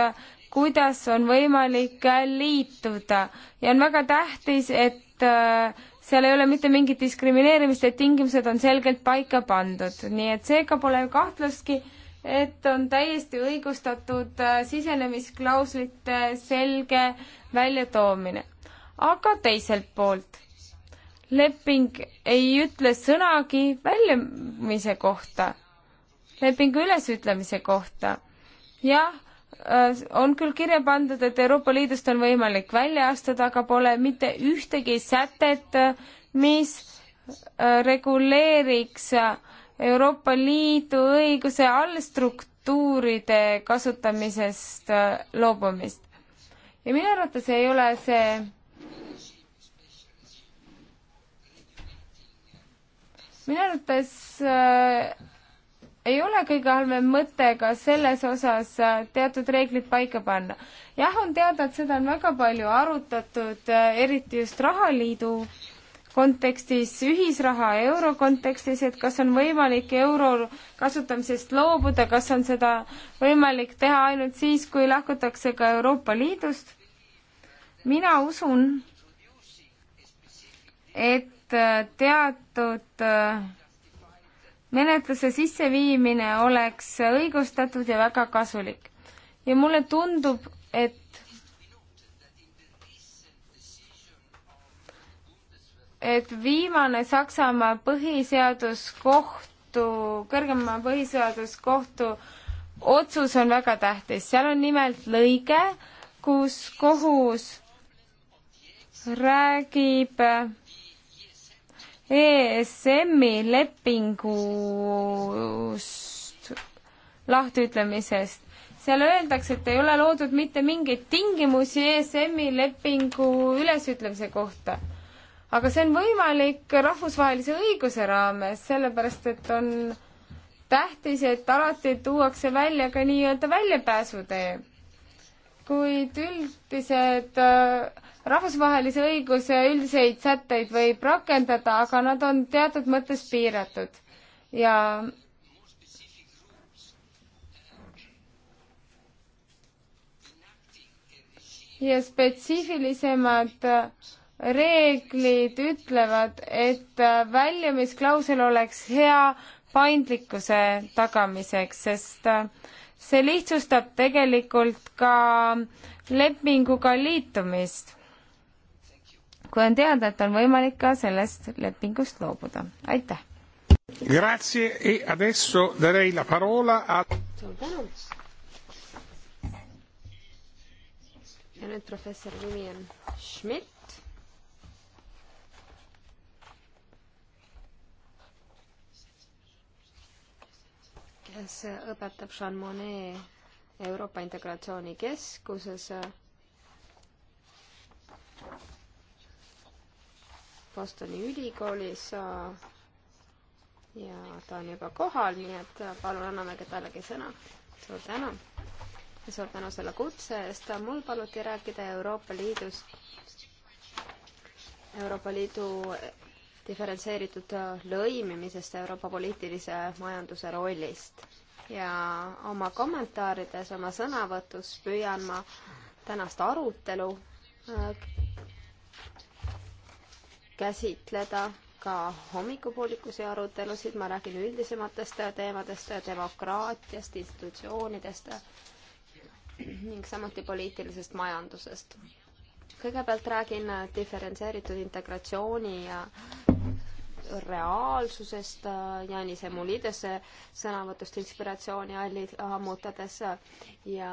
kuidas on võimalik liituda ja on väga tähtis, et seal ei ole mitte mingit diskrimineerimist, et tingimused on selgelt paika pandud, nii et seega pole kahtlustki, et on täiesti õigustatud äh, sisenemisklauslite selge väljatoomine. aga teiselt poolt, leping ei ütle sõnagi väljumise kohta, lepingu ülesütlemise kohta. jah äh, on küll kirja pandud, et Euroopa Liidust on võimalik välja astuda, aga pole mitte ühtegi sätet, mis äh, reguleeriks Euroopa Liidu õiguse allstruktuuride kasutamisest äh, loobumist. ja minu arvates ei ole see minu arvates äh, ei ole kõige halvem mõte ka selles osas äh, teatud reeglid paika panna. jah, on teada, et seda on väga palju arutatud äh,, eriti just Rahaliidu äh, kontekstis, ühisraha euro kontekstis, et kas on võimalik euro kasutamisest loobuda, kas on seda võimalik teha ainult siis, kui lahkutakse ka Euroopa Liidust? mina usun, et äh, teatud äh, menetluse sisseviimine oleks õigustatud ja väga kasulik. ja mulle tundub, et et viimane Saksamaa põhiseaduskohtu, kõrgema põhiseaduskohtu otsus on väga tähtis, seal on nimelt lõige, kus kohus räägib ESM-i lepingust lahtiütlemisest. seal öeldakse, et ei ole loodud mitte mingeid tingimusi ESM-i lepingu ülesütlemise kohta aga see on võimalik rahvusvahelise õiguse raames, sellepärast et on tähtis, et alati tuuakse välja ka nii-öelda väljapääsutee. kuid üldised äh, rahvusvahelise õiguse üldiseid sätteid võib rakendada, aga nad on teatud mõttes piiratud ja ja spetsiifilisemad reeglid ütlevad, et väljumisklausel oleks hea paindlikkuse tagamiseks, sest see lihtsustab tegelikult ka lepinguga liitumist. kui on teada, et on võimalik ka sellest lepingust loobuda. aitäh! Grazie e adesso darei la parola a... Suur tänu! ja nüüd professor Vivian Schmidt Pariises õpetab Jean Monnet Euroopa Integratsiooni Keskuses. Bostoni ülikoolis ja ta on juba kohal, nii et palun annamegi talle sõna. suur tänu ja suur tänu selle kutse eest. mul paluti rääkida Euroopa Liidust Euroopa Liidu diferentseeritud äh, lõimimisest Euroopa poliitilise majanduse rollist. ja oma kommentaarides, oma sõnavõtus püüan ma tänast arutelu äh, käsitleda ka hommikupoolikuse arutelusid, ma räägin üldisematest teemadest, demokraatiast, institutsioonidest ning samuti poliitilisest majandusest. kõigepealt räägin diferentseeritud integratsiooni ja reaalsusest äh, Janis Emulidese sõnavõtust inspiratsiooni allid ammutades ja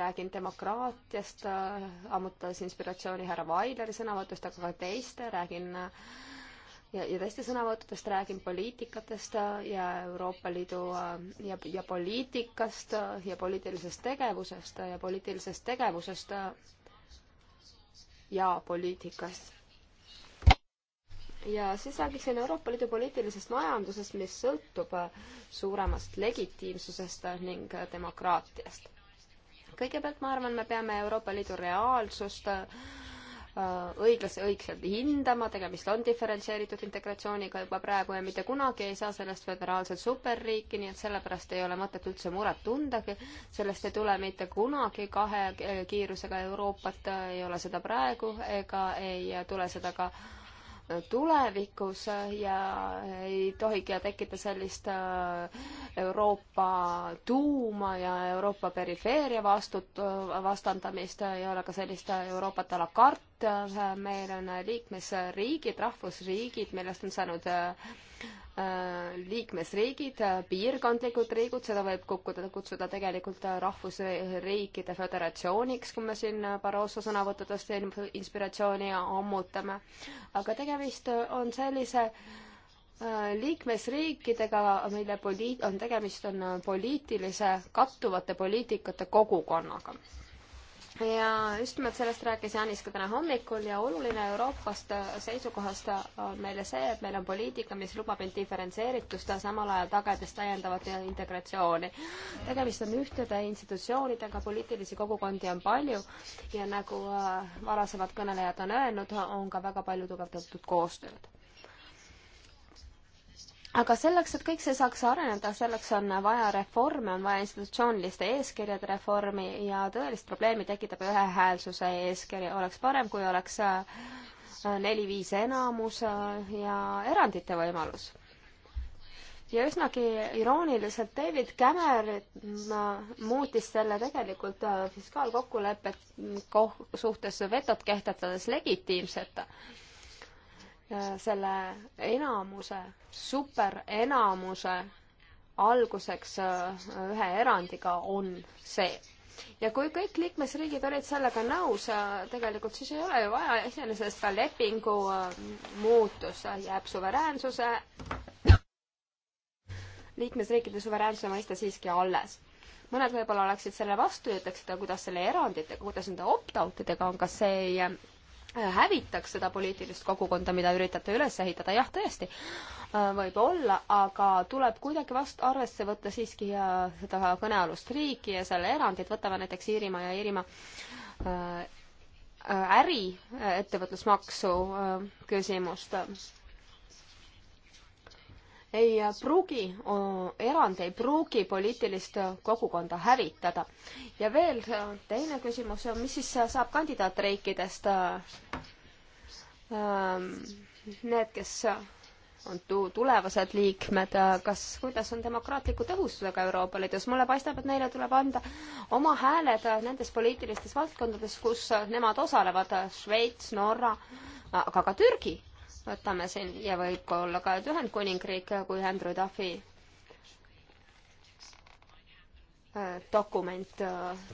räägin demokraatiast, äh, ammutades inspiratsiooni härra Vaileri sõnavõtust, aga ka teiste, räägin äh, ja, ja teiste sõnavõttudest räägin poliitikatest ja Euroopa Liidu ja, ja poliitikast ja poliitilisest tegevusest ja poliitilisest tegevusest ja poliitikast ja siis räägiksin Euroopa Liidu poliitilisest majandusest, mis sõltub äh, suuremast legitiimsusest ning äh, demokraatiast. kõigepealt ma arvan, me peame Euroopa Liidu reaalsust äh, õiglase, õigselt hindama, tegemist on diferentseeritud integratsiooniga juba praegu ja mitte kunagi ei saa sellest föderaalset superriiki, nii et sellepärast ei ole mõtet üldse muret tundagi. sellest ei tule mitte kunagi kahe kiirusega Euroopat, ei ole seda praegu ega ei tule seda ka tulevikus ja ei tohigi tekkida sellist äh, Euroopa tuuma ja Euroopa perifeeria vastut-, vastandamist, ei ole ka sellist Euroopat a la carte, meil on liikmesriigid, rahvusriigid, millest on saanud äh, Äh, liikmesriigid, äh, piirkondlikud riigid, seda võib kukkuda, kutsuda tegelikult äh, rahvusriikide föderatsiooniks, kui me siin Barroso sõnavõttudest inspiratsiooni ammutame. aga tegemist on sellise liikmesriikidega, mille poliit-, on tegemist, on poliitilise, kattuvate poliitikate kogukonnaga ja just nimelt sellest rääkis Janis ka täna hommikul ja oluline Euroopast seisukohast on meile see, et meil on poliitika, mis lubab end diferentseeritust ja samal ajal tagades täiendavat integratsiooni. tegemist on ühtede institutsioonidega, poliitilisi kogukondi on palju ja nagu äh, varasemad kõnelejad on öelnud, on ka väga palju tugevdatud koostööd aga selleks, et kõik see saaks areneda, selleks on vaja reforme, on vaja institutsiooniliste eeskirjade reformi ja tõelist probleemi tekitab ühehäälsuse eeskiri. oleks parem, kui oleks äh, neli-viis enamus äh, ja erandite võimalus. ja üsnagi irooniliselt David Cameron äh, muutis selle tegelikult fiskaalkokkulepet koh-, suhtes vetot kehtetudes legitiimsete selle enamuse, superenamuse alguseks äh, ühe erandiga on see. ja kui kõik liikmesriigid olid sellega nõus, äh, tegelikult siis ei ole ju vaja iseenesest ka lepingu äh, muutus, jääb suveräänsuse, liikmesriikide suveräänsuse mõiste siiski alles mõned võib-olla oleksid selle vastu ja ütleksid, aga kuidas selle eranditega, kuidas nende opt-out idega on, kas see ei Äh, hävitaks seda poliitilist kogukonda, mida üritate üles ehitada, jah, tõesti, äh, võib-olla, aga tuleb kuidagi vast-, arvesse võtta siiski äh, seda kõnealust riiki ja selle erandit, võtame näiteks Iirimaa ja Iirimaa äri ettevõtlusmaksu küsimust ei pruugi, erand ei pruugi poliitilist kogukonda hävitada. ja veel teine küsimus, mis siis saab kandidaatriikidest? Ähm, need, kes on tu-, tulevased liikmed, kas, kuidas on demokraatliku tõhususega Euroopa Liidus, mulle paistab, et neile tuleb anda oma hääled nendes poliitilistes valdkondades, kus nemad osalevad, Šveits, Norra, aga ka Türgi võtame siin ja võib-olla ka Ühendkuningriik, kui Andrew Duffy dokument äh,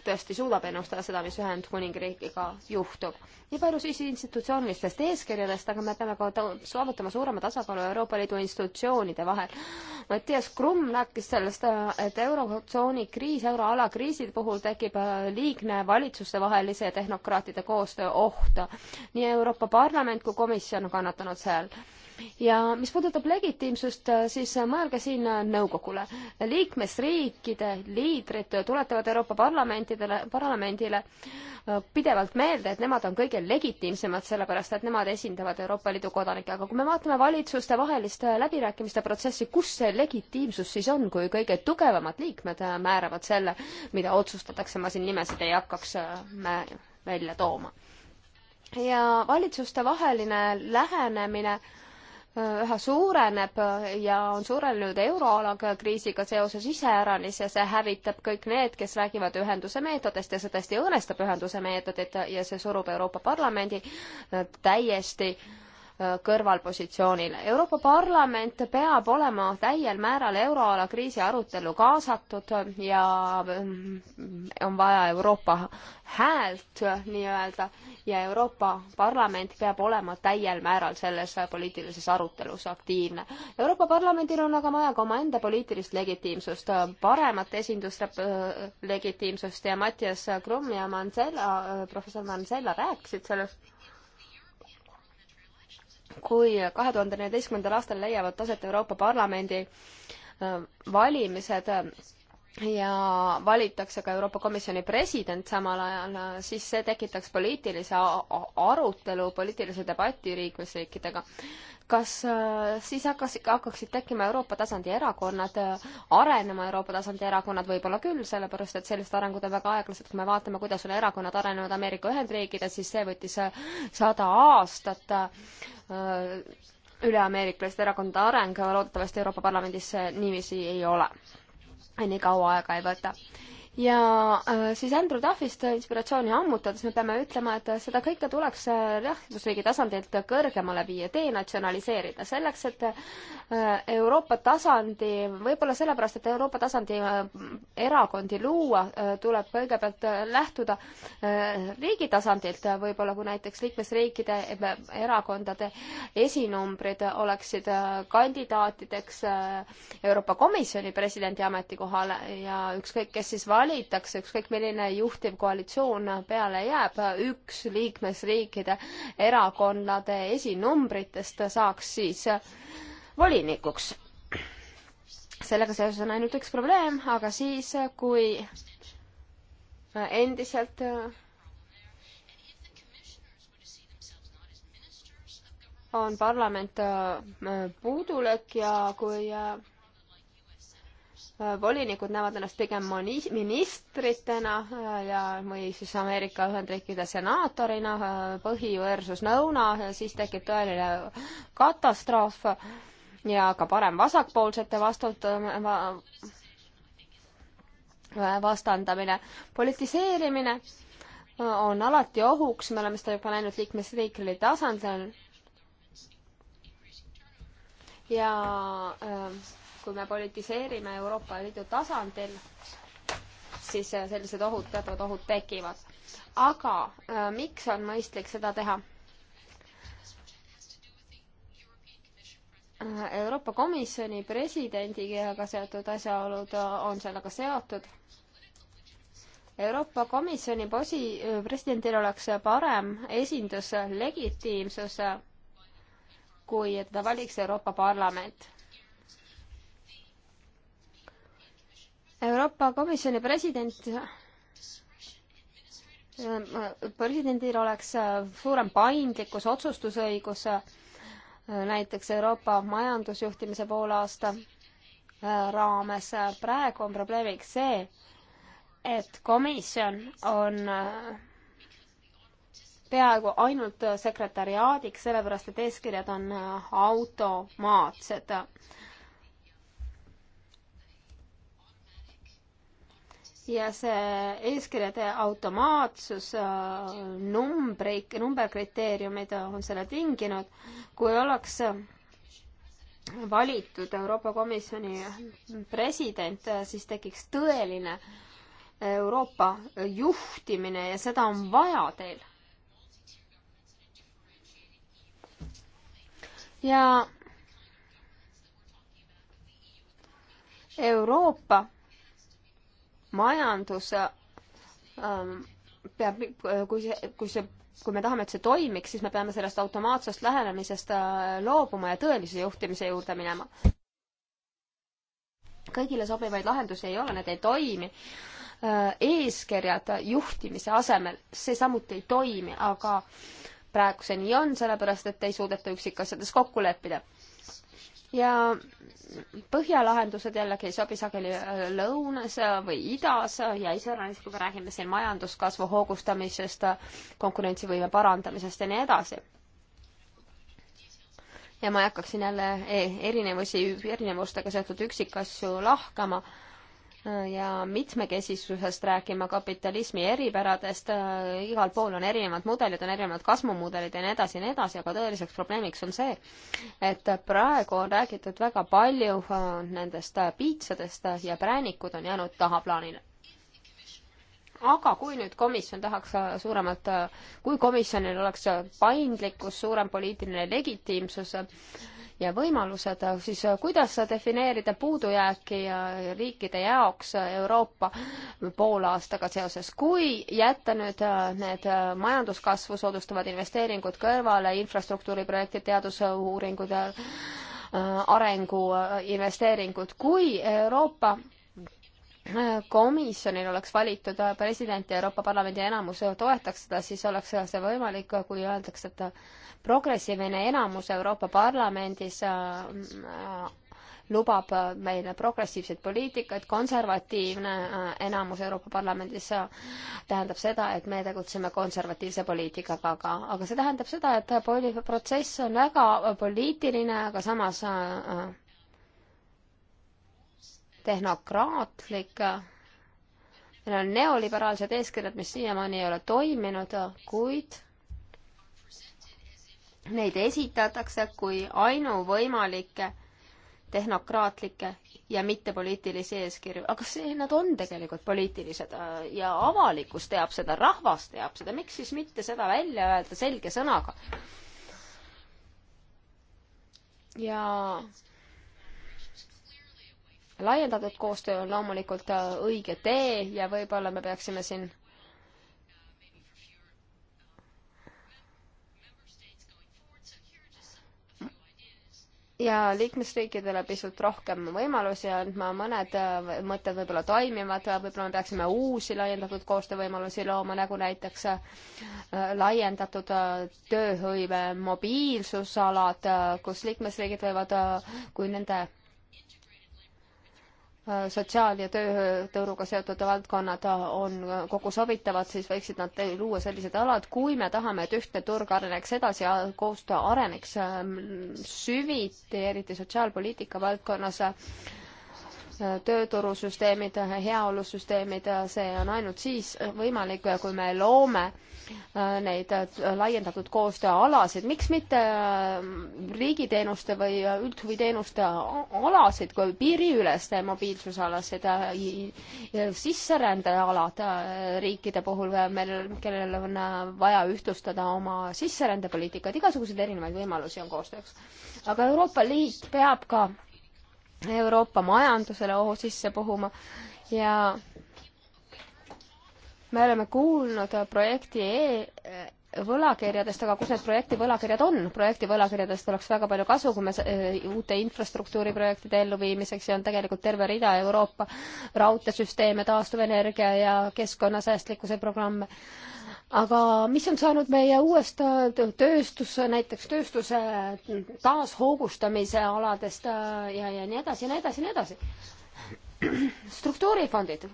tõesti suudab ennustada seda, mis Ühendkuningriigiga juhtub. nii palju siis institutsioonilistest eeskirjadest, aga me peame ka saavutama suurema tasakaalu Euroopa Liidu institutsioonide vahel. Mattias Krumm rääkis sellest, äh, et eurotsooni kriis, euroala kriisi puhul tekib äh, liigne valitsustevahelise ja tehnokraatide koostöö oht. nii Euroopa Parlament kui komisjon on kannatanud seal ja mis puudutab legitiimsust, siis mõelge siin nõukogule. liikmesriikide liidrid tuletavad Euroopa parlamentidele, parlamendile pidevalt meelde, et nemad on kõige legitiimsemad, sellepärast et nemad esindavad Euroopa Liidu kodanikke, aga kui me vaatame valitsuste vahelist läbirääkimiste protsessi, kus see legitiimsus siis on, kui kõige tugevamad liikmed määravad selle, mida otsustatakse, ma siin nimesid ei hakkaks äh, välja tooma. ja valitsustevaheline lähenemine äh, Äh, üha suureneb äh, ja on suurenenud euroala kriisiga seoses iseäranis ja see hävitab kõik need, kes räägivad ühenduse meetodist ja see tõesti õõnestab ühenduse meetodit ja see surub Euroopa Parlamendi äh, täiesti äh, Äh, kõrvalpositsioonil. Euroopa Parlament peab olema täiel määral euroala kriisi arutellu kaasatud ja mm, on vaja Euroopa häält nii-öelda ja Euroopa Parlament peab olema täiel määral selles poliitilises arutelus aktiivne. Euroopa Parlamendil on aga vaja ka omaenda poliitilist legitiimsust, paremat esindust, äh, legitiimsust ja Mattias Krumm ja Mansella, äh, professor Mansella rääkisid sellest kui kahe tuhande neljateistkümnendal aastal leiavad aset Euroopa Parlamendi äh, valimised, äh, ja valitakse ka Euroopa Komisjoni president samal ajal, siis see tekitaks poliitilise arutelu, poliitilise debati liikmesriikidega. kas äh, siis hakkas, hakkaksid tekkima Euroopa tasandi erakonnad, äh, arenema Euroopa tasandi erakonnad, võib-olla küll, sellepärast et sellised arengud on väga aeglased, kui me vaatame, kuidas on erakonnad arenenud Ameerika Ühendriikides, siis see võttis äh, sada aastat üleameeriklaste erakondade areng, loodetavasti Euroopa Parlamendis niiviisi ei ole nii kaua aega ei võta ja äh, siis Andrew Duffist inspiratsiooni ammutades me peame ütlema, et seda kõike tuleks äh, rahvusriigi tasandilt kõrgemale viia, denatsionaliseerida, selleks et äh, Euroopa tasandi, võib-olla sellepärast, et Euroopa tasandi erakondi luua, tuleb kõigepealt lähtuda riigi tasandilt, võib-olla kui näiteks liikmesriikide erakondade esinumbrid oleksid kandidaatideks Euroopa Komisjoni presidendi ametikohale ja ükskõik, kes siis valib, valitakse, ükskõik milline juhtiv koalitsioon peale jääb, üks liikmesriikide erakonnade esinumbritest saaks siis volinikuks. sellega seoses on ainult üks probleem, aga siis, kui endiselt äh, on parlament äh, puudulöök ja kui äh, volinikud näevad ennast pigem ministritena äh, ja, või siis Ameerika Ühendriikide senaatorina, äh, põhi versus lõuna, siis tekib tõeline katastroof ja ka parem-vasakpoolsete vastut- äh, va,, vastandamine, politiseerimine on alati ohuks, me oleme seda juba näinud liikmesriikide tasandil ja äh, kui me politiseerime Euroopa Liidu tasandil, siis sellised ohud, teatavad ohud tekivad. aga äh, miks on mõistlik seda teha äh,? Euroopa Komisjoni presidendiga seotud asjaolud äh, on sellega seotud. Euroopa Komisjoni posi-, äh, presidendil oleks parem esindus, legitiimsus, kui teda valiks Euroopa Parlament Euroopa Komisjoni president presidendil oleks äh, suurem paindlikkus, otsustusõigus äh, näiteks Euroopa majandusjuhtimise poolaasta äh, raames. praegu on probleemiks see, et komisjon on peaaegu ainult sekretäriaadiks, sellepärast et eeskirjad on automaatsed ja see eeskirjade automaatsus, äh, numbreid, numberkriteeriumid on selle tinginud. kui oleks äh, valitud Euroopa Komisjoni president, äh, siis tekiks tõeline Euroopa juhtimine ja seda on vaja teil. ja Euroopa majandus ähm, peab, kui see, kui see, kui me tahame, et see toimiks, siis me peame sellest automaatsest lähenemisest äh, loobuma ja tõelise juhtimise juurde minema. kõigile sobivaid lahendusi ei ole, need ei toimi. Äh, eeskirjad juhtimise asemel, see samuti ei toimi, aga praegu see nii on, sellepärast et ei suudeta üksikasjades kokku leppida ja põhjalahendused jällegi ei sobi sageli äh, lõunas äh, või idas ja iseäranis, kui me räägime siin majanduskasvu hoogustamisest, konkurentsivõime parandamisest ja nii edasi ja ma ei hakkaks siin jälle e-, erinevusi, erinevustega seotud üksikasju lahkama ja mitmekesisusest rääkima, kapitalismi eripäradest, äh, igal pool on erinevad mudelid, on erinevad kasvumudelid ja nii edasi ja nii edasi, aga tõeliseks probleemiks on see, et praegu on räägitud väga palju äh, nendest äh, piitsadest ja präänikud on jäänud tahaplaanile. aga kui nüüd komisjon tahaks suuremat, kui komisjonil oleks paindlikkus, suurem poliitiline legitiimsus, ja võimalused, siis kuidas defineerida puudujääki riikide jaoks Euroopa poolaastaga seoses, kui jätta nüüd äh, need äh, majanduskasvu soodustavad investeeringud kõrvale, infrastruktuuriprojektid, teadusuuringud, äh, arenguinvesteeringud, kui Euroopa komisjonil oleks valitud president ja Euroopa Parlamendi enamus toetaks seda, siis oleks see võimalik, kui öeldakse, et progressiivne enamus Euroopa Parlamendis äh, äh, lubab meile progressiivset poliitikat, konservatiivne äh, enamus Euroopa Parlamendis tähendab seda, et me tegutseme konservatiivse poliitikaga, aga, aga see tähendab seda, et poli-, protsess on väga poliitiline, aga samas tehnokraatlik. meil on neoliberaalsed eeskirjad, mis siiamaani ei ole toiminud, kuid Neid esitatakse kui ainuvõimalikke tehnokraatlikke ja mittepoliitilisi eeskirju, aga see, nad on tegelikult poliitilised äh, ja avalikkus teab seda, rahvas teab seda, miks siis mitte seda välja öelda selge sõnaga? ja laiendatud koostöö on loomulikult äh, õige tee ja võib-olla me peaksime siin ja liikmesriikidele pisut rohkem võimalusi andma, mõned äh, mõtted võib-olla toimivad, võib-olla me peaksime uusi laiendatud koostöövõimalusi looma, nagu näiteks äh, laiendatud äh, tööhõive mobiilsusalad, kus liikmesriigid võivad, kui nende Äh, sotsiaal- ja töötõuruga seotud valdkonnad äh, on äh, kokku sobitavad, siis võiksid nad luua sellised alad, kui me tahame, et ühtne turg areneks edasi ja koostöö areneks süviti, eriti sotsiaalpoliitika valdkonnas tööturusüsteemid, heaolusüsteemid, see on ainult siis võimalik, kui me loome äh, neid äh, laiendatud koostööalasid, miks mitte äh, riigiteenuste või üldhuviteenuste alasid, kui piiriüleste mobiilsusalasid, sisserändealad riikide puhul, meil, kellel on vaja ühtlustada oma sisserändepoliitikat, igasuguseid erinevaid võimalusi on koostööks. aga Euroopa Liit peab ka Euroopa majandusele ohu sisse puhuma ja me oleme kuulnud projekti e, e võlakirjadest, aga kus need projekti võlakirjad on? projekti võlakirjadest oleks väga palju kasu, kui me e, uute infrastruktuuriprojektide elluviimiseks ja on tegelikult terve rida Euroopa raudteesüsteeme, taastuvenergia ja keskkonnasäästlikkuse programme aga mis on saanud meie uuest äh, tööstus, näiteks tööstuse mm, taashoogustamise aladest äh, ja, ja nii edasi ja nii edasi ja nii edasi. struktuurifondid,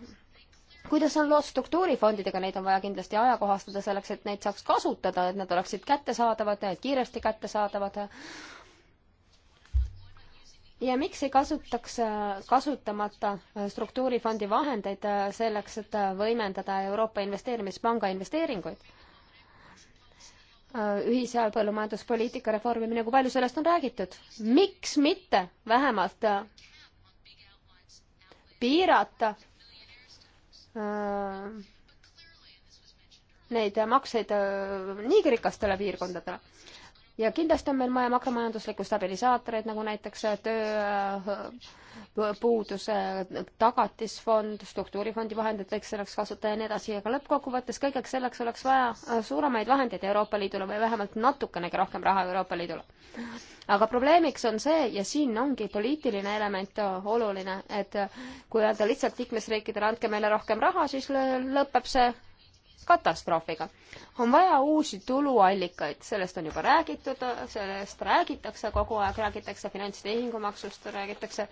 kuidas on lood struktuurifondidega, neid on vaja kindlasti ajakohastada selleks, et neid saaks kasutada, et nad oleksid kättesaadavad, kiiresti kättesaadavad ja miks ei kasutaks äh, kasutamata äh, struktuurifondi vahendeid äh, selleks, et võimendada Euroopa Investeerimispanga investeeringuid? ühise põllumajanduspoliitika reformimine, kui palju sellest on räägitud? miks mitte vähemalt piirata neid makseid niigi rikastele piirkondadele? ja kindlasti on meil vaja makromajanduslikku stabilisaatoreid, nagu näiteks äh, tööpuuduse äh, äh, tagatisfond, struktuurifondi vahendid võiks selleks kasutada ja nii edasi, aga lõppkokkuvõttes kõigeks selleks oleks vaja suuremaid vahendeid Euroopa Liidule või vähemalt natukenegi rohkem raha Euroopa Liidule. aga probleemiks on see ja siin ongi poliitiline element oluline, et kui öelda lihtsalt liikmesriikidele, andke meile rohkem raha, siis lõpeb see katastroofiga. on vaja uusi tuluallikaid, sellest on juba räägitud, sellest räägitakse kogu aeg, räägitakse finantstehingumaksust, räägitakse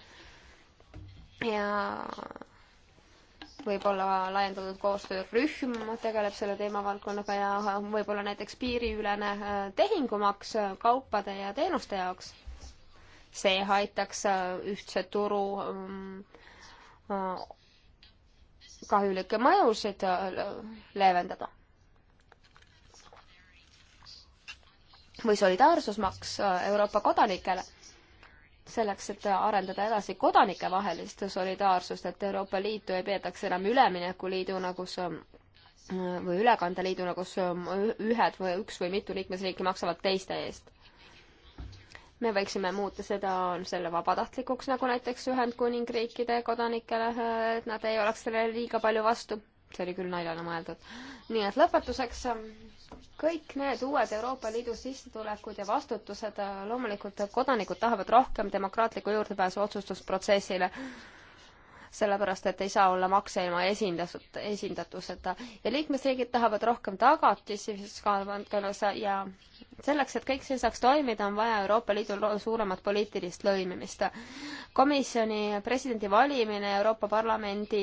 ja võib-olla laiendatud koostöörühm tegeleb selle teemavaldkonnaga ja võib-olla näiteks piiriülene äh, tehingumaks kaupade ja teenuste jaoks. see aitaks äh, ühtse turu mm, äh, kahjulikke mõjusid äh, leevendada. või solidaarsusmaks äh, Euroopa kodanikele, selleks, et äh, arendada edasi kodanikevahelist solidaarsust, et Euroopa Liitu ei peetaks enam üleminekuliiduna, kus ähm, või ülekandeliiduna, kus ähm, ühed või üks või mitu liikmesriiki maksavad teiste eest me võiksime muuta seda, selle vabatahtlikuks, nagu näiteks Ühendkuningriikide kodanikele, et nad ei oleks sellele liiga palju vastu. see oli küll naljana mõeldud. nii et lõpetuseks, ähm, kõik need uued Euroopa Liidu sissetulekud ja vastutused, äh, loomulikult kodanikud tahavad rohkem demokraatlikku juurdepääsu otsustusprotsessile sellepärast et ei saa olla makse ilma esindatud, esindatuseta. ja liikmesriigid tahavad rohkem tagatisi fiskaalvaldkonnas ja selleks, et kõik see saaks toimida, on vaja Euroopa Liidul suuremat poliitilist lõimimist. komisjoni presidendi valimine Euroopa Parlamendi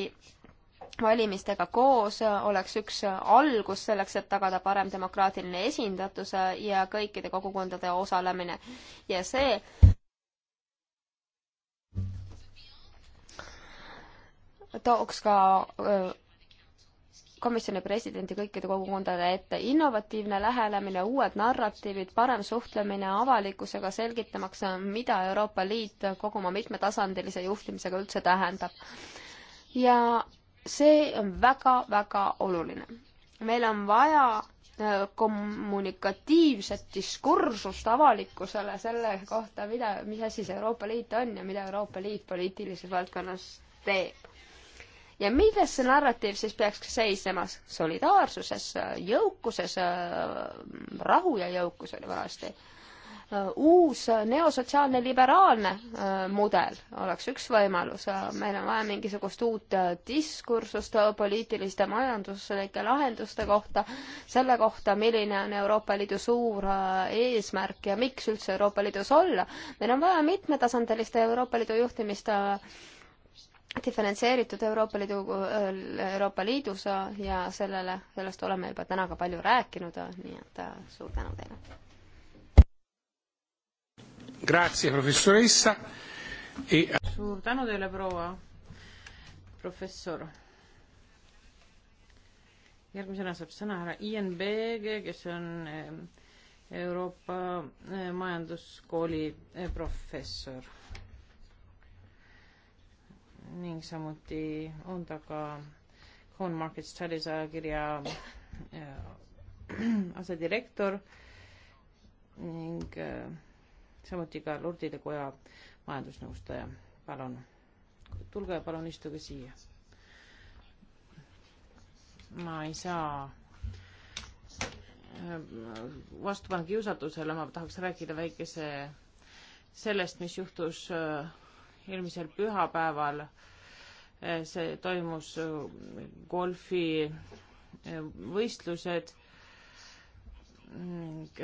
valimistega koos oleks üks algus selleks, et tagada parem demokraatiline esindatus ja kõikide kogukondade osalemine. ja see tooks ka komisjoni presidendi kõikide kogukondade ette. innovatiivne lähenemine, uued narratiivid, parem suhtlemine avalikkusega, selgitamaks, mida Euroopa Liit kogu oma mitmetasandilise juhtimisega üldse tähendab. ja see on väga-väga oluline. meil on vaja kommunikatiivset diskursust avalikkusele selle kohta, mida, mis asi see Euroopa Liit on ja mida Euroopa Liit poliitilises valdkonnas teeb ja milles see narratiiv siis peaks seisnema? solidaarsuses, jõukuses, rahu ja jõukus oli vanasti. uus neosotsiaalne liberaalne äh, mudel oleks üks võimalus, meil on vaja mingisugust uut diskursust poliitiliste majanduslike lahenduste kohta, selle kohta, milline on Euroopa Liidu suur äh, eesmärk ja miks üldse Euroopa Liidus olla. meil on vaja mitmetasandilist Euroopa Liidu juhtimist äh, diferentseeritud Euroopa Liidu, Euroopa Liidus ja sellele, sellest oleme juba täna ka palju rääkinud, nii et suur tänu teile. Grazie, professoressa e.... suur tänu teile, proua professor. järgmisena saab sõna härra Ian Beege, kes on eh, Euroopa eh, Majanduskooli eh, professor ning samuti on ta ka Common Market Studies ajakirja äh, asedirektor ning äh, samuti ka Lordide Koja majandusnõustaja. palun, tulge palun istuge siia. ma ei saa äh, vastu panna kiusatusele, ma tahaks rääkida väikese sellest, mis juhtus äh, eelmisel pühapäeval eh, see toimus eh, golfi eh, võistlused ning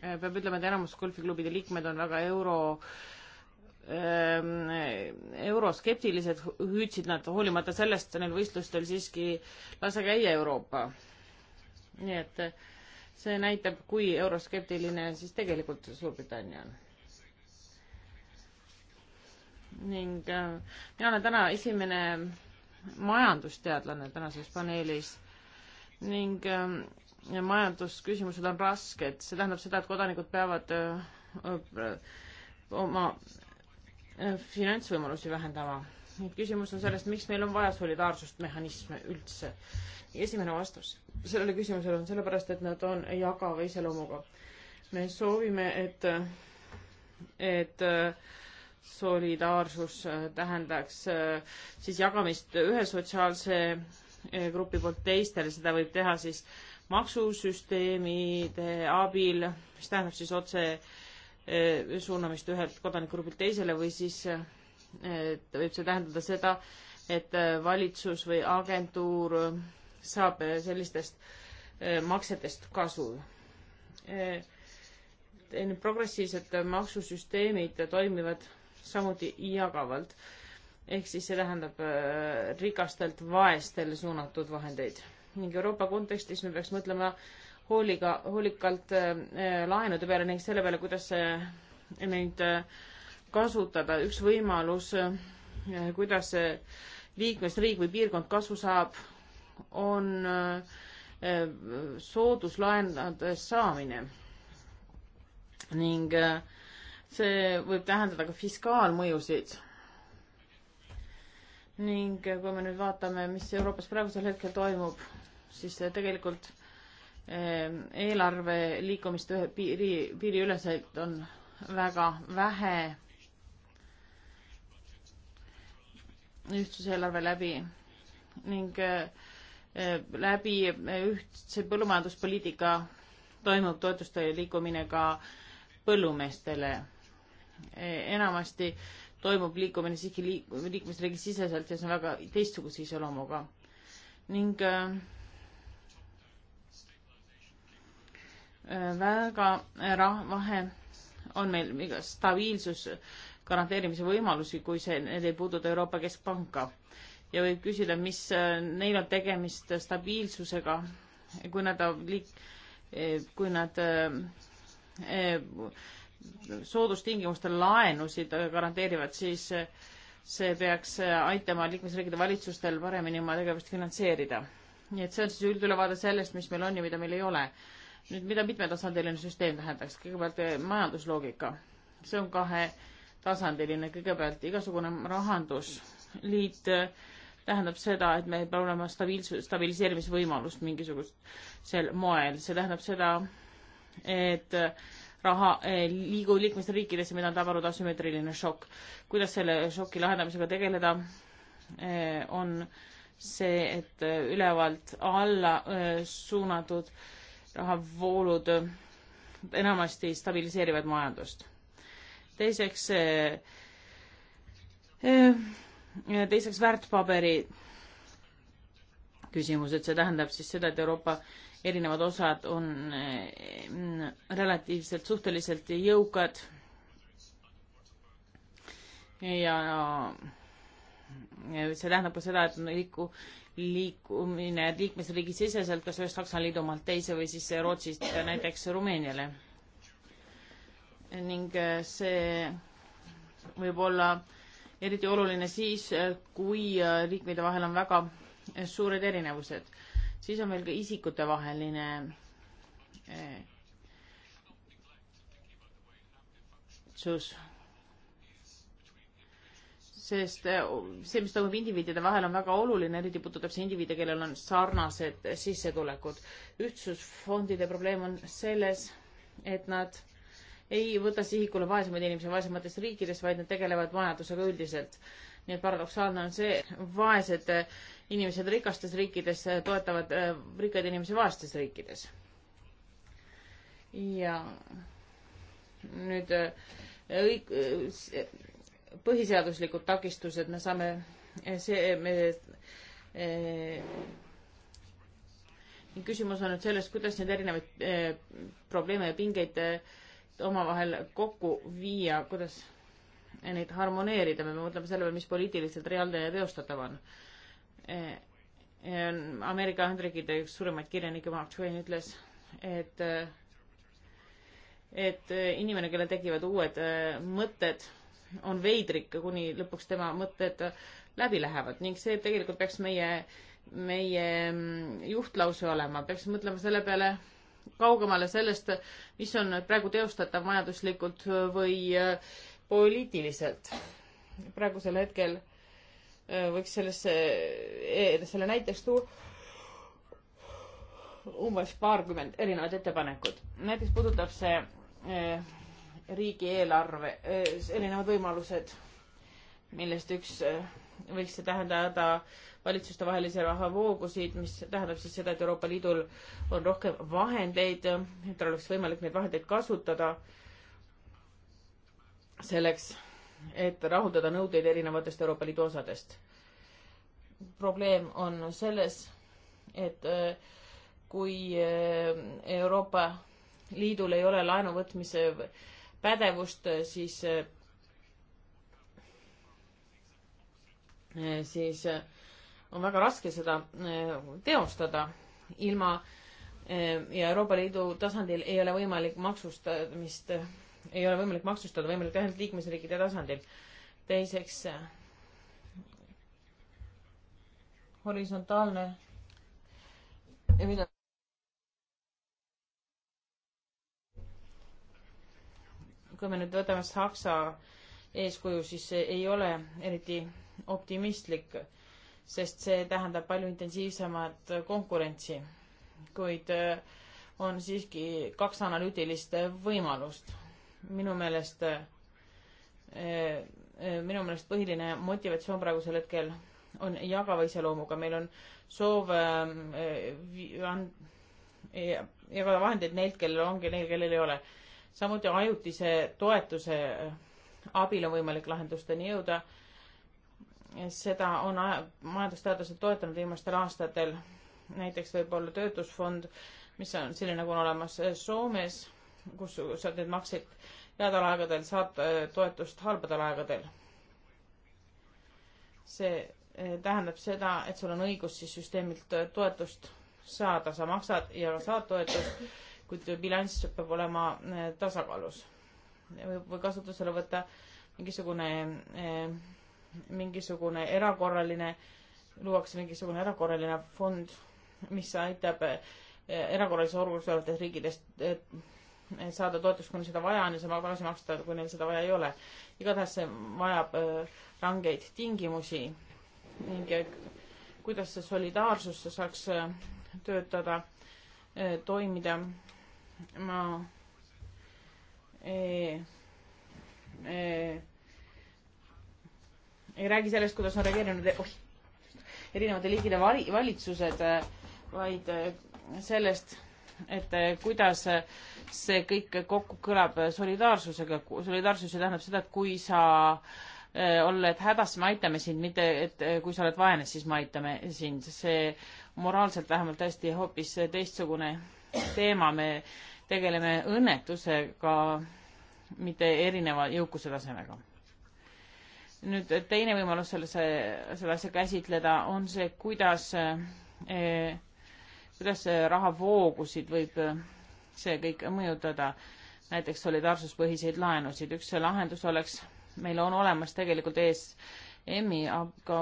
peab ütlema, et enamus golfiklubide liikmed on väga euro euroskeptilised, hüüdsid nad hoolimata sellest neil võistlustel siiski lase käia Euroopa. nii et see näitab, kui euroskeptiline siis tegelikult Suurbritannia on ning äh, mina olen täna esimene majandusteadlane tänases paneelis ning ähm, majandusküsimused on rasked, see tähendab seda, et kodanikud peavad äh, oma äh, finantsvõimalusi vähendama. nüüd küsimus on sellest, miks meil on vaja solidaarsust mehhanisme üldse. esimene vastus sellele küsimusele on sellepärast, et nad on jagava iseloomuga. me soovime, et, et äh, solidaarsus äh, tähendaks äh, siis jagamist ühe sotsiaalse äh, grupi poolt teistele, seda võib teha siis maksusüsteemide abil, mis tähendab siis otse suunamist ühelt kodanikugrupilt teisele või siis võib see tähendada seda, et valitsus või agentuur saab sellistest maksetest kasu. progressiivsed maksusüsteemid toimivad samuti jagavalt. ehk siis see tähendab äh, rikastelt vaestele suunatud vahendeid ning Euroopa kontekstis me peaks mõtlema hooliga, hoolikalt äh, laenude peale ning selle peale, kuidas äh, neid kasutada. üks võimalus, kuidas liikmesriik või piirkond kasu saab, on sooduslaenade saamine ning äh, see võib tähendada ka fiskaalmõjusid. ning kui me nüüd vaatame, mis Euroopas praegusel hetkel toimub, siis tegelikult ehm, eelarve liikumist ühe piiri, piiriüleselt on väga vähe ühtsuseelarve läbi ning ehm, läbi ühtse põllumajanduspoliitika toimub toetuste liikumine ka põllumeestele E, enamasti toimub liikumine siiski liik-, liikmesriigi siseselt ja see on väga teistsuguse iseloomuga. ning äh, väga rah-, vahe on meil stabiilsus garanteerimise võimalusi, kui see, need ei puuduta Euroopa Keskpanka. ja võib küsida, mis e, neil on tegemist stabiilsusega, kui nad liik-, kui nad äh, äh, soodustingimustel laenusid garanteerivad, siis see peaks aitama liikmesriikide valitsustel paremini oma tegevust finantseerida. nii et see on siis üldülevaade sellest, mis meil on ja mida meil ei ole. nüüd, mida mitmetasandiline süsteem tähendaks, kõigepealt eh, majandusloogika, see on kahetasandiline, kõigepealt igasugune rahandusliit eh, tähendab seda, et meil peab olema stabiilsus, stabiliseerimisvõimalust mingisugusel moel, see tähendab seda, et äh, raha eh, liigub liikmesriikidesse, mida on tabanud asümmeetriline šokk. kuidas selle šoki lahendamisega tegeleda, eh, on see, et eh, ülevalt alla suunatud rahavoolud enamasti stabiliseerivad majandust. teiseks, teiseks väärtpaberi küsimus, et see tähendab siis seda, et Euroopa äh, erinevad osad on eh, relatiivselt suhteliselt jõukad ja see tähendab ka seda, et liiku, liikumine liikmesriigi siseselt kas ühest Saksa liidumaalt teise või siis Rootsist näiteks Rumeeniale. ning eh, see võib olla eriti oluline siis, eh, kui liikmete vahel on väga suured erinevused siis on meil ka isikutevaheline eh, sus. sest eh, see, mis toimub indiviidide vahel, on väga oluline, eriti puudutab see indiviide, kellel on sarnased sissetulekud. ühtsusfondide probleem on selles, et nad ei võta sihikule vaesemaid inimesi vaesemates riikides, vaid nad tegelevad majandusega üldiselt. nii et paradoksaalne on see, vaesed eh, inimesed rikastes riikides äh, toetavad äh, rikkaid inimesi vaestes riikides. ja nüüd äh, õig-, põhiseaduslikud takistused, me saame, see, me e, küsimus on nüüd selles, kuidas neid erinevaid e, probleeme ja pingeid e, omavahel kokku viia, kuidas neid harmoneerida, me mõtleme selle peale, mis poliitiliselt reaalne ja teostatav on. Eh, eh, Ameerika Ühendriikide üks suuremaid kirjanikke Mark Twain ütles, et eh, et inimene, kellel tekivad uued mõtted, on veidrik, kuni lõpuks tema mõtted läbi lähevad ning see tegelikult peaks meie, meie mm, juhtlause olema, peaks mõtlema selle peale kaugemale sellest, mis on praegu teostatav majanduslikult või poliitiliselt. praegusel hetkel äh, Äh, võiks sellesse, e, selle näiteks tuua umbes paarkümmend erinevat ettepanekut. näiteks puudutab see e, riigieelarve, e, erinevad võimalused, millest üks võiks see tähendada valitsustevahelisi rahavoogusid, mis tähendab siis seda, et Euroopa Liidul on rohkem vahendeid, et tal oleks võimalik neid vahendeid kasutada selleks, et rahuldada nõudeid erinevatest Euroopa Liidu osadest. probleem on selles, et äh, kui äh, Euroopa Liidul ei ole laenu võtmise pädevust, siis, äh, siis on väga raske seda teostada ilma ja Euroopa Liidu tasandil ei ole võimalik maksustamist ei ole võimalik maksustada, võimalik ainult liikmesriikide tasandil. teiseks, horisontaalne, mida kui me nüüd võtame Saksa eeskuju, siis see ei ole eriti optimistlik, sest see tähendab palju intensiivsemat konkurentsi. kuid äh, on siiski kaks analüütilist võimalust minu meelest, eh, eh, minu meelest põhiline motivatsioon praegusel hetkel on jagava iseloomuga, meil on soov eh, jagada vahendeid neilt, kellel ongi, neil, kellel ei ole. samuti ajutise toetuse abil on võimalik lahendusteni jõuda. seda on majandusteadlased toetanud viimastel aastatel. näiteks võib-olla töötusfond, mis on selline, nagu on olemas Soomes, kus saad neid makseid headel aegadel, saad äh, toetust halbadel aegadel. see äh, tähendab seda, et sul on õigus siis süsteemilt äh, toetust saada, sa maksad ja saad toetust, kuid bilanss peab olema tasakaalus. võib kasutusele võtta mingisugune, mingisugune erakorraline, luuakse mingisugune erakorraline fond, mis aitab erakorralise olukorra olevates riikides saada toetust, kuni seda vaja on ja see tagasi maksta, kui neil seda vaja ei ole. igatahes see vajab äh, rangeid tingimusi ning äh, kuidas see solidaarsus saaks äh, töötada, toimida. ma ei, ei, ei räägi sellest, kuidas on reageerinud oh, erinevate liigide valitsused, vaid sellest, et eh, kuidas eh, see kõik kokku kõlab solidaarsusega. solidaarsus ju tähendab seda, et kui sa eh, oled hädas, me aitame sind, mitte et kui sa oled vaene, siis me aitame sind. see moraalselt vähemalt hästi hoopis teistsugune teema. me tegeleme õnnetusega, mitte erineva jõukuse tasemega. nüüd teine võimalus sellesse, selle asja käsitleda on see, kuidas eh, kuidas rahavoogusid võib äh, see kõik mõjutada, näiteks solidaarsuspõhiseid laenusid. üks lahendus oleks, meil on olemas tegelikult ESM-i äh,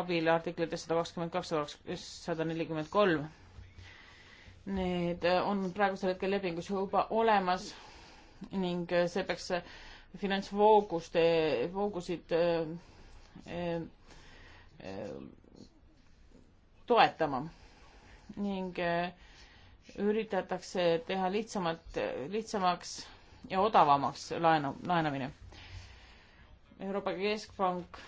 abil artiklites sada kakskümmend kaks, sada nelikümmend kolm. Need äh, on praegusel hetkel lepingus juba olemas ning see peaks finantsvooguste, voogusid äh, äh, toetama ning äh, üritatakse teha lihtsamalt, lihtsamaks ja odavamaks laenu, laenamine. Euroopa Keskpank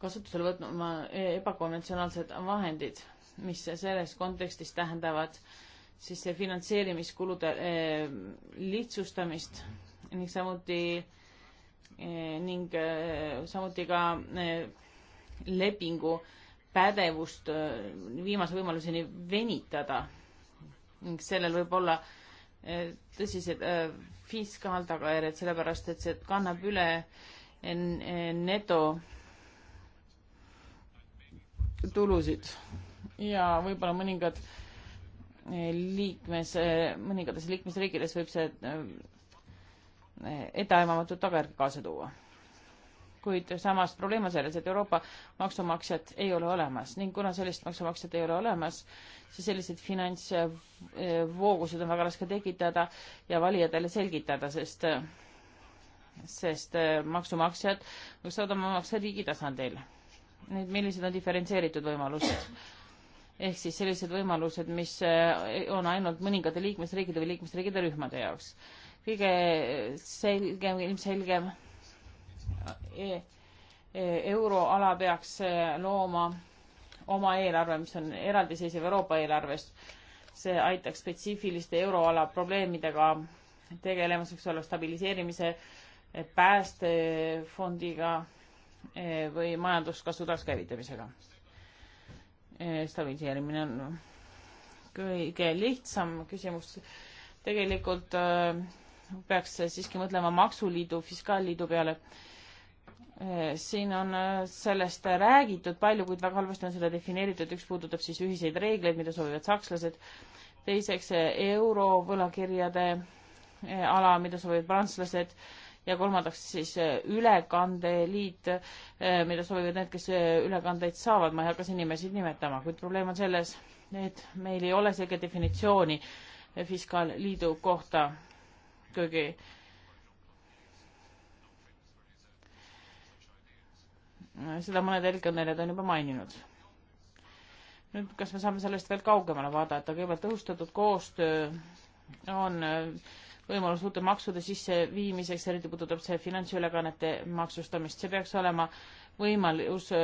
kasutusele võtma ebakonventsionaalsed vahendid, mis selles kontekstis tähendavad siis finantseerimiskulude äh, lihtsustamist ning samuti äh, ning samuti ka lepingu pädevust äh, viimase võimaluseni venitada ning sellel võib olla äh, tõsised äh, fiskaaltagajärjed, sellepärast et see kannab üle neto tulusid ja võib-olla mõningad liikmes, mõningates liikmesriikides võib see etteaimamatut tagajärge kaasa tuua kuid samas probleem on selles, et Euroopa maksumaksjat ei ole olemas ning kuna sellist maksumaksjat ei ole olemas, siis selliseid finantsvoogused on väga raske tekitada ja valijatele selgitada, sest, sest maksumaksjad saavad oma makse riigi tasandil. nüüd, millised on diferentseeritud võimalused? ehk siis sellised võimalused, mis eh, on ainult mõningate liikmesriikide või liikmesriikide rühmade jaoks. kõige selgem, ilmselgem E, e, euroala peaks e, looma oma eelarve, mis on eraldiseisev Euroopa eelarvest. see aitaks spetsiifiliste euroala probleemidega tegelema, see võiks olla stabiliseerimise, päästefondiga või majanduskasvu taaskäivitamisega. stabiliseerimine on kõige lihtsam küsimus. tegelikult peaks siiski mõtlema Maksuliidu, Fiskaalliidu peale Äh, siin on äh, sellest räägitud palju, kuid väga halvasti on seda defineeritud, üks puudutab siis ühiseid reegleid, mida soovivad sakslased, teiseks äh, euro võlakirjade ala, mida soovivad prantslased ja kolmandaks siis ülekandeliit, mida soovivad need, kes ülekandeid saavad, ma ei hakka siin nimesid nimetama, kuid probleem on selles, et meil ei ole selge definitsiooni fiskaalliidu kohta, kuigi äh, seda mõned eelkõnelejad on juba maininud. nüüd, kas me saame sellest veel kaugemale vaadata, kõigepealt tõhustatud koostöö on äh, võimalus uute maksude sisseviimiseks, eriti puudutab see finantsülekannete maksustamist, see peaks olema võimalus äh,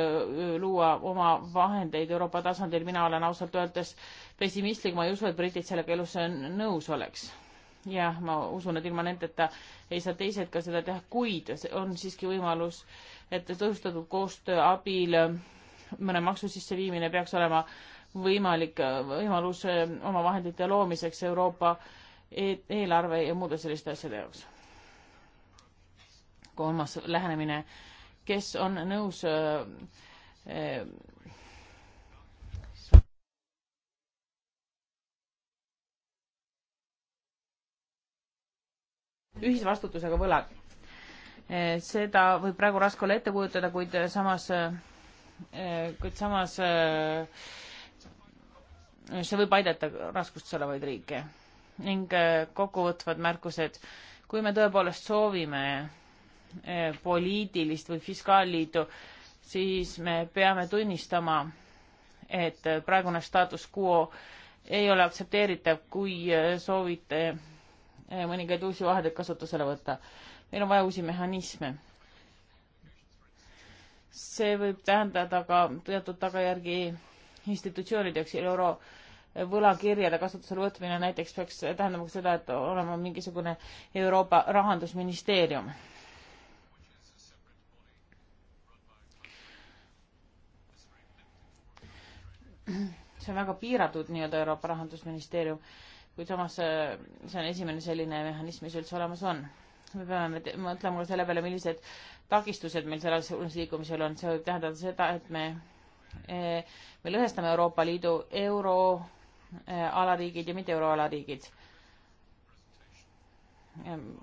luua oma vahendeid Euroopa tasandil, mina olen ausalt öeldes pessimistlik, ma ei usu, et britid sellega elus nõus oleks. jah, ma usun, et ilma nendeta ei saa teised ka seda teha, kuid on siiski võimalus äh, et tõhustatud koostöö abil mõne maksu sisseviimine peaks olema võimalik võimalus oma vahendite loomiseks Euroopa e-, eelarve ja muude selliste asjade jaoks. kolmas lähenemine, kes on nõus äh, äh, ühisvastutusega võlad Eh, seda võib praegu raske olla ette kujutada, kuid eh, samas, eh, kuid samas see võib aidata raskustes olevaid riike. ning kokkuvõtvad märkused, kui me tõepoolest soovime poliitilist või fiskaalliitu, siis me peame tunnistama, et praegune status quo ei ole aktsepteeritav, kui soovite mõningaid uusi vahendeid kasutusele võtta meil on vaja uusi mehhanisme. see võib tähendada ka teatud tagajärgi institutsioonide jaoks euro võlakirjade kasutusele võtmine näiteks peaks tähendama ka seda, et olema mingisugune Euroopa rahandusministeerium. see on väga piiratud nii-öelda Euroopa rahandusministeerium, kuid samas eh, see on esimene selline mehhanism, mis üldse olemas on me peame mõtlema ka selle peale, millised takistused meil selles suunas liikumisel on, see võib tähendada seda, et me, eh, me lõhestame Euroopa Liidu euroalariigid eh, ja mitte euroalariigid. Ehm,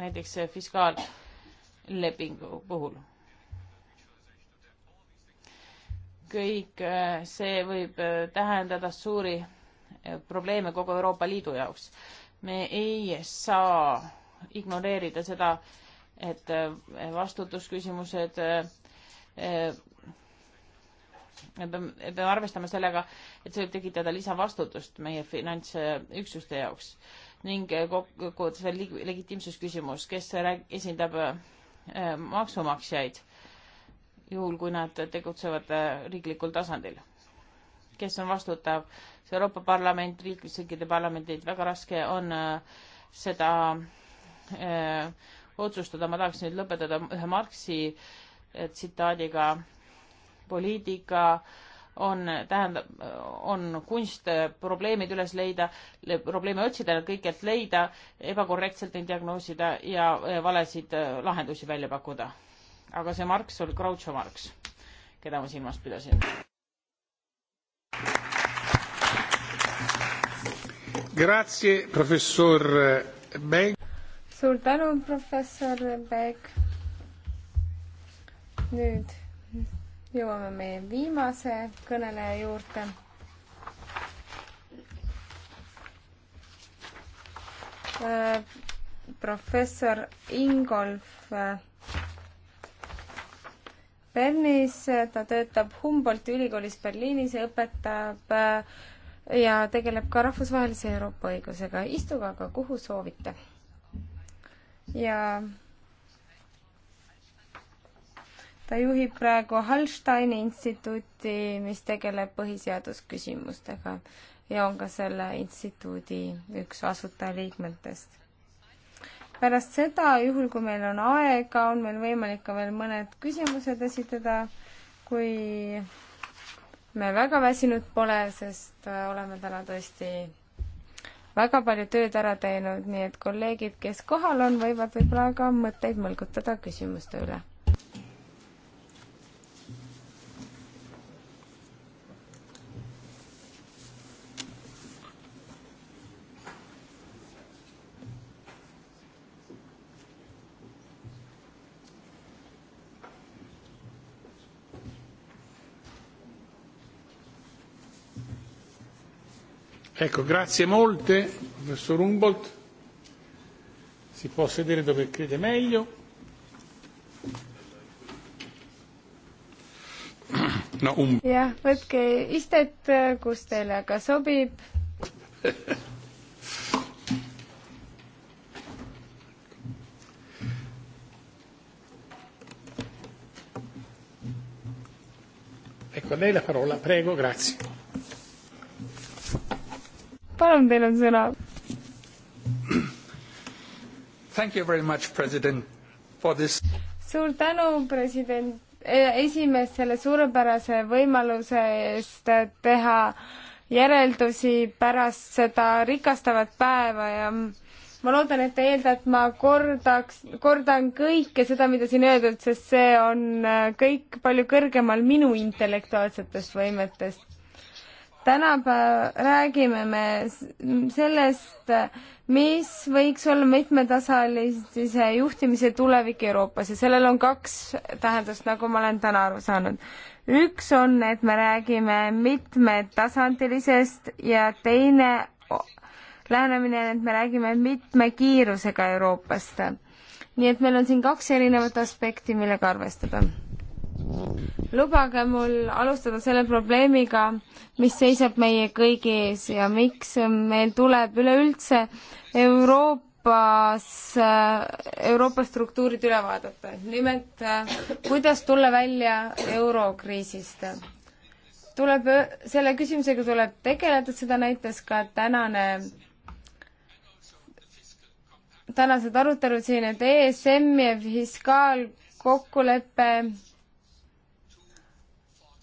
näiteks fiskaallepingu puhul kõik eh, see võib tähendada suuri Eh, probleeme kogu Euroopa Liidu jaoks. me ei saa ignoreerida seda, et eh, vastutusküsimused eh, me peame, peame arvestama sellega, et see võib tekitada lisavastutust meie finantsüksuste jaoks ning kokkuvõttes veel legitiimsusküsimus, kes esindab maksumaksjaid, juhul kui nad tegutsevad riiklikul tasandil kes on vastutav, see Euroopa Parlament, liikmesriikide parlamendid, väga raske on äh, seda öö, äh, otsustada, ma tahaks nüüd lõpetada ühe Marxi äh, tsitaadiga, poliitika on, tähendab, on kunst probleemid üles leida, probleeme otsida, kõikjalt leida, ebakorrektselt neid diagnoosida ja valesid lahendusi välja pakkuda. aga see Marx oli Groucho Marx, keda ma silmas pidasin. Grazie, professor Beck. suur tänu, professor Beck. nüüd jõuame meie viimase kõneleja juurde. Äh, professor Ingolf Bernis, äh, ta töötab Humboldti ülikoolis Berliinis ja õpetab äh, ja tegeleb ka rahvusvahelise Euroopa õigusega. istuge aga kuhu soovite. ja ta juhib praegu Hallsteini instituuti, mis tegeleb põhiseadusküsimustega ja on ka selle instituudi üks asutajaliikmetest. pärast seda, juhul kui meil on aega, on meil võimalik ka veel mõned küsimused esitada, kui me väga väsinud pole, sest äh, oleme täna tõesti väga palju tööd ära teinud, nii et kolleegid, kes kohal on, võivad võib-olla ka mõtteid mõlgutada küsimuste üle. Ecco, grazie molte, professor Humboldt. Si può sedere dove crede meglio. No, um... jah, võtke istet, kus teile aga sobib Ecco, a lei la parola, prego, grazie palun, teil on sõna. Thank you very much, president, for this. suur tänu, president, eh, esimees selle suurepärase võimaluse eest teha järeldusi pärast seda rikastavat päeva ja ma loodan, et te eeldate, et ma kordaks, kordan kõike seda, mida siin öeldud, sest see on eh, kõik palju kõrgemal minu intellektuaalsetest võimetest tänapäev räägime me sellest, mis võiks olla mitmetasalise juhtimise tulevik Euroopas ja sellel on kaks tähendust, nagu ma olen täna aru saanud. üks on, et me räägime mitmetasandilisest ja teine lähenemine on, et me räägime mitme kiirusega Euroopast. nii et meil on siin kaks erinevat aspekti, millega arvestada lubage mul alustada selle probleemiga, mis seisab meie kõigi ees ja miks meil tuleb üleüldse Euroopas, Euroopa struktuurid üle vaadata. nimelt, kuidas tulla välja eurokriisist? tuleb, selle küsimusega tuleb tegeleda, seda näitas ka tänane tänased arutelud siin, et ESM ja fiskaalkokkulepe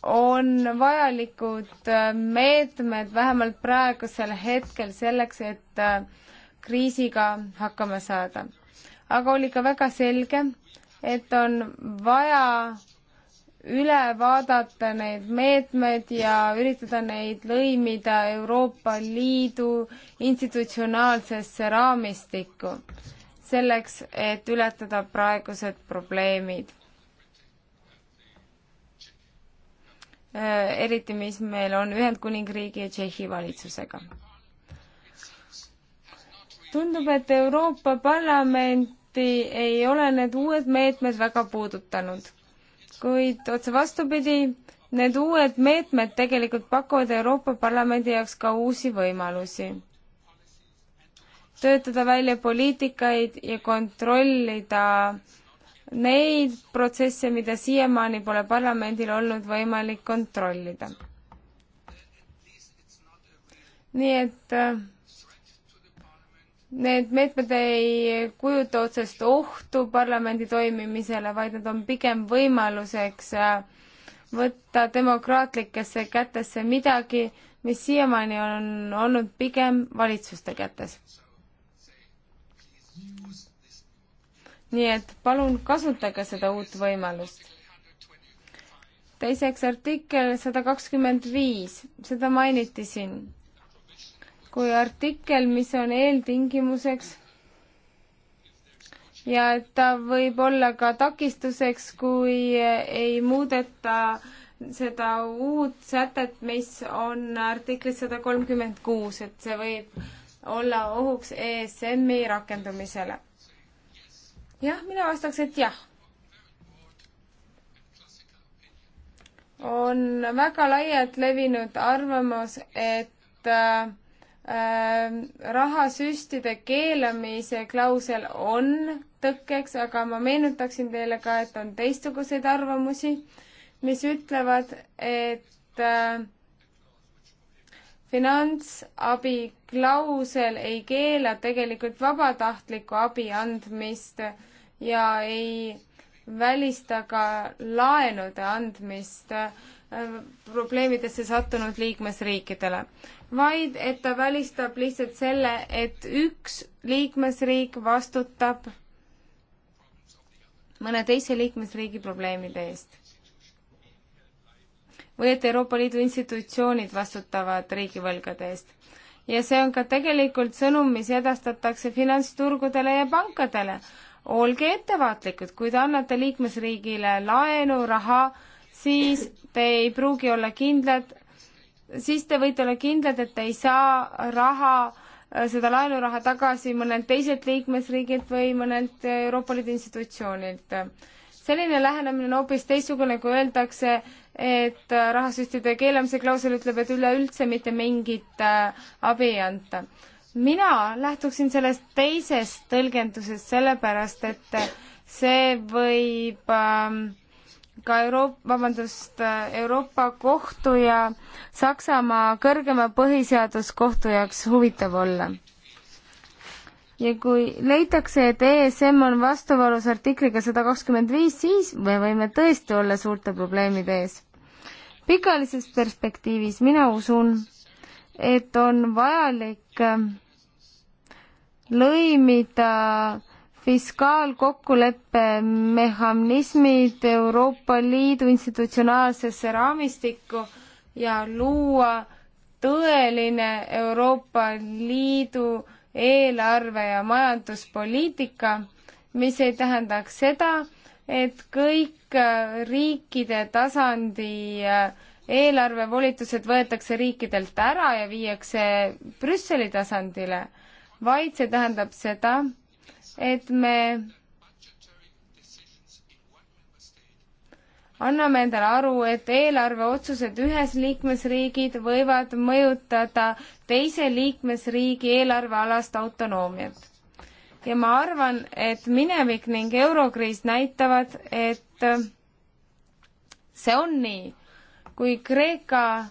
on vajalikud äh, meetmed vähemalt praegusel hetkel selleks, et äh, kriisiga hakkama saada. aga oli ka väga selge, et on vaja üle vaadata need meetmed ja üritada neid lõimida Euroopa Liidu institutsionaalsesse raamistikku, selleks et ületada praegused probleemid. Äh, eriti mis meil on Ühendkuningriigi ja Tšehhi valitsusega. tundub, et Euroopa Parlamenti ei ole need uued meetmed väga puudutanud, kuid otse vastupidi, need uued meetmed tegelikult pakuvad Euroopa Parlamendi jaoks ka uusi võimalusi töötada välja poliitikaid ja kontrollida neid protsesse, mida siiamaani pole parlamendil olnud võimalik kontrollida. nii et äh, need meetmed ei kujuta otsest ohtu parlamendi toimimisele, vaid nad on pigem võimaluseks äh, võtta demokraatlikesse kätesse midagi, mis siiamaani on olnud pigem valitsuste kätes nii et palun kasutage seda uut võimalust. teiseks artikkel sada kakskümmend viis, seda mainiti siin kui artikkel, mis on eeltingimuseks ja et ta võib olla ka takistuseks, kui ei muudeta seda uut sätet, mis on artiklis sada kolmkümmend kuus, et see võib olla ohuks ESM-i rakendumisele jah, mina vastaks, et jah. on väga laialt levinud arvamus, et äh, äh, rahasüstide keelamise klausel on tõkkeks, aga ma meenutaksin teile ka, et on teistsuguseid arvamusi, mis ütlevad, et äh, finantsabi klausel ei keela tegelikult vabatahtlikku abi andmist ja ei välista ka laenude andmist äh, probleemidesse sattunud liikmesriikidele, vaid et ta välistab lihtsalt selle, et üks liikmesriik vastutab mõne teise liikmesriigi probleemide eest või et Euroopa Liidu institutsioonid vastutavad riigivõlgade eest. ja see on ka tegelikult sõnum, mis edastatakse finantsturgudele ja pankadele. olge ettevaatlikud, kui te annate liikmesriigile laenu, raha, siis te ei pruugi olla kindlad, siis te võite olla kindlad, et te ei saa raha seda laenuraha tagasi mõnelt teiselt liikmesriigilt või mõnelt Euroopa Liidu institutsioonilt. selline lähenemine on hoopis teistsugune, kui öeldakse, et äh, rahasüstide keelamise klausel ütleb, et üleüldse mitte mingit äh, abi ei anta. mina lähtuksin sellest teisest tõlgendusest, sellepärast et see võib ähm, ka Euroop-, vabandust, äh, Euroopa Kohtu ja Saksamaa kõrgema põhiseaduskohtu jaoks huvitav olla. ja kui leitakse, et ESM on vastuvalus artikliga sada kakskümmend viis, siis me võime tõesti olla suurte probleemide ees pikaajalises perspektiivis mina usun, et on vajalik ähm, lõimida fiskaalkokkuleppe mehhanismid Euroopa Liidu institutsionaalsesse raamistikku ja luua tõeline Euroopa Liidu eelarve ja majanduspoliitika, mis ei tähendaks seda, et kõik äh, riikide tasandi äh, eelarvevolitused võetakse riikidelt ära ja viiakse Brüsseli tasandile, vaid see tähendab seda, et me anname endale aru, et eelarveotsused ühes liikmesriigid võivad mõjutada teise liikmesriigi eelarvealast autonoomiat ja ma arvan, et minevik ning eurokriis näitavad, et äh, see on nii. kui Kreeka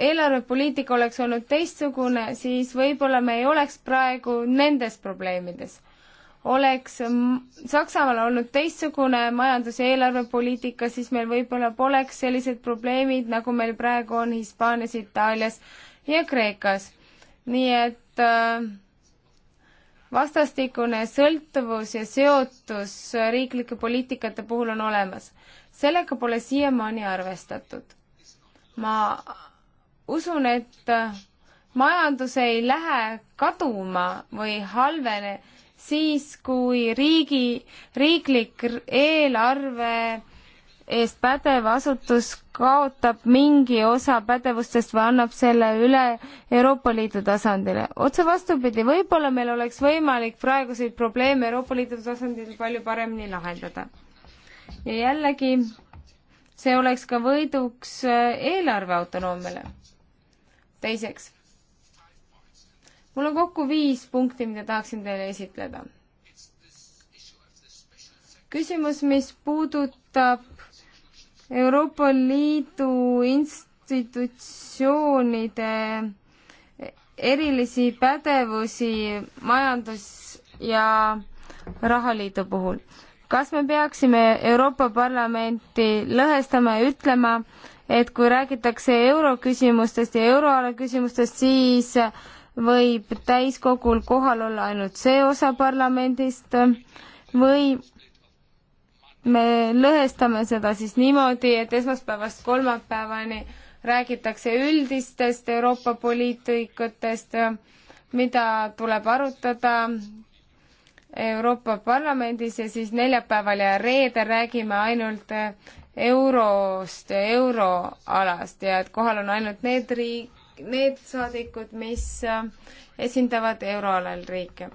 eelarvepoliitika oleks olnud teistsugune, siis võib-olla me ei oleks praegu nendes probleemides. oleks Saksamaal olnud teistsugune majandus- ja eelarvepoliitika, siis meil võib-olla poleks sellised probleemid, nagu meil praegu on Hispaanias, Itaalias ja Kreekas. nii et äh, vastastikune sõltuvus ja seotus riiklike poliitikate puhul on olemas. sellega pole siiamaani arvestatud. ma usun, et majandus ei lähe kaduma või halvene siis, kui riigi, riiklik eelarve eest pädev asutus kaotab mingi osa pädevustest või annab selle üle Euroopa Liidu tasandile. otse vastupidi, võib-olla meil oleks võimalik praeguseid probleeme Euroopa Liidu tasandil palju paremini lahendada. ja jällegi, see oleks ka võiduks äh, eelarve autonoomiale. teiseks, mul on kokku viis punkti, mida tahaksin teile esitleda küsimus, mis puudutab Euroopa Liidu institutsioonide erilisi pädevusi majandus- ja rahaliidu puhul. kas me peaksime Euroopa Parlamenti lõhestama ja ütlema, et kui räägitakse euroküsimustest ja euroala küsimustest, siis võib täiskogul kohal olla ainult see osa parlamendist või me lõhestame seda siis niimoodi, et esmaspäevast kolmapäevani räägitakse üldistest Euroopa poliitikutest, mida tuleb arutada Euroopa Parlamendis ja siis neljapäeval ja reedel räägime ainult eurost ja euroalast ja et kohal on ainult need riik, need saadikud, mis esindavad euroalal riike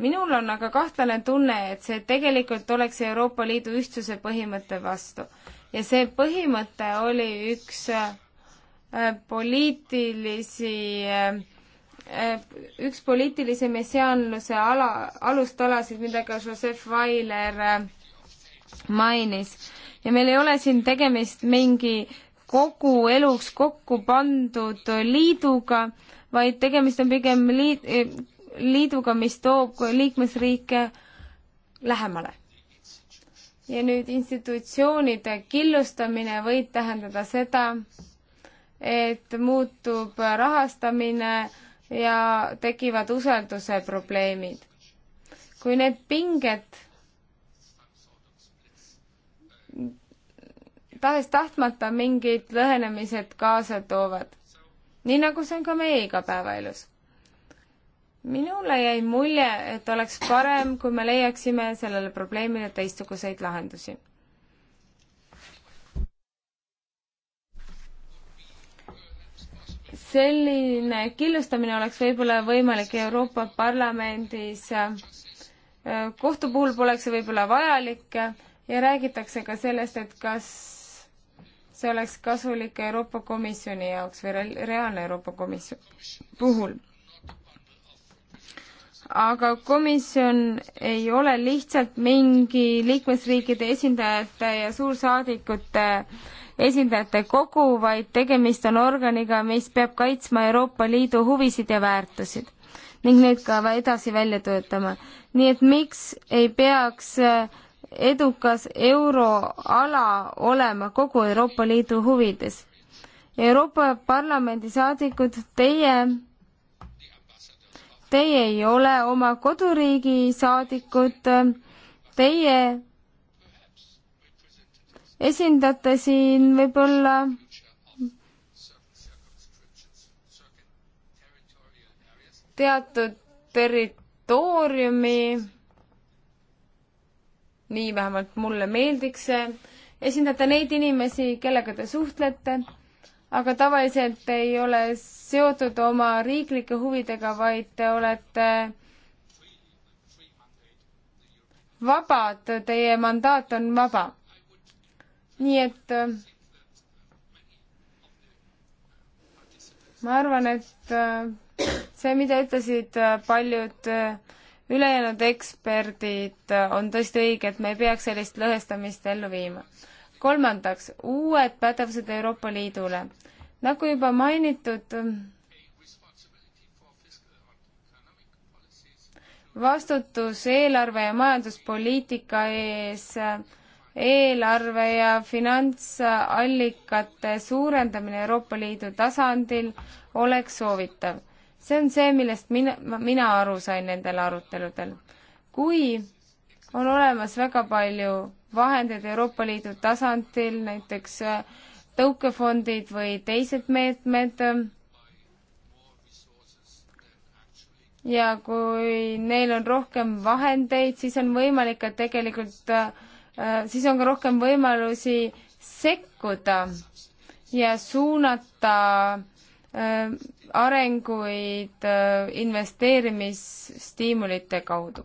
minul on aga kahtlane tunne, et see tegelikult oleks Euroopa Liidu ühtsuse põhimõtte vastu. ja see põhimõte oli üks äh, poliitilisi äh, äh, üks poliitilise messiaanluse ala, alustalasid, mida ka Joseph Weiler mainis. ja meil ei ole siin tegemist mingi kogu eluks kokku pandud liiduga, vaid tegemist on pigem liit, liiduga, mis toob liikmesriike lähemale. ja nüüd institutsioonide killustamine võib tähendada seda, et muutub rahastamine ja tekivad usalduse probleemid. kui need pinged tahes-tahtmata mingid lõhenemised kaasa toovad. nii nagu see on ka meie igapäevaelus minule jäi mulje, et oleks parem, kui me leiaksime sellele probleemile teistsuguseid lahendusi. selline killustamine oleks võib-olla võimalik Euroopa Parlamendis. kohtu puhul poleks see võib-olla vajalik ja räägitakse ka sellest, et kas see oleks kasulik Euroopa Komisjoni jaoks või reaalne Euroopa Komisjon puhul aga komisjon ei ole lihtsalt mingi liikmesriikide esindajate ja suursaadikute esindajate kogu, vaid tegemist on organiga, mis peab kaitsma Euroopa Liidu huvisid ja väärtusid ning need ka edasi välja töötama. nii et miks ei peaks äh, edukas euroala olema kogu Euroopa Liidu huvides? Euroopa Parlamendi saadikud, teie teie ei ole oma koduriigi saadikud, teie esindate siin võib-olla teatud territooriumi, nii vähemalt mulle meeldiks see, esindate neid inimesi, kellega te suhtlete aga tavaliselt ei ole seotud oma riiklike huvidega, vaid te olete vabad, teie mandaat on vaba. nii et ma arvan, et see, mida ütlesid paljud ülejäänud eksperdid, on tõesti õige, et me ei peaks sellist lõhestamist ellu viima kolmandaks, uued pädevused Euroopa Liidule. nagu juba mainitud, vastutus eelarve ja majanduspoliitika ees, eelarve ja finantsallikate suurendamine Euroopa Liidu tasandil oleks soovitav. see on see, millest mina, mina aru sain nendel aruteludel. kui on olemas väga palju vahendeid Euroopa Liidu tasandil, näiteks äh, tõukefondid või teised meetmed. ja kui neil on rohkem vahendeid, siis on võimalik ka tegelikult, äh, siis on ka rohkem võimalusi sekkuda ja suunata äh, arenguid investeerimisstiimulite kaudu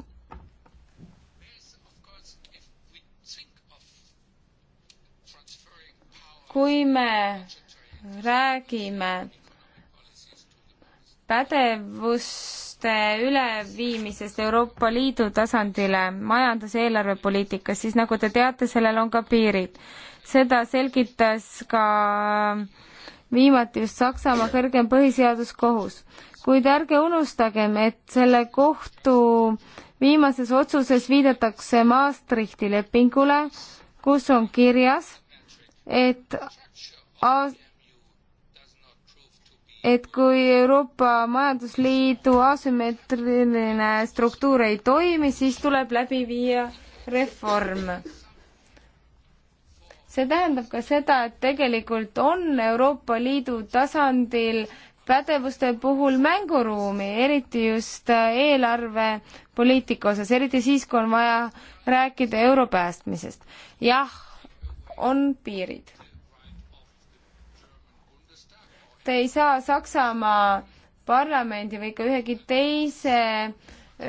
kui me räägime pädevuste üleviimisest Euroopa Liidu tasandile majandus- ja eelarvepoliitikas, siis nagu te teate, sellel on ka piirid. seda selgitas ka viimati just Saksamaa kõrgem põhiseaduskohus. kuid ärge unustagem, et selle kohtu viimases otsuses viidatakse Maastrichti lepingule, kus on kirjas, et et kui Euroopa Majandusliidu asümmeetriline struktuur ei toimi, siis tuleb läbi viia reform. see tähendab ka seda, et tegelikult on Euroopa Liidu tasandil pädevuste puhul mänguruumi, eriti just eelarvepoliitika osas, eriti siis, kui on vaja rääkida euro päästmisest. jah on piirid. Te ei saa Saksamaa parlamendi või ka ühegi teise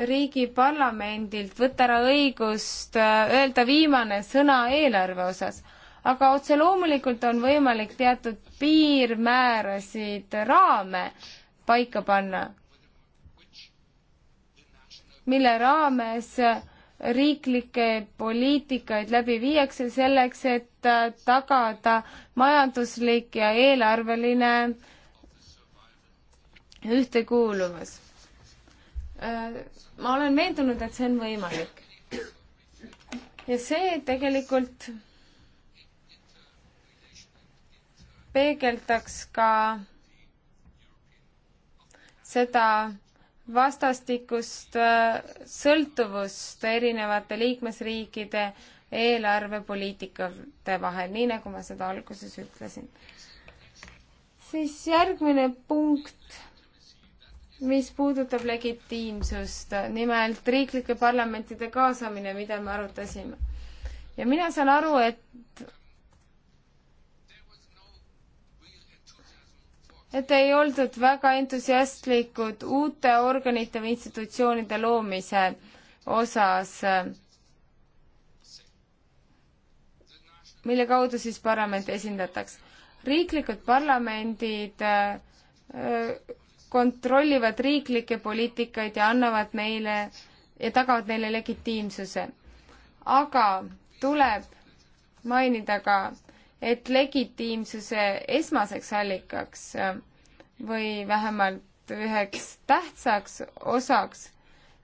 riigi parlamendilt võtta ära õigust äh, öelda viimane sõna eelarve osas aga otse loomulikult on võimalik teatud piirmäärasid, raame paika panna, mille raames riiklikke poliitikaid läbi viiakse selleks, et äh, tagada majanduslik ja eelarveline ühtekuuluvus. Äh, ma olen veendunud, et see on võimalik. ja see tegelikult peegeldaks ka seda vastastikust äh, sõltuvust erinevate liikmesriikide eelarvepoliitikate vahel, nii nagu ma seda alguses ütlesin. siis järgmine punkt, mis puudutab legitiimsust, nimelt riiklike parlamentide kaasamine, mida me arutasime. ja mina saan aru, et et ei oldud väga entusiastlikud uute organite või institutsioonide loomise osas, mille kaudu siis parlamenti esindataks. riiklikud parlamendid äh, kontrollivad riiklikke poliitikaid ja annavad neile ja tagavad neile legitiimsuse. aga tuleb mainida ka et legitiimsuse esmaseks allikaks äh, või vähemalt üheks tähtsaks osaks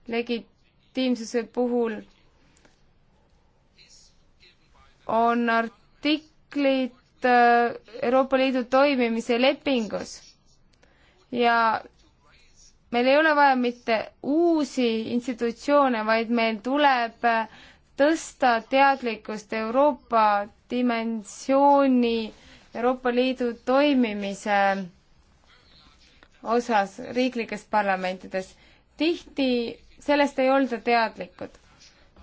legitiimsuse puhul on artiklid äh, Euroopa Liidu toimimise lepingus ja meil ei ole vaja mitte uusi institutsioone, vaid meil tuleb äh, tõsta teadlikkust Euroopa dimensiooni, Euroopa Liidu toimimise osas riiklikes parlamentides. tihti sellest ei olda teadlikud.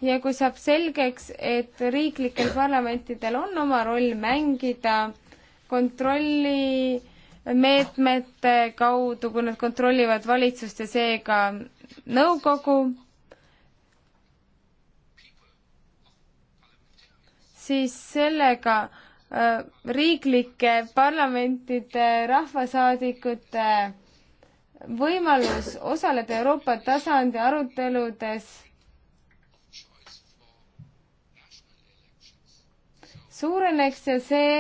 ja kui saab selgeks, et riiklikel parlamentidel on oma roll mängida kontrolli meetmete kaudu, kui nad kontrollivad valitsust ja seega nõukogu, siis sellega äh, riiklike parlamentide rahvasaadikute võimalus osaleda Euroopa tasandi aruteludes suureneks ja see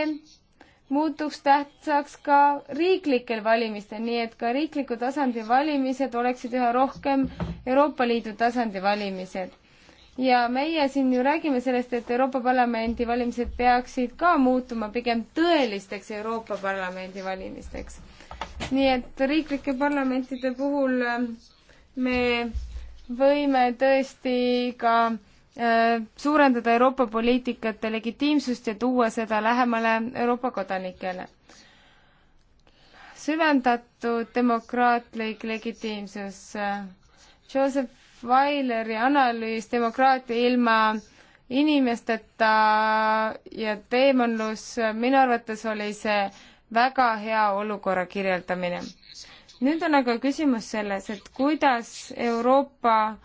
muutuks tähtsaks ka riiklikel valimistel, nii et ka riikliku tasandi valimised oleksid üha rohkem Euroopa Liidu tasandi valimised ja meie siin ju räägime sellest, et Euroopa Parlamendi valimised peaksid ka muutuma pigem tõelisteks Euroopa Parlamendi valimisteks. nii et riiklike parlamentide puhul ähm, me võime tõesti ka äh, suurendada Euroopa poliitikate legitiimsust ja tuua seda lähemale Euroopa kodanikele. süvendatud demokraatlik legitiimsus. Äh, Joseph Vaileri analüüs Demokraatia ilma inimesteta ja teemannus, minu arvates oli see väga hea olukorra kirjeldamine. nüüd on aga küsimus selles, et kuidas Euroopa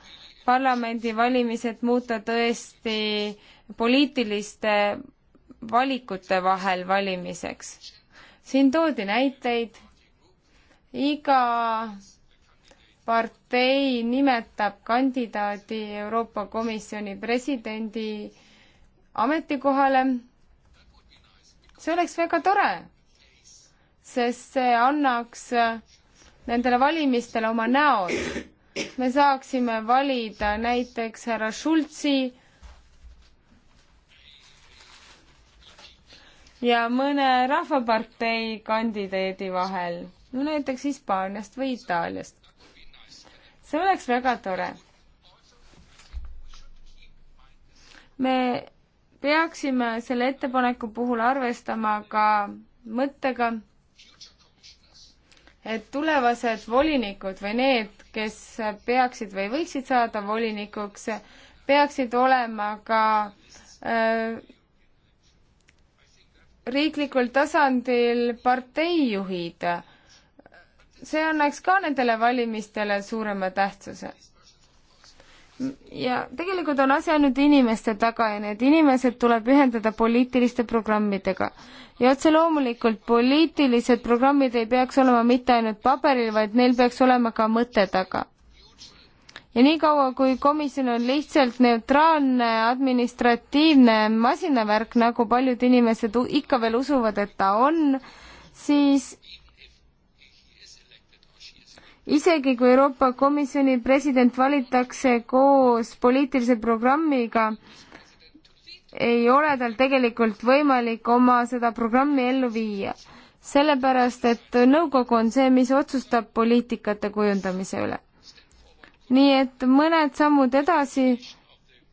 Parlamendi valimised muuta tõesti poliitiliste valikute vahel valimiseks. siin toodi näiteid, iga partei nimetab kandidaadi Euroopa Komisjoni presidendi ametikohale. see oleks väga tore, sest see annaks nendele valimistele oma näod. me saaksime valida näiteks härra Schulzi ja mõne rahvapartei kandidaadi vahel, no näiteks Hispaaniast või Itaaliast see oleks väga tore. me peaksime selle ettepaneku puhul arvestama ka mõttega, et tulevased volinikud või need, kes peaksid või võiksid saada volinikuks, peaksid olema ka äh, riiklikul tasandil parteijuhid see annaks ka nendele valimistele suurema tähtsuse. ja tegelikult on asi ainult inimeste taga ja need inimesed tuleb ühendada poliitiliste programmidega. ja otse loomulikult poliitilised programmid ei peaks olema mitte ainult paberil, vaid neil peaks olema ka mõte taga ja niikaua, kui komisjon on lihtsalt neutraalne administratiivne masinavärk, nagu paljud inimesed ikka veel usuvad, et ta on, siis isegi kui Euroopa Komisjoni president valitakse koos poliitilise programmiga, ei ole tal tegelikult võimalik oma seda programmi ellu viia. sellepärast, et nõukogu on see, mis otsustab poliitikate kujundamise üle. nii et mõned sammud edasi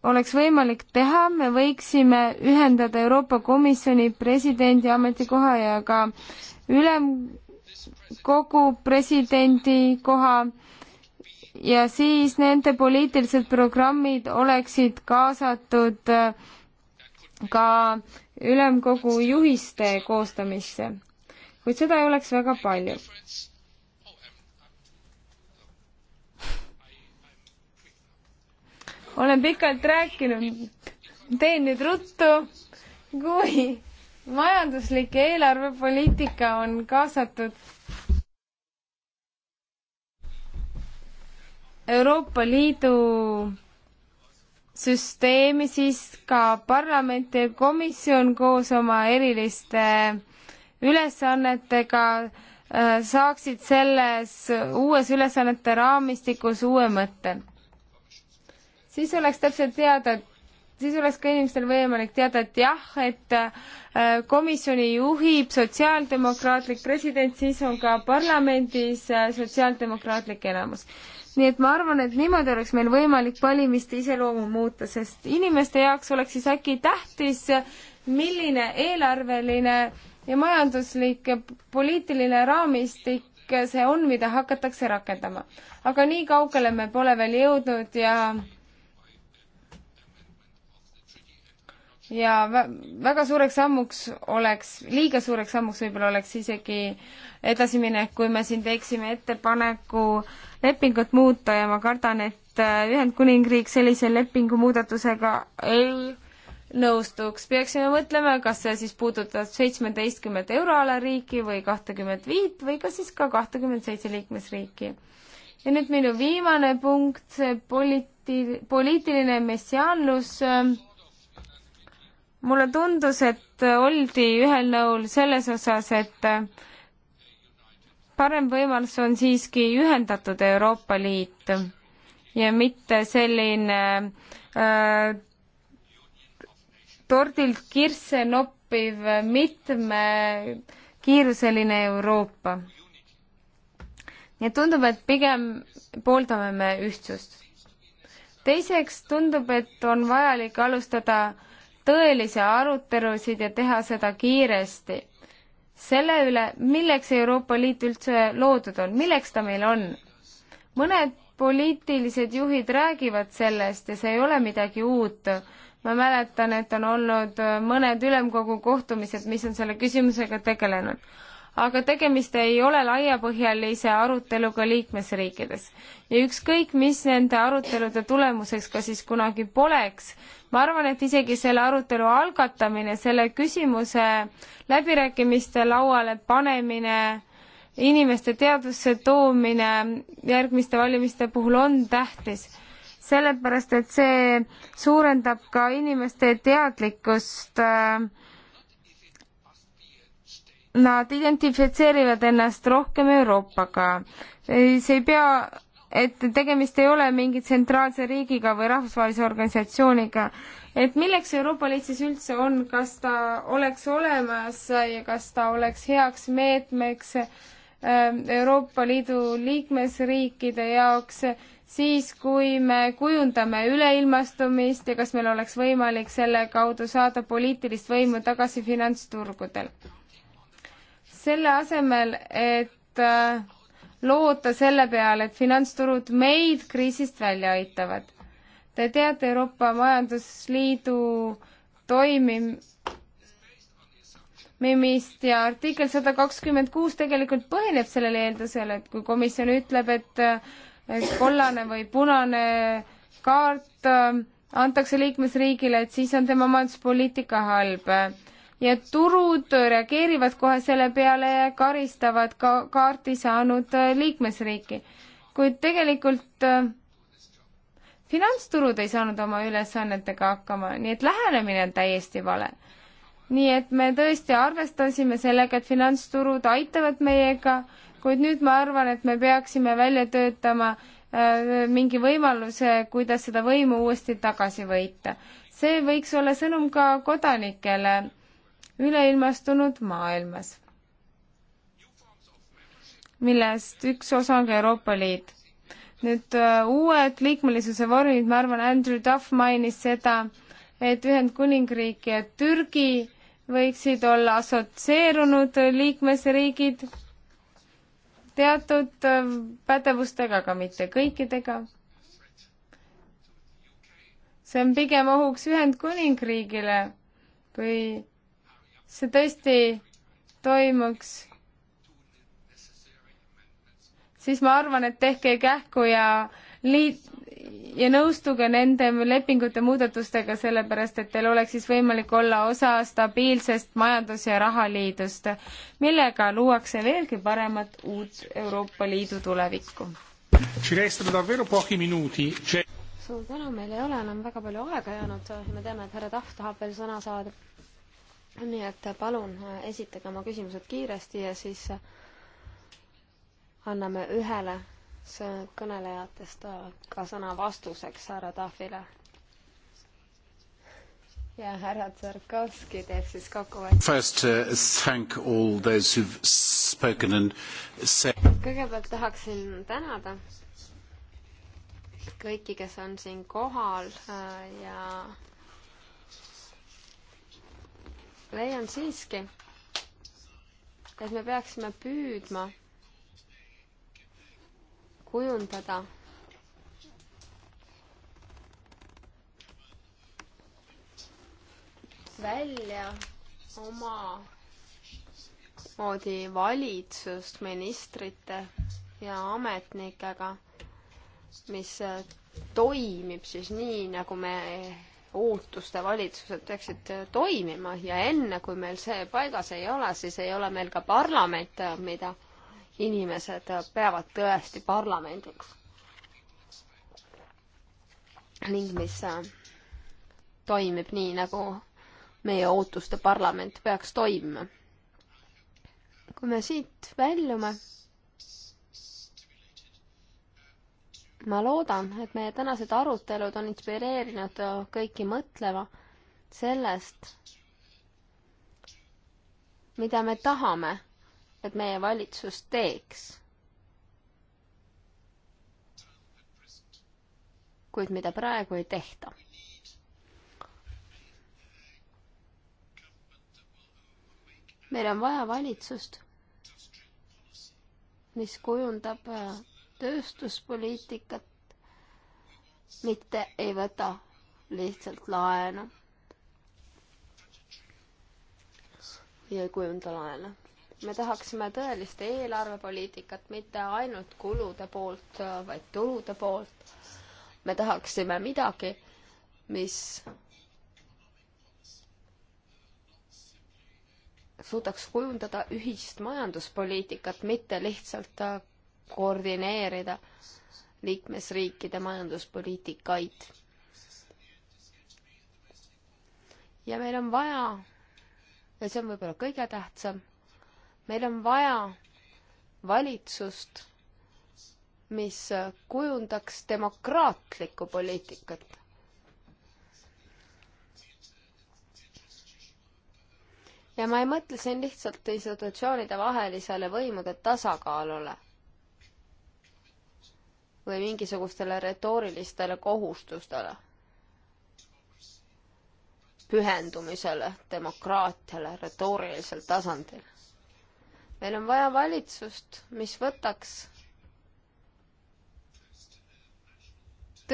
oleks võimalik teha, me võiksime ühendada Euroopa Komisjoni presidendi ametikoha ja ka ülem, kogu presidendi koha ja siis nende poliitilised programmid oleksid kaasatud äh, ka ülemkogu juhiste koostamisse, kuid seda ei oleks väga palju. olen pikalt rääkinud, teen nüüd ruttu, kui majanduslik ja eelarvepoliitika on kaasatud Euroopa Liidu süsteemi, siis ka parlament ja komisjon koos oma eriliste ülesannetega äh, saaksid selles uues ülesannete raamistikus uue mõtte. siis oleks täpselt teada, et siis oleks ka inimestel võimalik teada, et jah, et äh, komisjoni juhib sotsiaaldemokraatlik president, siis on ka parlamendis äh, sotsiaaldemokraatlik enamus. nii et ma arvan, et niimoodi oleks meil võimalik valimiste iseloomu muuta, sest inimeste jaoks oleks siis äkki tähtis, milline eelarveline ja majanduslik poliitiline raamistik see on, mida hakatakse rakendama. aga nii kaugele me pole veel jõudnud ja ja väga suureks sammuks oleks, liiga suureks sammuks võib-olla oleks isegi edasiminek, kui me siin teeksime ettepaneku lepingut muuta ja ma kardan, et äh, Ühendkuningriik sellise lepingu muudatusega ei nõustuks, peaksime mõtlema, kas see siis puudutab seitsmeteistkümmet euroala riiki või kahtekümmet viit või ka siis ka kahtekümmet seitse liikmesriiki. ja nüüd minu viimane punkt, see politi-, poliitiline messiaanlus äh, mulle tundus, et oldi ühel nõul selles osas, et parem võimalus on siiski ühendatud Euroopa Liit ja mitte selline äh, tordilt kirsse noppiv mitmekiiruseline Euroopa. nii et tundub, et pigem pooldame me ühtsust. teiseks tundub, et on vajalik alustada äh, tõelisi arutelusid ja teha seda kiiresti. selle üle, milleks Euroopa Liit üldse loodud on, milleks ta meil on. mõned poliitilised juhid räägivad sellest ja see ei ole midagi uut. ma mäletan, et on olnud mõned ülemkogu kohtumised, mis on selle küsimusega tegelenud aga tegemist ei ole laiapõhjalise aruteluga liikmesriikides. ja ükskõik, mis nende arutelude tulemuseks ka siis kunagi poleks, ma arvan, et isegi selle arutelu algatamine, selle küsimuse läbirääkimiste lauale panemine, inimeste teadvusse toomine järgmiste valimiste puhul on tähtis, sellepärast et see suurendab ka inimeste teadlikkust äh, nad identifitseerivad ennast rohkem Euroopaga. see ei pea, et tegemist ei ole mingi tsentraalse riigiga või rahvusvahelise organisatsiooniga. et milleks Euroopa Liit siis üldse on, kas ta oleks olemas ja kas ta oleks heaks meetmeks ähm, Euroopa Liidu liikmesriikide jaoks siis, kui me kujundame üleilmastumist ja kas meil oleks võimalik selle kaudu saada poliitilist võimu tagasi finantsturgudel selle asemel, et äh, loota selle peale, et finantsturud meid kriisist välja aitavad. Te teate Euroopa Majandusliidu toimimist ja artikkel sada kakskümmend kuus tegelikult põhineb sellel eeldusel, et kui komisjon ütleb, et kollane või punane kaart äh, antakse liikmesriigile, et siis on tema majanduspoliitika halb ja turud reageerivad kohe selle peale ja karistavad ka kaarti saanud äh, liikmesriiki. kuid tegelikult äh, finantsturud ei saanud oma ülesannetega hakkama, nii et lähenemine on täiesti vale. nii et me tõesti arvestasime sellega, et finantsturud aitavad meiega, kuid nüüd ma arvan, et me peaksime välja töötama äh, mingi võimaluse, kuidas seda võimu uuesti tagasi võita. see võiks olla sõnum ka kodanikele üleilmastunud maailmas, millest üks osa on ka Euroopa Liit. nüüd äh, uued liikmelisuse vormid, ma arvan, Andrew Duff mainis seda, et Ühendkuningriik ja Türgi võiksid olla assotsieerunud liikmesriigid teatud äh, pädevustega, aga mitte kõikidega. see on pigem ohuks Ühendkuningriigile kui see tõesti toimuks, siis ma arvan, et tehke kähku ja liit- ja nõustuge nende lepingute muudatustega, sellepärast et teil oleks siis võimalik olla osa stabiilsest majandus- ja rahaliidust, millega luuakse veelgi paremat uut Euroopa Liidu tulevikku. suur tänu, meil ei ole enam väga palju aega jäänud, me teame, et härra Tahv tahab veel sõna saada nii et äh, palun äh, esitage oma küsimused kiiresti ja siis äh, anname ühele kõnelejatest ka sõna vastuseks härra Tahvile. ja härra Tsarkovski teeb siis kokkuvõtte. First uh, thank all those who have spoken and said. kõigepealt tahaksin tänada kõiki, kes on siin kohal ja uh, yeah leian siiski, et me peaksime püüdma kujundada välja oma moodi valitsust ministrite ja ametnikega, mis toimib siis nii, nagu me ootuste valitsused peaksid äh, toimima ja enne, kui meil see paigas ei ole, siis ei ole meil ka parlament, äh, mida inimesed äh, peavad tõesti parlamendiks. ning mis toimib nii, nagu meie ootuste parlament peaks toimima. kui me siit väljume ma loodan, et meie tänased arutelud on inspireerinud kõiki mõtlema sellest, mida me tahame, et meie valitsus teeks. kuid mida praegu ei tehta. meil on vaja valitsust, mis kujundab äh, tööstuspoliitikat, mitte ei võta lihtsalt laenu. ja ei kujunda laenu. me tahaksime tõelist eelarvepoliitikat, mitte ainult kulude poolt, vaid tulude poolt. me tahaksime midagi, mis suudaks kujundada ühist majanduspoliitikat, mitte lihtsalt koordineerida liikmesriikide majanduspoliitikaid. ja meil on vaja, ja see on võib-olla kõige tähtsam, meil on vaja valitsust, mis kujundaks demokraatlikku poliitikat. ja ma ei mõtle siin lihtsalt institutsioonide vahelisele võimude tasakaalule või mingisugustele retoorilistele kohustustele, pühendumisele, demokraatiale, retoorilisel tasandil. meil on vaja valitsust, mis võtaks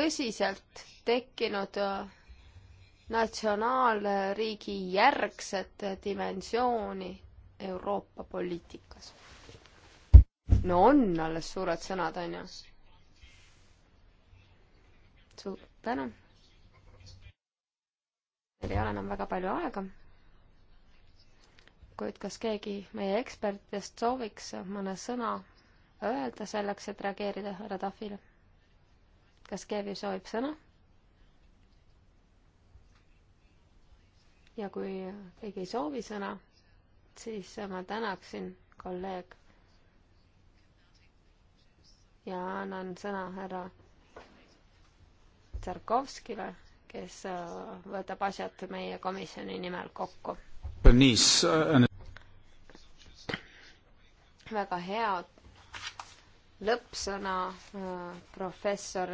tõsiselt tekkinud äh, natsionaalriigi järgset dimensiooni Euroopa poliitikas. no on alles suured sõnad, on ju suur tänu. meil ei ole enam väga palju aega. kuid kas keegi meie ekspertidest sooviks mõne sõna öelda selleks, et reageerida härra Tahvile? kas keegi soovib sõna? ja kui keegi ei soovi sõna, siis ma tänaksin kolleeg ja annan sõna härra Tsarkovskile, kes äh, võtab asjad meie komisjoni nimel kokku. Äh, väga hea lõppsõna äh, professor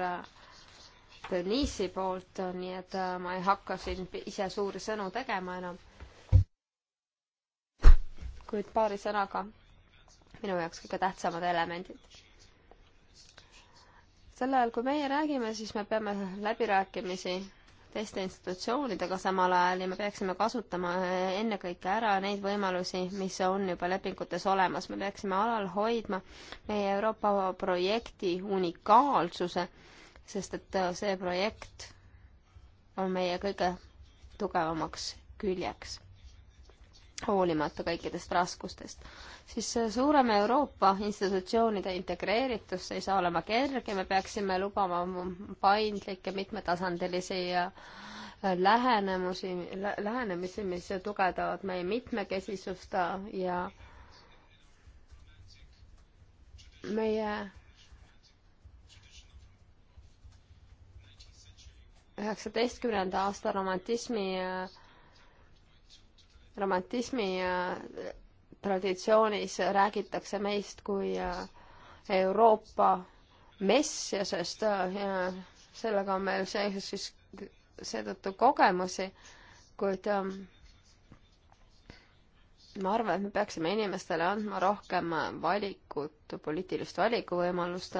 Denisi poolt, nii et ma ei hakka siin ise suuri sõnu tegema enam. kuid paari sõnaga minu jaoks kõige tähtsamad elemendid sel ajal, kui meie räägime, siis me peame läbirääkimisi teiste institutsioonidega samal ajal ja me peaksime kasutama ennekõike ära neid võimalusi, mis on juba lepingutes olemas. me peaksime alal hoidma meie Euroopa projekti unikaalsuse, sest et see projekt on meie kõige tugevamaks küljeks hoolimata kõikidest raskustest, siis suurem Euroopa institutsioonide integreeritus ei saa olema kerge, me peaksime lubama paindlikke mitmetasandilisi äh, lähenemusi, lähenemisi, mis tugevdavad meie mitmekesisust äh, ja meie üheksateistkümnenda aasta romantismi äh, romantismi traditsioonis räägitakse meist kui äh, Euroopa messiasest äh, ja sellega on meil see siis seetõttu kogemusi, kuid ähm, ma arvan, et me peaksime inimestele andma rohkem valikut, poliitilist valikuvõimalust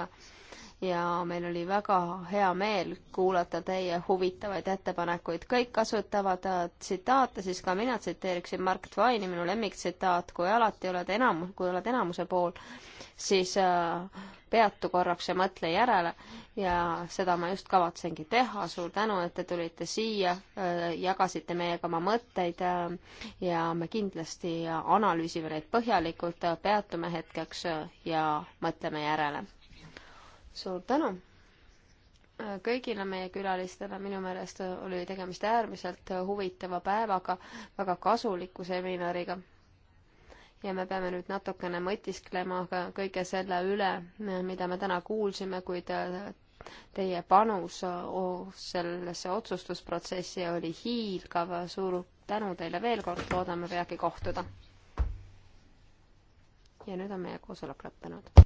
ja meil oli väga hea meel kuulata teie huvitavaid ettepanekuid. kõik kasutavad äh, tsitaate, siis ka mina tsiteeriksin Mark Twaini, minu lemmiktsitaat, kui alati oled enam, kui oled enamuse pool, siis äh, peatu korraks ja mõtle järele ja seda ma just kavatsengi teha. suur tänu, et te tulite siia, äh, jagasite meiega oma mõtteid ja me kindlasti analüüsime neid põhjalikult, peatume hetkeks ja mõtleme järele suur tänu kõigile meie külalistele, minu meelest oli tegemist äärmiselt huvitava päevaga, väga kasuliku seminariga. ja me peame nüüd natukene mõtisklema ka kõige selle üle, mida me täna kuulsime, kuid teie panus sellesse otsustusprotsessi oli hiilgav, suur tänu teile veel kord, loodame peagi kohtuda. ja nüüd on meie koosolek lõppenud.